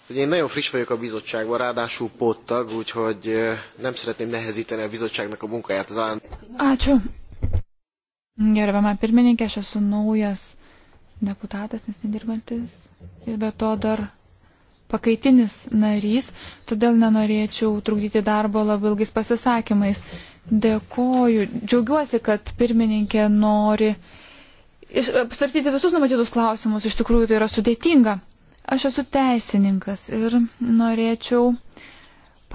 Ugye én nagyon friss vagyok a bizottságban, ráadásul póttag, úgyhogy e, nem szeretném nehezíteni a bizottságnak a munkáját az állandó. Ácsó. Gerbiamą pirmininkę, aš esu naujas deputatas, nes nedirbantis. Ir be to dar pakaitinis narys, todėl nenorėčiau trukdyti darbo labai ilgais pasisakymais. Dėkoju, džiaugiuosi, kad pirmininkė nori apsvartyti visus numatytus klausimus, iš tikrųjų tai yra sudėtinga. Aš esu teisininkas ir norėčiau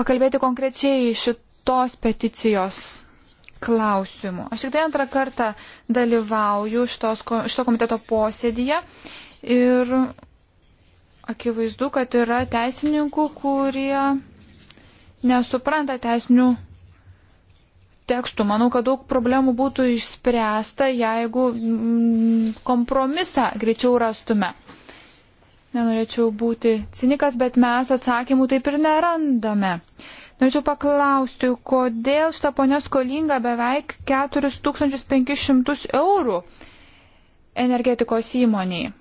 pakalbėti konkrečiai šitos peticijos klausimu. Aš tik tai antrą kartą dalyvauju šitos, šito komiteto posėdėje ir Akivaizdu, kad yra teisininkų, kurie nesupranta teisinių tekstų. Manau, kad daug problemų būtų išspręsta, jeigu mm, kompromisą greičiau rastume. Nenorėčiau būti cinikas, bet mes atsakymų taip ir nerandame. Norėčiau paklausti, kodėl šita ponia skolinga beveik 4500 eurų energetikos įmoniai.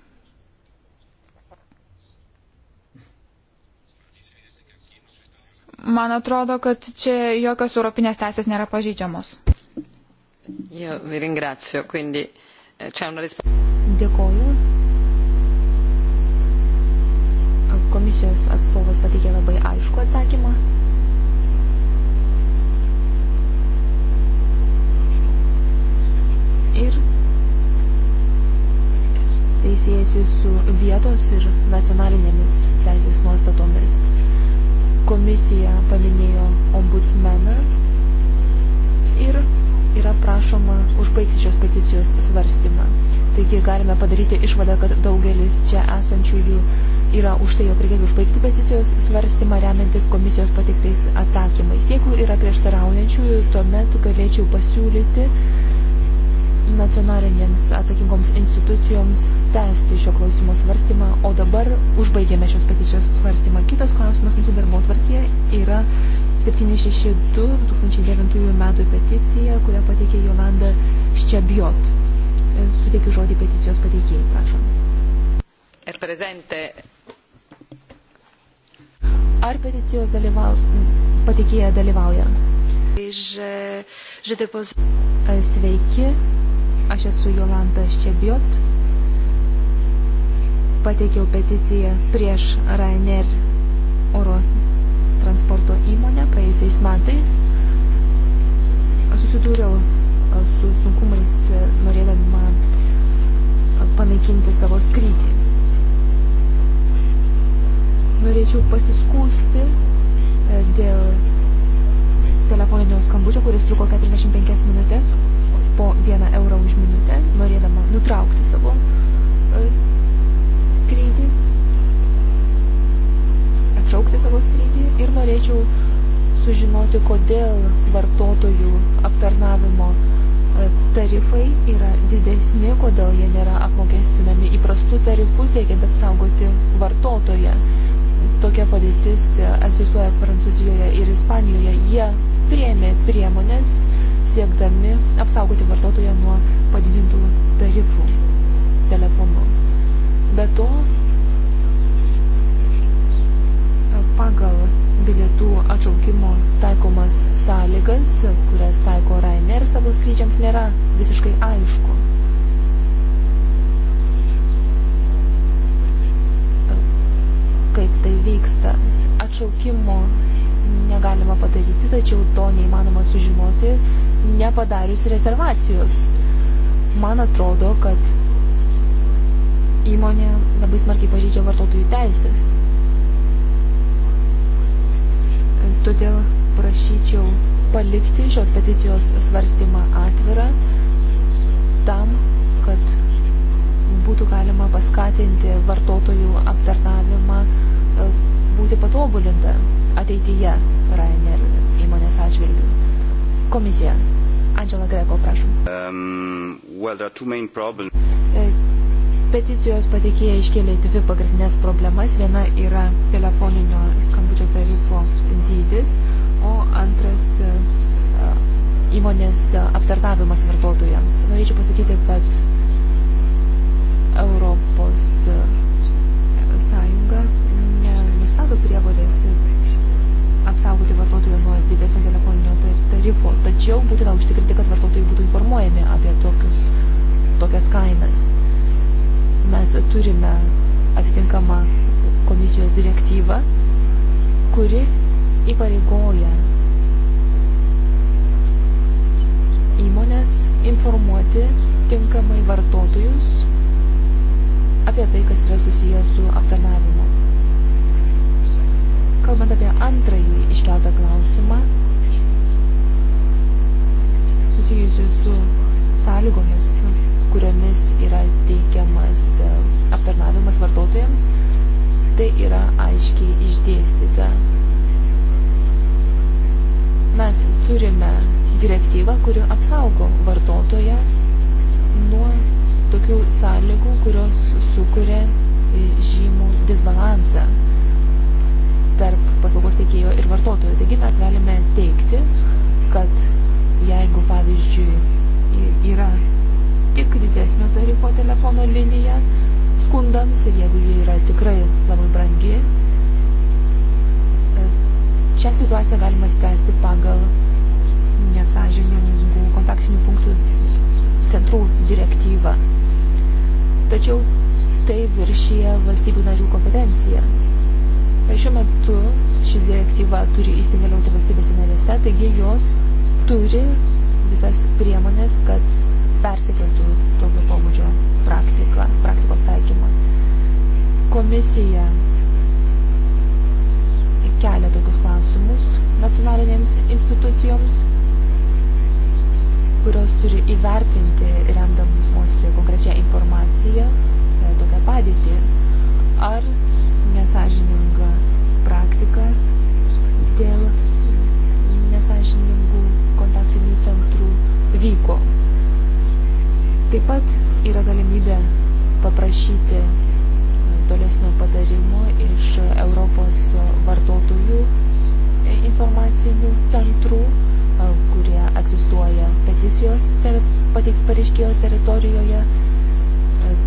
Man atrodo, kad čia jokios europinės teisės nėra pažydžiamos. Eh, Dėkoju. Komisijos atstovas pateikė labai aišku atsakymą. Ir tai siejasi su vietos ir nacionalinėmis teisės nuostatomis. Komisija paminėjo ombudsmeną ir yra prašoma užbaigti šios peticijos svarstymą. Taigi galime padaryti išvadą, kad daugelis čia esančiųjų yra už tai, jog reikėtų užbaigti peticijos svarstymą remiantis komisijos patiktais atsakymais. Jeigu yra prieštaraujančiųjų, tuomet galėčiau pasiūlyti nacionalinėms atsakingoms institucijoms tęsti šio klausimo svarstymą, o dabar užbaigėme šios peticijos svarstymą. Kitas klausimas mūsų darbo tvarkė yra 762-2009 metų peticija, kurią pateikė Jolanda Ščebiot. Suteikiu žodį peticijos pateikėjai, prašom. Er prezente. Ar peticijos dalyvau... pateikėja dalyvauja? Sveiki, Aš esu Jolanta Ščebiot. Pateikiau peticiją prieš Rainer oro transporto įmonę praėjusiais metais. Susidūriau e, su sunkumais e, norėdama e, panaikinti savo skrydį. Norėčiau pasiskūsti dėl telefoninio skambučio, kuris truko 45 minutės, po vieną eurą už minutę, norėdama nutraukti savo e, skrydį, atšaukti savo skrydį ir norėčiau sužinoti, kodėl vartotojų aptarnavimo e, tarifai yra didesni, kodėl jie nėra apmokestinami įprastų tarifų, siekiant apsaugoti vartotoją. Tokia padėtis egzistuoja Prancūzijoje ir Ispanijoje. Jie priemė priemonės, uh, siekdami apsaugoti vartotoją nuo padidintų tarifų telefonu. Be to, pagal bilietų atšaukimo taikomas sąlygas, kurias taiko Rainer savo skrydžiams, nėra visiškai aišku. Kaip tai vyksta? Atšaukimo negalima padaryti, tačiau to neįmanoma sužinoti nepadarius rezervacijos. Man atrodo, kad įmonė labai smarkiai pažeidžia vartotojų teisės. Todėl prašyčiau palikti šios peticijos svarstymą atvirą tam, kad būtų galima paskatinti vartotojų aptarnavimą e, būti patobulintą ateityje Rainer įmonės atžvilgių. Komisija. Angela Greco, prašom. Um, well, there are two main problems. E, peticijos pateikėjai iškėlė dvi pagrindinės problemas. Viena yra telefoninio skambučio tarifo dydis, o antras e, įmonės aptarnavimas vartotojams. Norėčiau pasakyti, kad Europos e, Sąjunga nenustato prievolės apsaugoti vartotojų nuo didesnio telefoninio tarifo, tačiau būtina užtikrinti, kad vartotojai būtų informuojami apie tokius, tokias kainas. Mes turime atitinkamą komisijos direktyvą, kuri įpareigoja įmonės informuoti tinkamai vartotojus apie tai, kas yra susijęs su aptarnavimu. Kalbant apie antrąjį iškeltą klausimą, susijusiu su sąlygomis, kuriomis yra teikiamas e, aptarnavimas vartotojams, tai yra aiškiai išdėstyta. Mes turime direktyvą, kuri apsaugo vartotoją nuo tokių sąlygų, kurios sukuria e, žymų disbalansą tarp paslaugos teikėjo ir vartotojo. Taigi mes galime teikti, kad jeigu, pavyzdžiui, yra tik didesnio tarifo telefono linija skundams ir jeigu jie yra tikrai labai brangi, e, šią situaciją galima spręsti pagal nesažiningų kontaktinių punktų centrų direktyvą. Tačiau tai viršyje valstybių narių kompetenciją. Šiuo metu ši direktyva turi įsigaliauti valstybėse narėse, taigi jos turi visas priemonės, kad persikėtų tokio pobūdžio praktika, praktikos taikymą. Komisija kelia tokius klausimus nacionalinėms institucijoms, kurios turi įvertinti remdamosi konkrečią informaciją eh, tokią padėtį ar nesažininga praktika dėl nesažiningų kontaktinių centrų vyko. Taip pat yra galimybė paprašyti tolesnio patarimo iš Europos vartotojų informacinių centrų, kurie egzistuoja peticijos pareiškėjos teritorijoje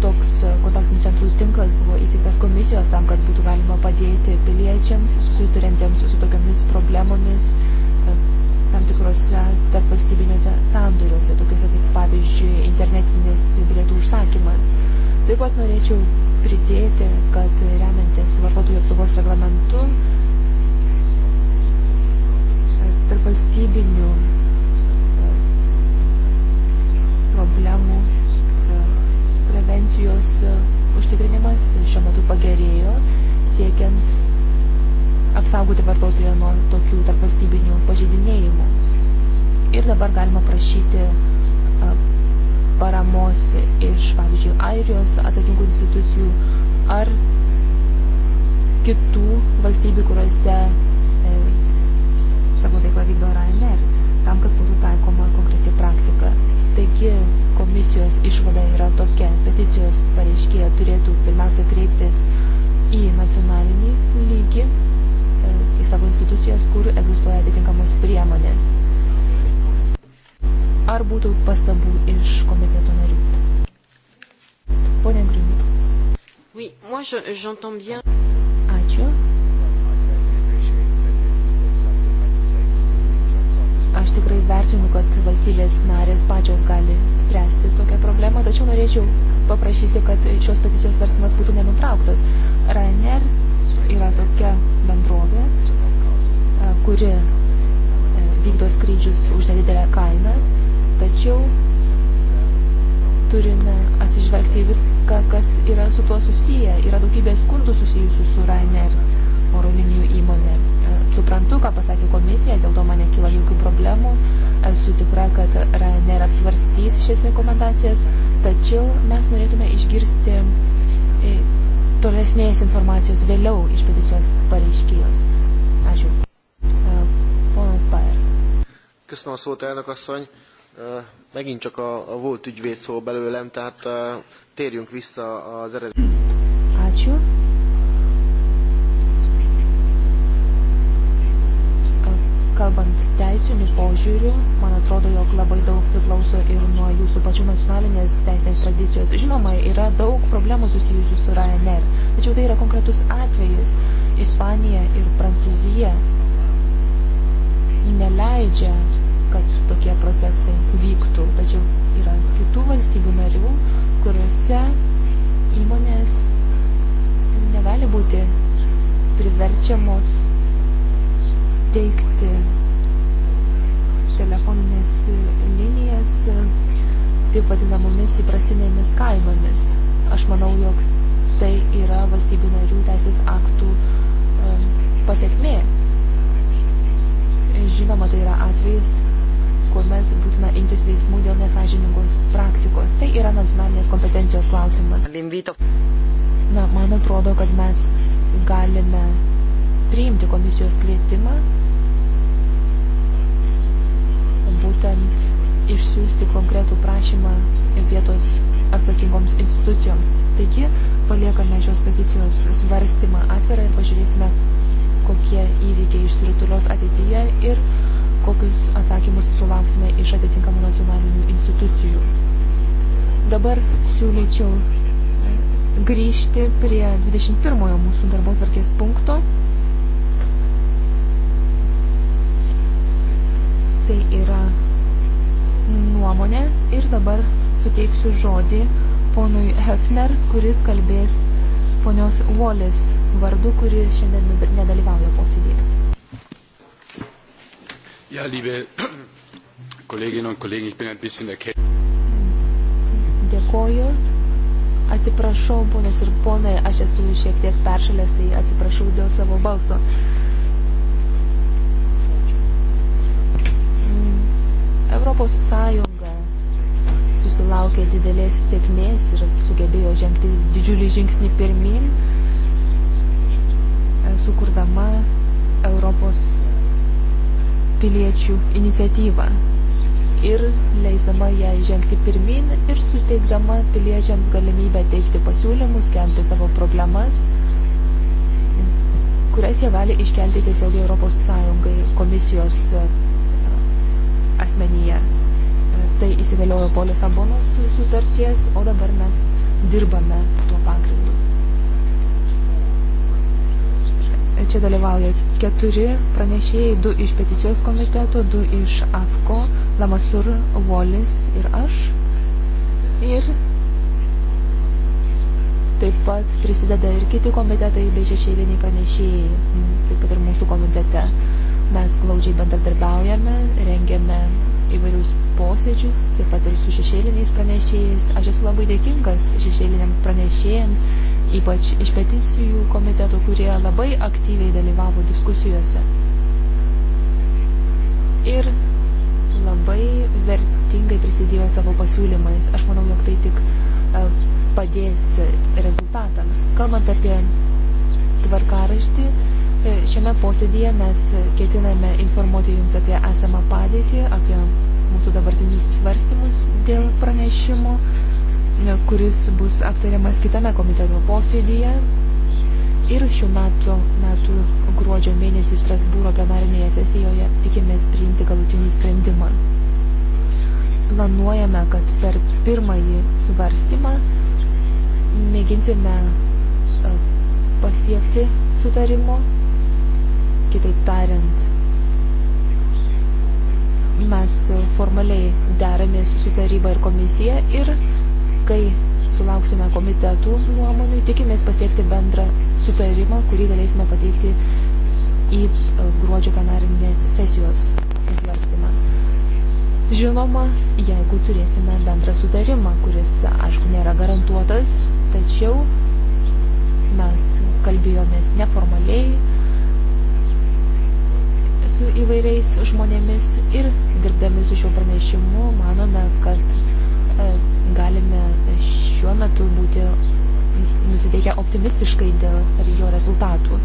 toks e, kontaktinių centrų tinklas buvo įsteigtas komisijos tam, kad būtų galima padėti piliečiams, susiturintiems su tokiamis problemomis e, tam tikrose tarp valstybinėse sandoriuose, tokiuose kaip pavyzdžiui internetinis bilietų užsakymas. Taip pat norėčiau pridėti, kad remiantis vartotojų apsaugos reglamentu e, tarp valstybinių problemų prevencijos e, užtikrinimas šiuo metu pagerėjo, siekiant apsaugoti vartotoją nuo tokių tarpvalstybinių pažeidinėjimų. Ir dabar galima prašyti e, paramos iš, pavyzdžiui, Airijos atsakingų institucijų ar kitų valstybių, kuriuose e, savo veiklą vykdo Ryanair, tam, kad būtų taikoma konkreti praktika. Taigi komisijos išvada yra tokia. Peticijos pareiškėja turėtų pirmiausia kreiptis į nacionalinį lygį, e, į savo institucijas, kur egzistuoja atitinkamos priemonės. Ar būtų pastabų iš komiteto narių? Pone Griumi. Oui, moi j'entends bien. Ačiū. Aš tikrai vertinu, kad valstybės narės pačios gali spręsti tokią problemą, tačiau norėčiau paprašyti, kad šios peticijos versimas būtų nenutrauktas. Rainer yra tokia bendrovė, e, kuri e, vykdo skrydžius už nedidelę kainą, tačiau turime atsižvelgti į viską, kas yra su tuo susiję. Yra daugybė skundų susijusių su Rainer oro linijų įmonė suprantu, ką pasakė komisija, dėl to man nekyla jokių problemų. Esu tikra, kad Ryanair apsvarstys šias rekomendacijas, tačiau mes norėtume išgirsti e, tolesnės informacijos vėliau iš peticijos pareiškėjos. Ačiū. E, ponas Bayer. Köszönöm a szót, elnök asszony. E, megint csak a, a volt ügyvéd szól belőlem, tehát térjünk vissza az eredetre. Ácsú. kalbant teisinių požiūrių, man atrodo, jog labai daug priklauso ir nuo jūsų pačių nacionalinės teisinės tradicijos. Žinoma, yra daug problemų susijusių su Ryanair, tačiau tai yra konkretus atvejis. Ispanija ir Prancūzija neleidžia, kad tokie procesai vyktų, tačiau yra kitų valstybių narių, kuriuose įmonės negali būti priverčiamos įsteigti telefoninės linijas taip vadinamomis įprastinėmis kainomis. Aš manau, jog tai yra valstybių narių teisės aktų pasiekmė. Žinoma, tai yra atvejis, kuomet būtina imtis veiksmų dėl nesažiningos praktikos. Tai yra nacionalinės kompetencijos klausimas. Na, man atrodo, kad mes galime priimti komisijos kvietimą būtent išsiųsti konkretų prašymą vietos atsakingoms institucijoms. Taigi paliekame šios peticijos svarstymą atvirą ir pažiūrėsime, kokie įvykiai išsirutulios ateityje ir kokius atsakymus sulauksime iš atitinkamų nacionalinių institucijų. Dabar siūlyčiau e, grįžti prie 21 mūsų darbo tvarkės punkto. Tai yra nuomonė ir dabar suteiksiu žodį ponui Hefner, kuris kalbės ponios Wallis vardu, kuri šiandien nedalyvauja posėdėje. Ja, liebe Kolleginnen und Kollegen, ich bin ein bisschen erkältet. Dėkoju. Atsiprašau, ponios ir ponai, aš esu šiek tiek peršalęs, tai atsiprašau dėl savo balso. Uh, Europos Sąjunga susilaukė didelės sėkmės ir sugebėjo žengti didžiulį žingsnį pirmin, e, sukurdama Europos piliečių iniciatyvą ir leisdama ją žengti pirmin ir suteikdama piliečiams galimybę teikti pasiūlymus, kelti savo problemas, kurias jie gali iškelti tiesiog Europos Sąjungai komisijos e, asmenyje. Tai įsigaliojo po Lisabonos sutarties, o dabar mes dirbame tuo pagrindu. Čia dalyvauja keturi pranešėjai, du iš peticijos komiteto, du iš AFKO, Lamasur, Wallis ir aš. Ir taip pat prisideda ir kiti komitetai bei šešėliniai pranešėjai, taip pat ir mūsų komitete. Mes glaudžiai bendradarbiaujame, rengiame įvairius posėdžius, taip pat ir su šešėliniais pranešėjais. Aš esu labai dėkingas šešėliniams pranešėjams, ypač iš peticijų komiteto, kurie labai aktyviai dalyvavo diskusijose. Ir labai vertingai prisidėjo savo pasiūlymais. Aš manau, jog tai tik e, padės rezultatams. Kalbant apie tvarkaraštį, E, šiame posėdėje mes e, ketiname informuoti Jums apie esamą padėtį, apie mūsų dabartinius svarstymus dėl pranešimo, e, kuris bus aptariamas kitame komiteto posėdėje. Ir šių metų, metų gruodžio mėnesį Strasbūro plenarinėje sesijoje tikimės priimti galutinį sprendimą. Planuojame, kad per pirmąjį svarstymą mėginsime pasiekti sutarimo Kitaip tariant, mes formaliai deramės su taryba ir komisija ir kai sulauksime komitetų nuomonių, tikimės pasiekti bendrą sutarimą, kurį galėsime pateikti į e, gruodžio plenarinės sesijos svarstymą. Žinoma, jeigu turėsime bendrą sutarimą, kuris, aišku, nėra garantuotas, tačiau mes kalbėjomės neformaliai, su įvairiais žmonėmis ir dirbdami su šiuo pranešimu manome, kad e, galime šiuo metu būti nusiteikę optimistiškai dėl jo rezultatų.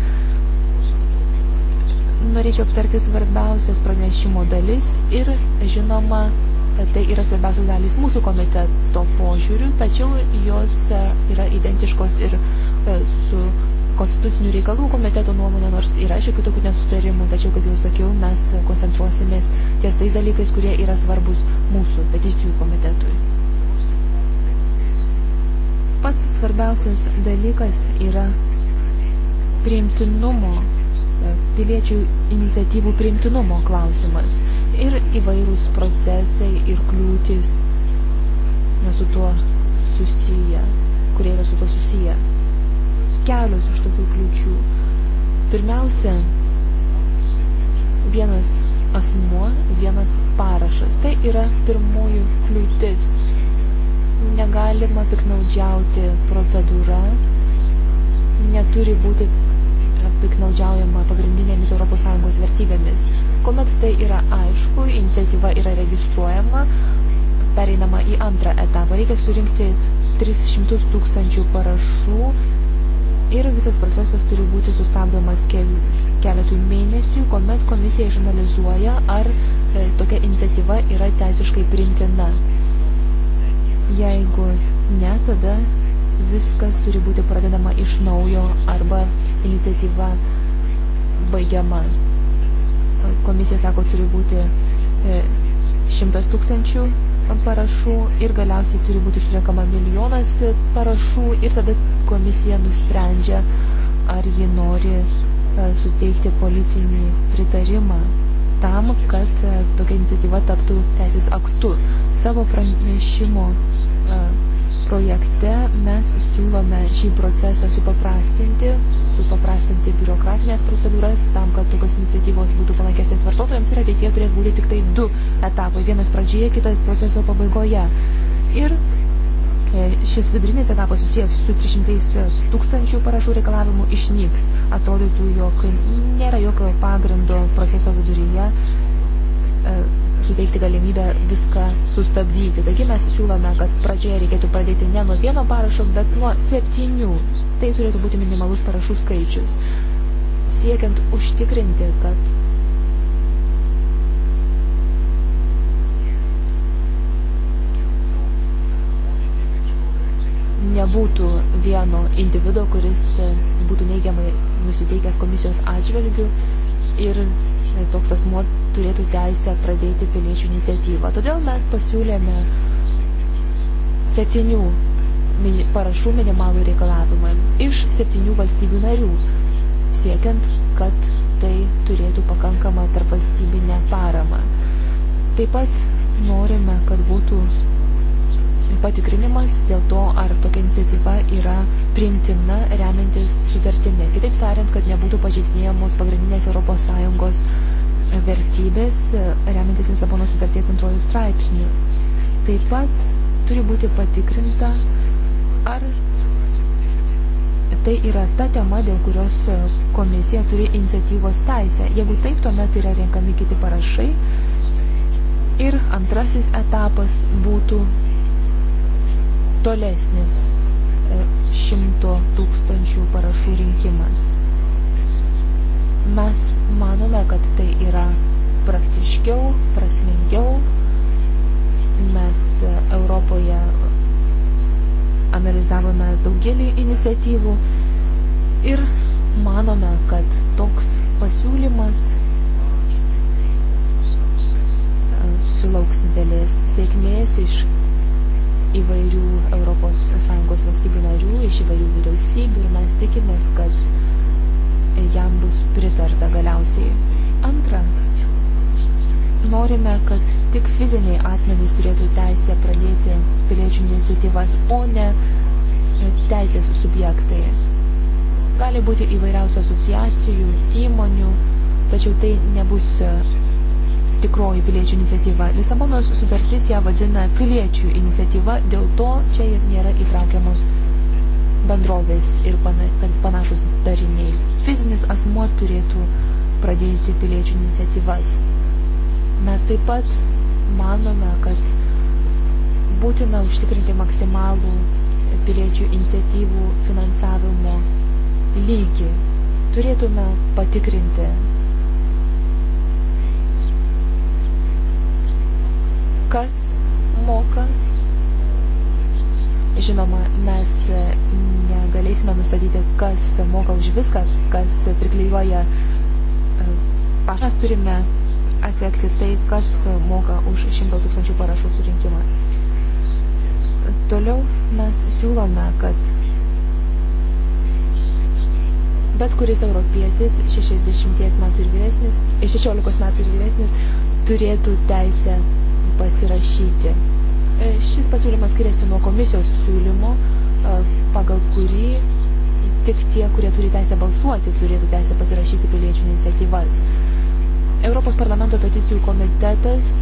Norėčiau aptarti svarbiausias pranešimo dalis ir, žinoma, tai yra svarbiausios dalys mūsų komiteto požiūrių, tačiau jos e, yra identiškos ir e, su konstitucinių reikalų komiteto nuomonę, nors yra šiokių tokių nesutarimų, tačiau, kaip jau sakiau, mes koncentruosimės ties tais dalykais, kurie yra svarbus mūsų peticijų komitetui. Pats svarbiausias dalykas yra priimtinumo, piliečių iniciatyvų priimtinumo klausimas ir įvairūs procesai ir kliūtis su tuo susiję, kurie yra su tuo susiję kelios iš tokių kliučių. Pirmiausia, vienas asmuo, vienas parašas. Tai yra pirmoji kliūtis. Negalima piknaudžiauti procedūra, neturi būti piknaudžiaujama pagrindinėmis ES vertybėmis. Komet tai yra aišku, iniciatyva yra registruojama, pereinama į antrą etapą. Reikia surinkti 300 tūkstančių parašų ir visas procesas turi būti sustabdomas keletui mėnesių, kuomet komisija išanalizuoja, ar e, tokia iniciatyva yra teisiškai primtina. Jeigu ne, tada viskas turi būti pradedama iš naujo arba iniciatyva baigiama. Komisija sako, turi būti e, 100 tūkstančių parašų ir galiausiai turi būti surinkama milijonas parašų ir tada komisija nusprendžia, ar ji nori e, suteikti politinį pritarimą tam, kad e, tokia iniciatyva taptų teisės aktu. Savo pranešimo e, projekte mes siūlome šį procesą supaprastinti, supaprastinti biurokratinės procedūras tam, kad tokios iniciatyvos būtų palankesnės vartotojams ir ateityje turės būti tik tai du etapai. Vienas pradžioje, kitas proceso pabaigoje. Ir e, šis vidurinis etapas susijęs su 300 tūkstančių parašų reikalavimu išnyks. Atrodytų, jog nėra jokio pagrindo proceso viduryje e, suteikti galimybę viską sustabdyti. Taigi mes siūlome, kad pradžioje reikėtų pradėti ne nuo vieno parašo, bet nuo septynių. Tai turėtų būti minimalus parašų skaičius. Siekiant užtikrinti, kad nebūtų vieno individo, kuris būtų neigiamai nusiteikęs komisijos atžvelgių ir toks asmo turėtų teisę pradėti piliečių iniciatyvą. Todėl mes pasiūlėme septynių parašų minimalų reikalavimą iš septynių valstybių narių, siekiant, kad tai turėtų pakankamą tarpvalstybinę paramą. Taip pat norime, kad būtų patikrinimas dėl to, ar tokia iniciatyva yra priimtina remiantis sutartimi. Kitaip tariant, kad nebūtų pažeidinėjamos pagrindinės ES vertybės e, remiantis Lisabono sutarties antrojų straipsnių. Taip pat turi būti patikrinta, ar tai yra ta tema, dėl kurios e, komisija turi iniciatyvos teisę. Jeigu taip, tuomet yra renkami kiti parašai. Ir antrasis etapas būtų tolesnis e, šimto tūkstančių parašų rinkimas. Mes manome, kad tai yra praktiškiau, prasmingiau. Mes e, Europoje analizavome daugelį iniciatyvų ir manome, kad toks pasiūlymas e, susilauks didelės sėkmės iš įvairių ES valstybių narių, iš įvairių vyriausybių ir mes tikimės, kad jam bus pritarta galiausiai. Antra, norime, kad tik fiziniai asmenys turėtų teisę pradėti piliečių iniciatyvas, o ne teisės subjektai. Gali būti įvairiausių asociacijų, įmonių, tačiau tai nebus tikroji piliečių iniciatyva. Lisabonos sutartis ją vadina piliečių iniciatyva, dėl to čia ir nėra įtraukiamos bendrovės ir pana, panašus dariniai. Fizinis asmuo turėtų pradėti piliečių iniciatyvas. Mes taip pat manome, kad būtina užtikrinti maksimalų piliečių iniciatyvų finansavimo lygį. Turėtume patikrinti kas moka. Žinoma, mes negalėsime nustatyti, kas moka už viską, kas priklyjuoja e, pašas. Turime atsiekti tai, kas moka už 100 tūkstančių parašų surinkimą. Toliau mes siūlome, kad bet kuris europietis 60 metų ir vyresnis, 16 metų ir vyresnis turėtų teisę pasirašyti. E, šis pasiūlymas skiriasi nuo komisijos siūlymo, e, pagal kurį tik tie, kurie turi teisę balsuoti, turėtų teisę pasirašyti piliečių iniciatyvas. Europos parlamento peticijų komitetas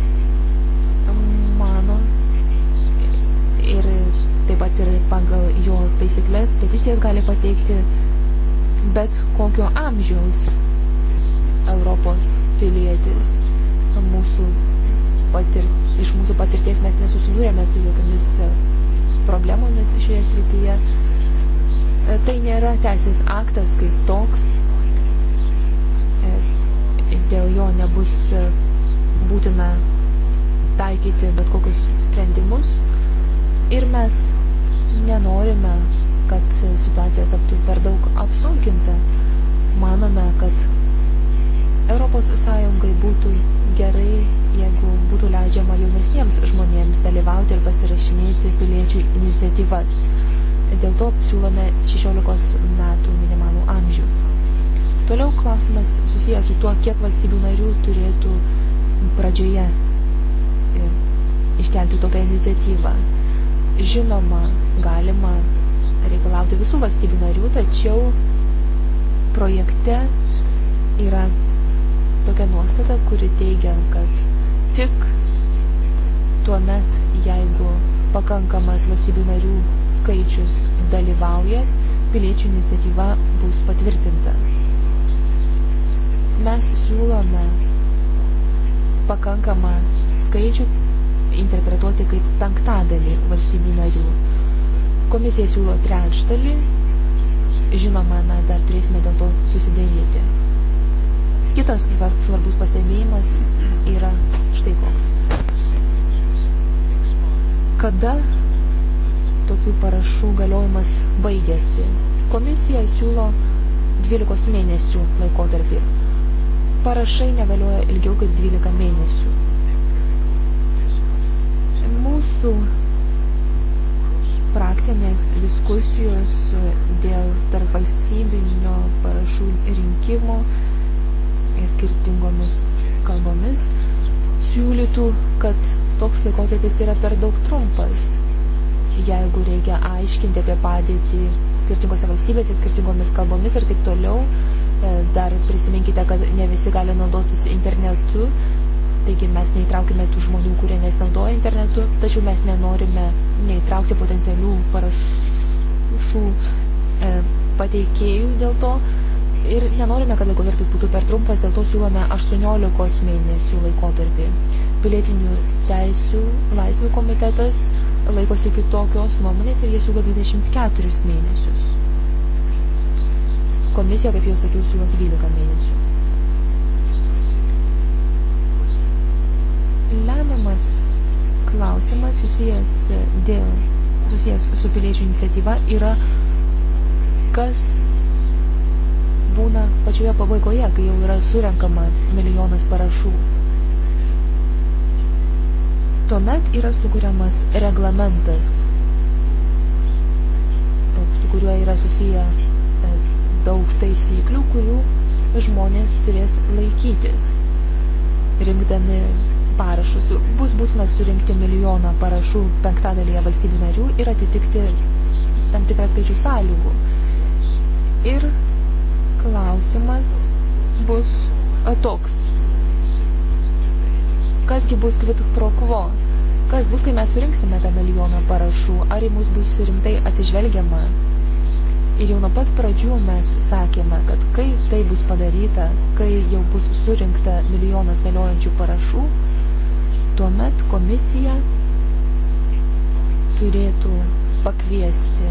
mano ir taip pat ir pagal jo taisyklės peticijas gali pateikti bet kokio amžiaus Europos pilietis mūsų patir, iš mūsų patirties mes nesusidūrėme su jokiamis e, problemomis šioje srityje. E, tai nėra teisės aktas kaip toks, e, dėl jo nebus būtina taikyti bet kokius sprendimus ir mes nenorime, kad situacija taptų per daug apsunkinta. Manome, kad Europos Sąjungai būtų gerai jeigu būtų leidžiama jaunesniems žmonėms dalyvauti ir pasirašinėti piliečių iniciatyvas. Dėl to siūlome 16 metų minimalų amžių. Toliau klausimas susijęs su tuo, kiek valstybių narių turėtų pradžioje e, iškelti tokią iniciatyvą. Žinoma, galima reikalauti visų valstybių narių, tačiau projekte yra tokia nuostata, kuri teigia, kad tik tuo met, jeigu pakankamas valstybių narių skaičius dalyvauja, piliečių iniciatyva bus patvirtinta. Mes siūlome pakankamą skaičių interpretuoti kaip penktadalį valstybių narių. Komisija siūlo trečdalį, žinoma, mes dar turėsime dėl to susidėrėti. Kitas svarbus pastebėjimas yra štai koks. Kada tokių parašų galiojimas baigėsi? Komisija siūlo 12 mėnesių laikotarpį. Parašai negalioja ilgiau kaip 12 mėnesių. Mūsų praktinės diskusijos dėl tarpvalstybinio parašų rinkimo skirtingomis kalbomis siūlytų, kad toks laikotarpis yra per daug trumpas, jeigu reikia aiškinti apie padėtį skirtingose valstybėse, skirtingomis kalbomis ir taip toliau. E, dar prisiminkite, kad ne visi gali naudotis internetu, taigi mes neįtraukime tų žmonių, kurie nesinaudoja internetu, tačiau mes nenorime neįtraukti potencialių parašų e, pateikėjų dėl to, ir nenorime, kad laikotarpis būtų per trumpas, dėl to siūlome 18 mėnesių laikotarpį. Pilietinių teisių laisvių komitetas laikosi kitokios nuomonės ir jie siūlo 24 mėnesius. Komisija, kaip jau sakiau, siūlo 12 mėnesių. Lemiamas klausimas susijęs, dėl, susijęs su piliečių iniciatyva yra, kas būna pačioje pabaigoje, kai jau yra surenkama milijonas parašų. Tuomet yra sukūriamas reglamentas, su kuriuo yra susiję e, daug taisyklių, kurių žmonės turės laikytis, rinkdami parašus. Bus būtina surinkti milijoną parašų penktadalyje valstybių narių ir atitikti tam tikrą skaičių sąlygų. Ir klausimas bus toks. Kasgi bus kvit pro kvo? Kas bus, kai mes surinksime tą milijoną parašų? Ar į mus bus rimtai atsižvelgiama? Ir jau nuo pat pradžių mes sakėme, kad kai tai bus padaryta, kai jau bus surinkta milijonas galiojančių parašų, tuomet komisija turėtų pakviesti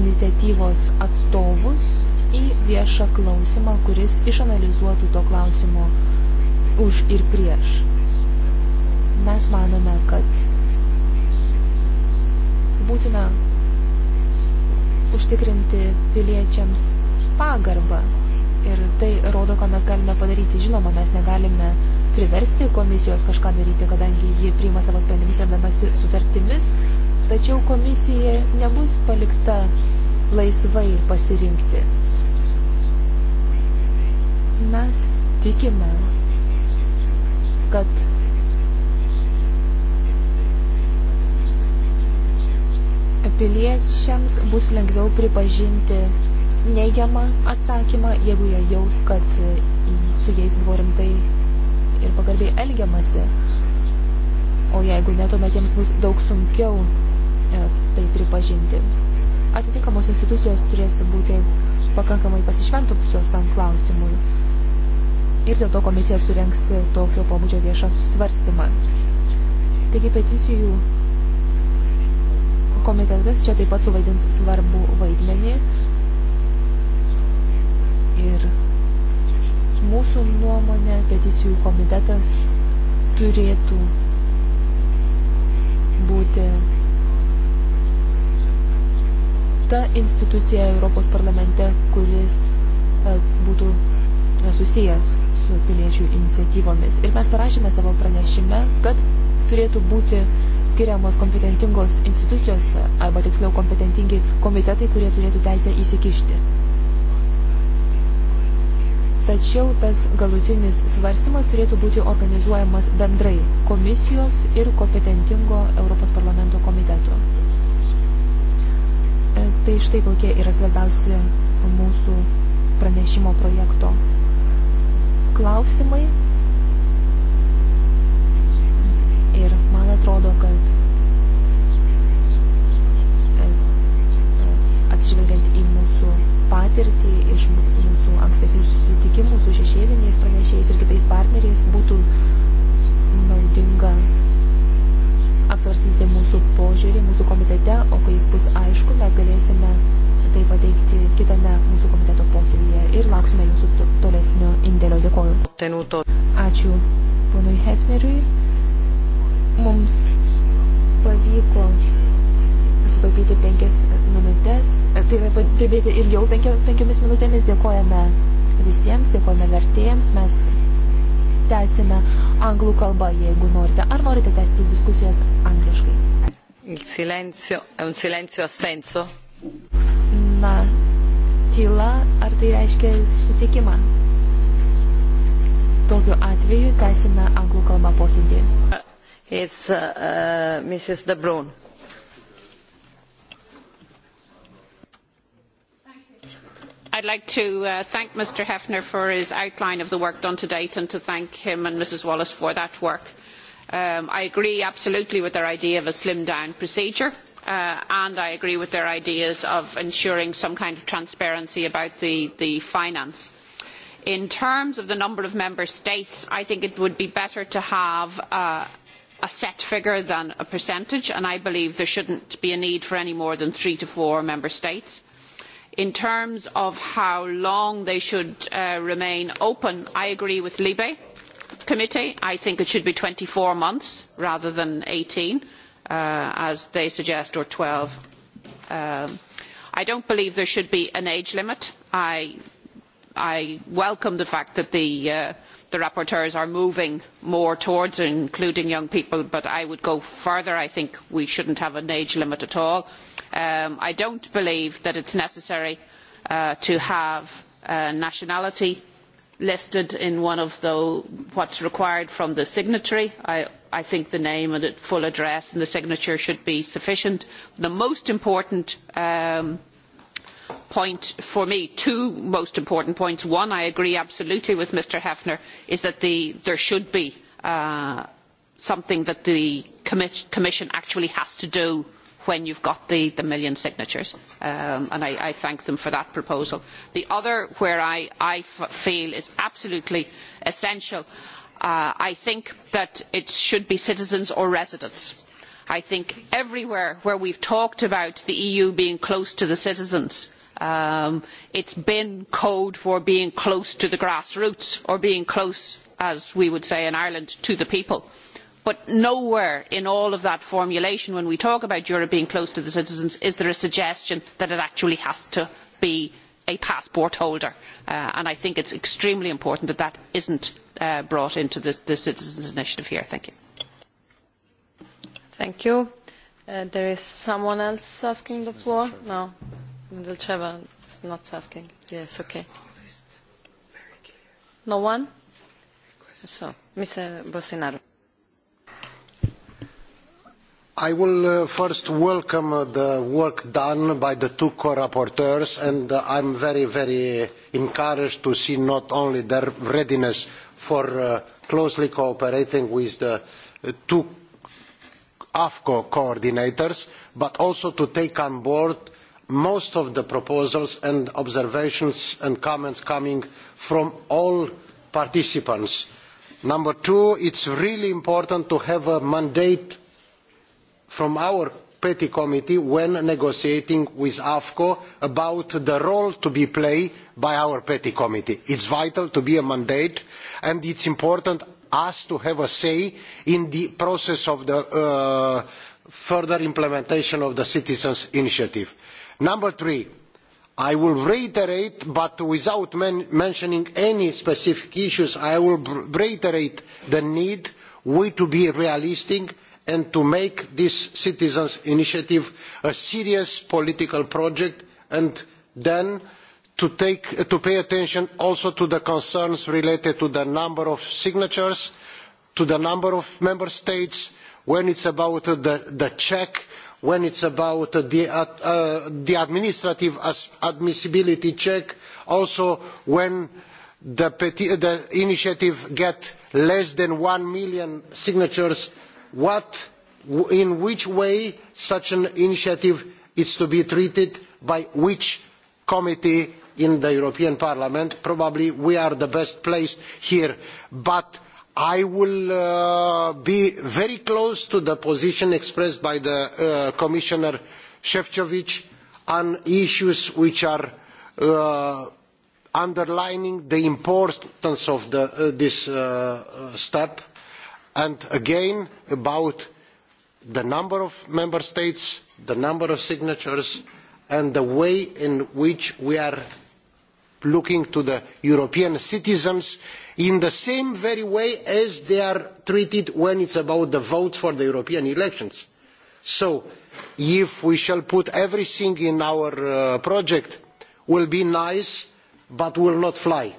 iniciatyvos atstovus į viešą klausimą, kuris išanalizuotų to klausimo už ir prieš. Mes manome, kad būtina užtikrinti piliečiams pagarbą. Ir tai rodo, ką mes galime padaryti. Žinoma, mes negalime priversti komisijos kažką daryti, kadangi ji priima savo sprendimus remdamasi sutartimis, tačiau komisija nebus palikta laisvai pasirinkti mes tikime, kad piliečiams bus lengviau pripažinti neigiamą atsakymą, jeigu jie jaus, kad su jais buvo rimtai ir pagarbiai elgiamasi. O jeigu ne, tuomet jiems bus daug sunkiau e, tai pripažinti. Atitinkamos institucijos turės būti pakankamai pasišventusios tam klausimui ir dėl to komisija surenks tokio pobūdžio viešą svarstymą. Taigi peticijų komitetas čia taip pat suvaidins svarbų vaidmenį ir mūsų nuomonė peticijų komitetas turėtų būti ta institucija Europos parlamente, kuris e, būtų yra susijęs su piliečių iniciatyvomis. Ir mes parašėme savo pranešime, kad turėtų būti skiriamos kompetentingos institucijos arba tiksliau kompetentingi komitetai, kurie turėtų teisę įsikišti. Tačiau tas galutinis svarstymas turėtų būti organizuojamas bendrai komisijos ir kompetentingo Europos parlamento komiteto. E, tai štai kokie yra svarbiausi mūsų pranešimo projekto klausimai. Ir man atrodo, kad e, atsižvelgiant į mūsų patirtį iš mūsų ankstesnių susitikimų su šešėliniais pranešėjais ir kitais partneriais būtų naudinga apsvarstyti mūsų požiūrį mūsų komitete, o kai jis bus aišku, mes galėsime tai pateikti kitame mūsų komiteto posėdėje ir lauksime jūsų tolesnio indėlio. Dėkoju. Tenuto. Ačiū ponui Hefneriui. Mums pavyko sutaupyti penkias minutės, e, tai yra padirbėti ilgiau penkio, penkiomis minutėmis. Dėkojame visiems, dėkojame vertėjams. Mes tęsime anglų kalbą, jeigu norite. Ar norite tęsti diskusijas angliškai? Il silenzio è un silenzio assenso? na, tyla, ar tai reiškia sutikimą. Tokiu atveju tęsime anglų kalbą posėdį. It's uh, uh Mrs. De Bruyne. I'd like to uh, thank Mr Hefner for his outline of the work done to date and to thank him and Mrs Wallace for that work. Um, I agree absolutely with their idea of a slimmed down procedure. Uh, uh, and I agree with their ideas of ensuring some kind of transparency about the, the finance. In terms of the number of member states, I think it would be better to have uh, a set figure than a percentage, and I believe there shouldn't be a need for any more than three to four member states. In terms of how long they should uh, remain open, I agree with Libe committee. I think it should be 24 months rather than 18 months uh, as they suggest, or 12. Um, I don't believe there should be an age limit. I, I welcome the fact that the, uh, the rapporteurs are moving more towards including young people, but I would go further. I think we shouldn't have an age limit at all. Um, I don't believe that it's necessary uh, to have uh, nationality listed in one of the what's required from the signatory. I I think the name and the full address and the signature should be sufficient. The most important um, point for me, two most important points. One, I agree absolutely with Mr Hefner, is that the, there should be uh, something that the commit, Commission actually has to do when you've got the, the million signatures, um, and I, I thank them for that proposal. The other where I, I f feel is absolutely essential Uh, I think that it should be citizens or residents. I think everywhere where we've talked about the EU being close to the citizens, um, it's been code for being close to the grassroots or being close, as we would say in Ireland, to the people. But nowhere in all of that formulation, when we talk about Europe being close to the citizens, is there a suggestion that it actually has to be a passport holder. Uh, and I think it's extremely important that that isn't uh, brought into the, the Citizens' Initiative here. Thank you. Thank you. Uh, there is someone else asking the floor? No. Milcheva is not asking. Yes, okay. No one? So, Mr. Bolsonaro. I will uh, first welcome uh, the work done by the two co-rapporteurs and uh, I'm very, very encouraged to see not only their readiness for uh, closely cooperating with the uh, two AFCO coordinators, but also to take on board most of the proposals and observations and comments coming from all participants. Number two, it's really important to have a mandate from our PETI committee when negotiating with AFCO about the role to be played by our PETI committee. It's vital to be a mandate and it's important us to have a say in the process of the uh, further implementation of the citizens' initiative. Number three, I will reiterate, but without men mentioning any specific issues, I will reiterate the need we to be realistic and to make this citizens' initiative a serious political project and then to, take, to pay attention also to the concerns related to the number of signatures, to the number of member states, when it's about the, the check, when it's about the, uh, the administrative admissibility check, also when the, the initiative gets less than 1 million signatures what, in which way such an initiative is to be treated by which committee in the European Parliament. Probably we are the best placed here, but I will uh, be very close to the position expressed by the uh, Commissioner Shevchovich on issues which are uh, underlining the importance of the, uh, this uh, step. Uh, and again about the number of member states the number of signatures and the way in which we are looking to the european citizens in the same very way as they are treated when it is about the vote for the european elections. so if we put everything in our uh, project it will be nice but will not fly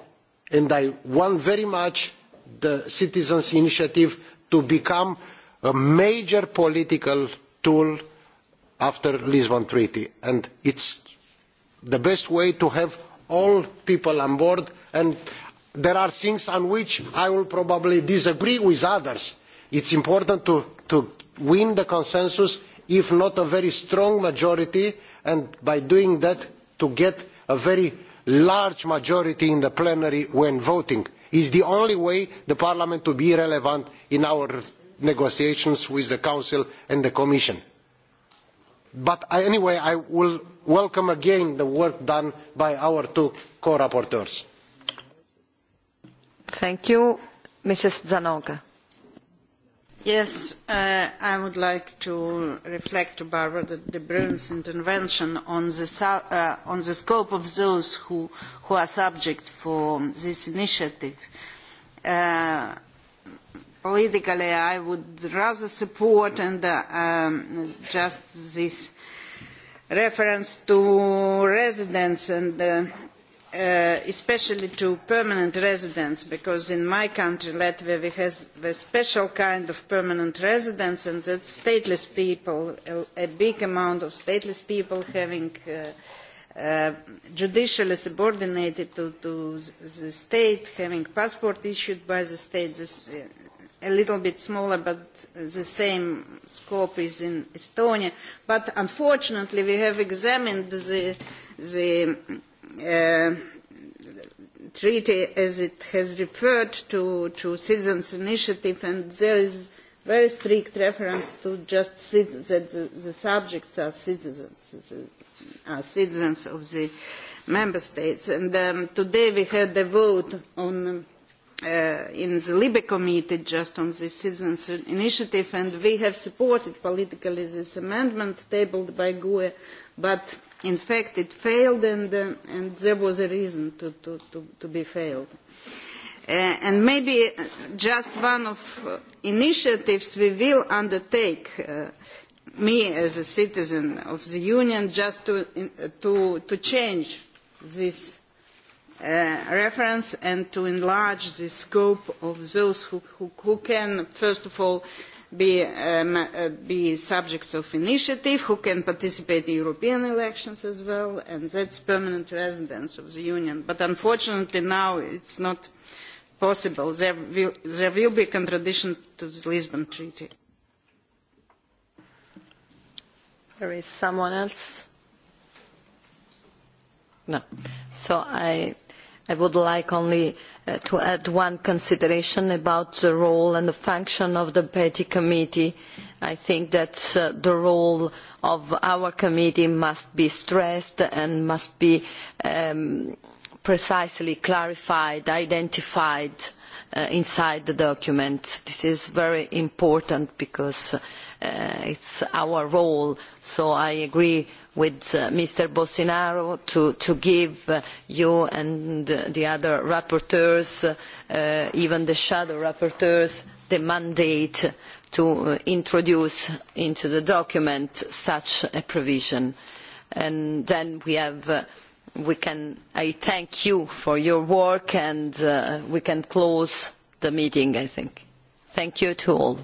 and i want very much the citizens' initiative to become a major political tool after the lisbon treaty and it is the best way to have all people on board and there are things on which i will probably disagree with others. it is important to, to win the consensus if not a very strong majority and by doing that to get a very large majority in the plenary when voting is the only way the parliament to be relevant in our negotiations with the council and the commission. but anyway i will welcome again the work done by our two co rapporteurs. thank you mrs zanoga. Yes, uh, I would like to reflect to Barbara de, de Bruyne's intervention on the, uh, on the scope of those who, who are subject for this initiative. Uh, politically, I would rather support and uh, um, just this reference to residents and uh, uh, especially to permanent residents, because in my country, Latvia, we have a special kind of permanent residents, and that's stateless people, a, a big amount of stateless people having uh, uh, judicially subordinated to, to the state, having passport issued by the state. This, uh, a little bit smaller, but the same scope is in Estonia. But unfortunately, we have examined the, the uh, treaty as it has referred to, to citizens' initiative, and there is very strict reference to just that the, the subjects are citizens, are citizens of the member states. And um, today we had a vote on, uh, in the Libe committee just on the citizens' initiative, and we have supported politically this amendment tabled by GUE, but in fact, it failed, and, uh, and there was a reason to, to, to, to be failed. Uh, and maybe uh, just one of uh, initiatives we will undertake, uh, me as a citizen of the Union, just to, uh, to, to change this uh, reference and to enlarge the scope of those who, who, who can, first of all, uh, be, um, be subjects of initiative, who can participate in European elections as well, and that's permanent residents of the Union. But unfortunately now it's not possible. There will, there will be a contradiction to the Lisbon Treaty. There is someone else? No. So I I would like only uh, to add one consideration about the role and the function of the Petty Committee. I think that uh, the role of our committee must be stressed and must be um, precisely clarified, identified uh, inside the document. This is very important because uh, it's our role. So I agree with uh, Mr. Bolsonaro to, to give uh, you and the other rapporteurs, uh, even the shadow rapporteurs, the mandate to uh, introduce into the document such a provision. And then we have uh, we can I thank you for your work and uh, we can close the meeting I think. Thank you to all.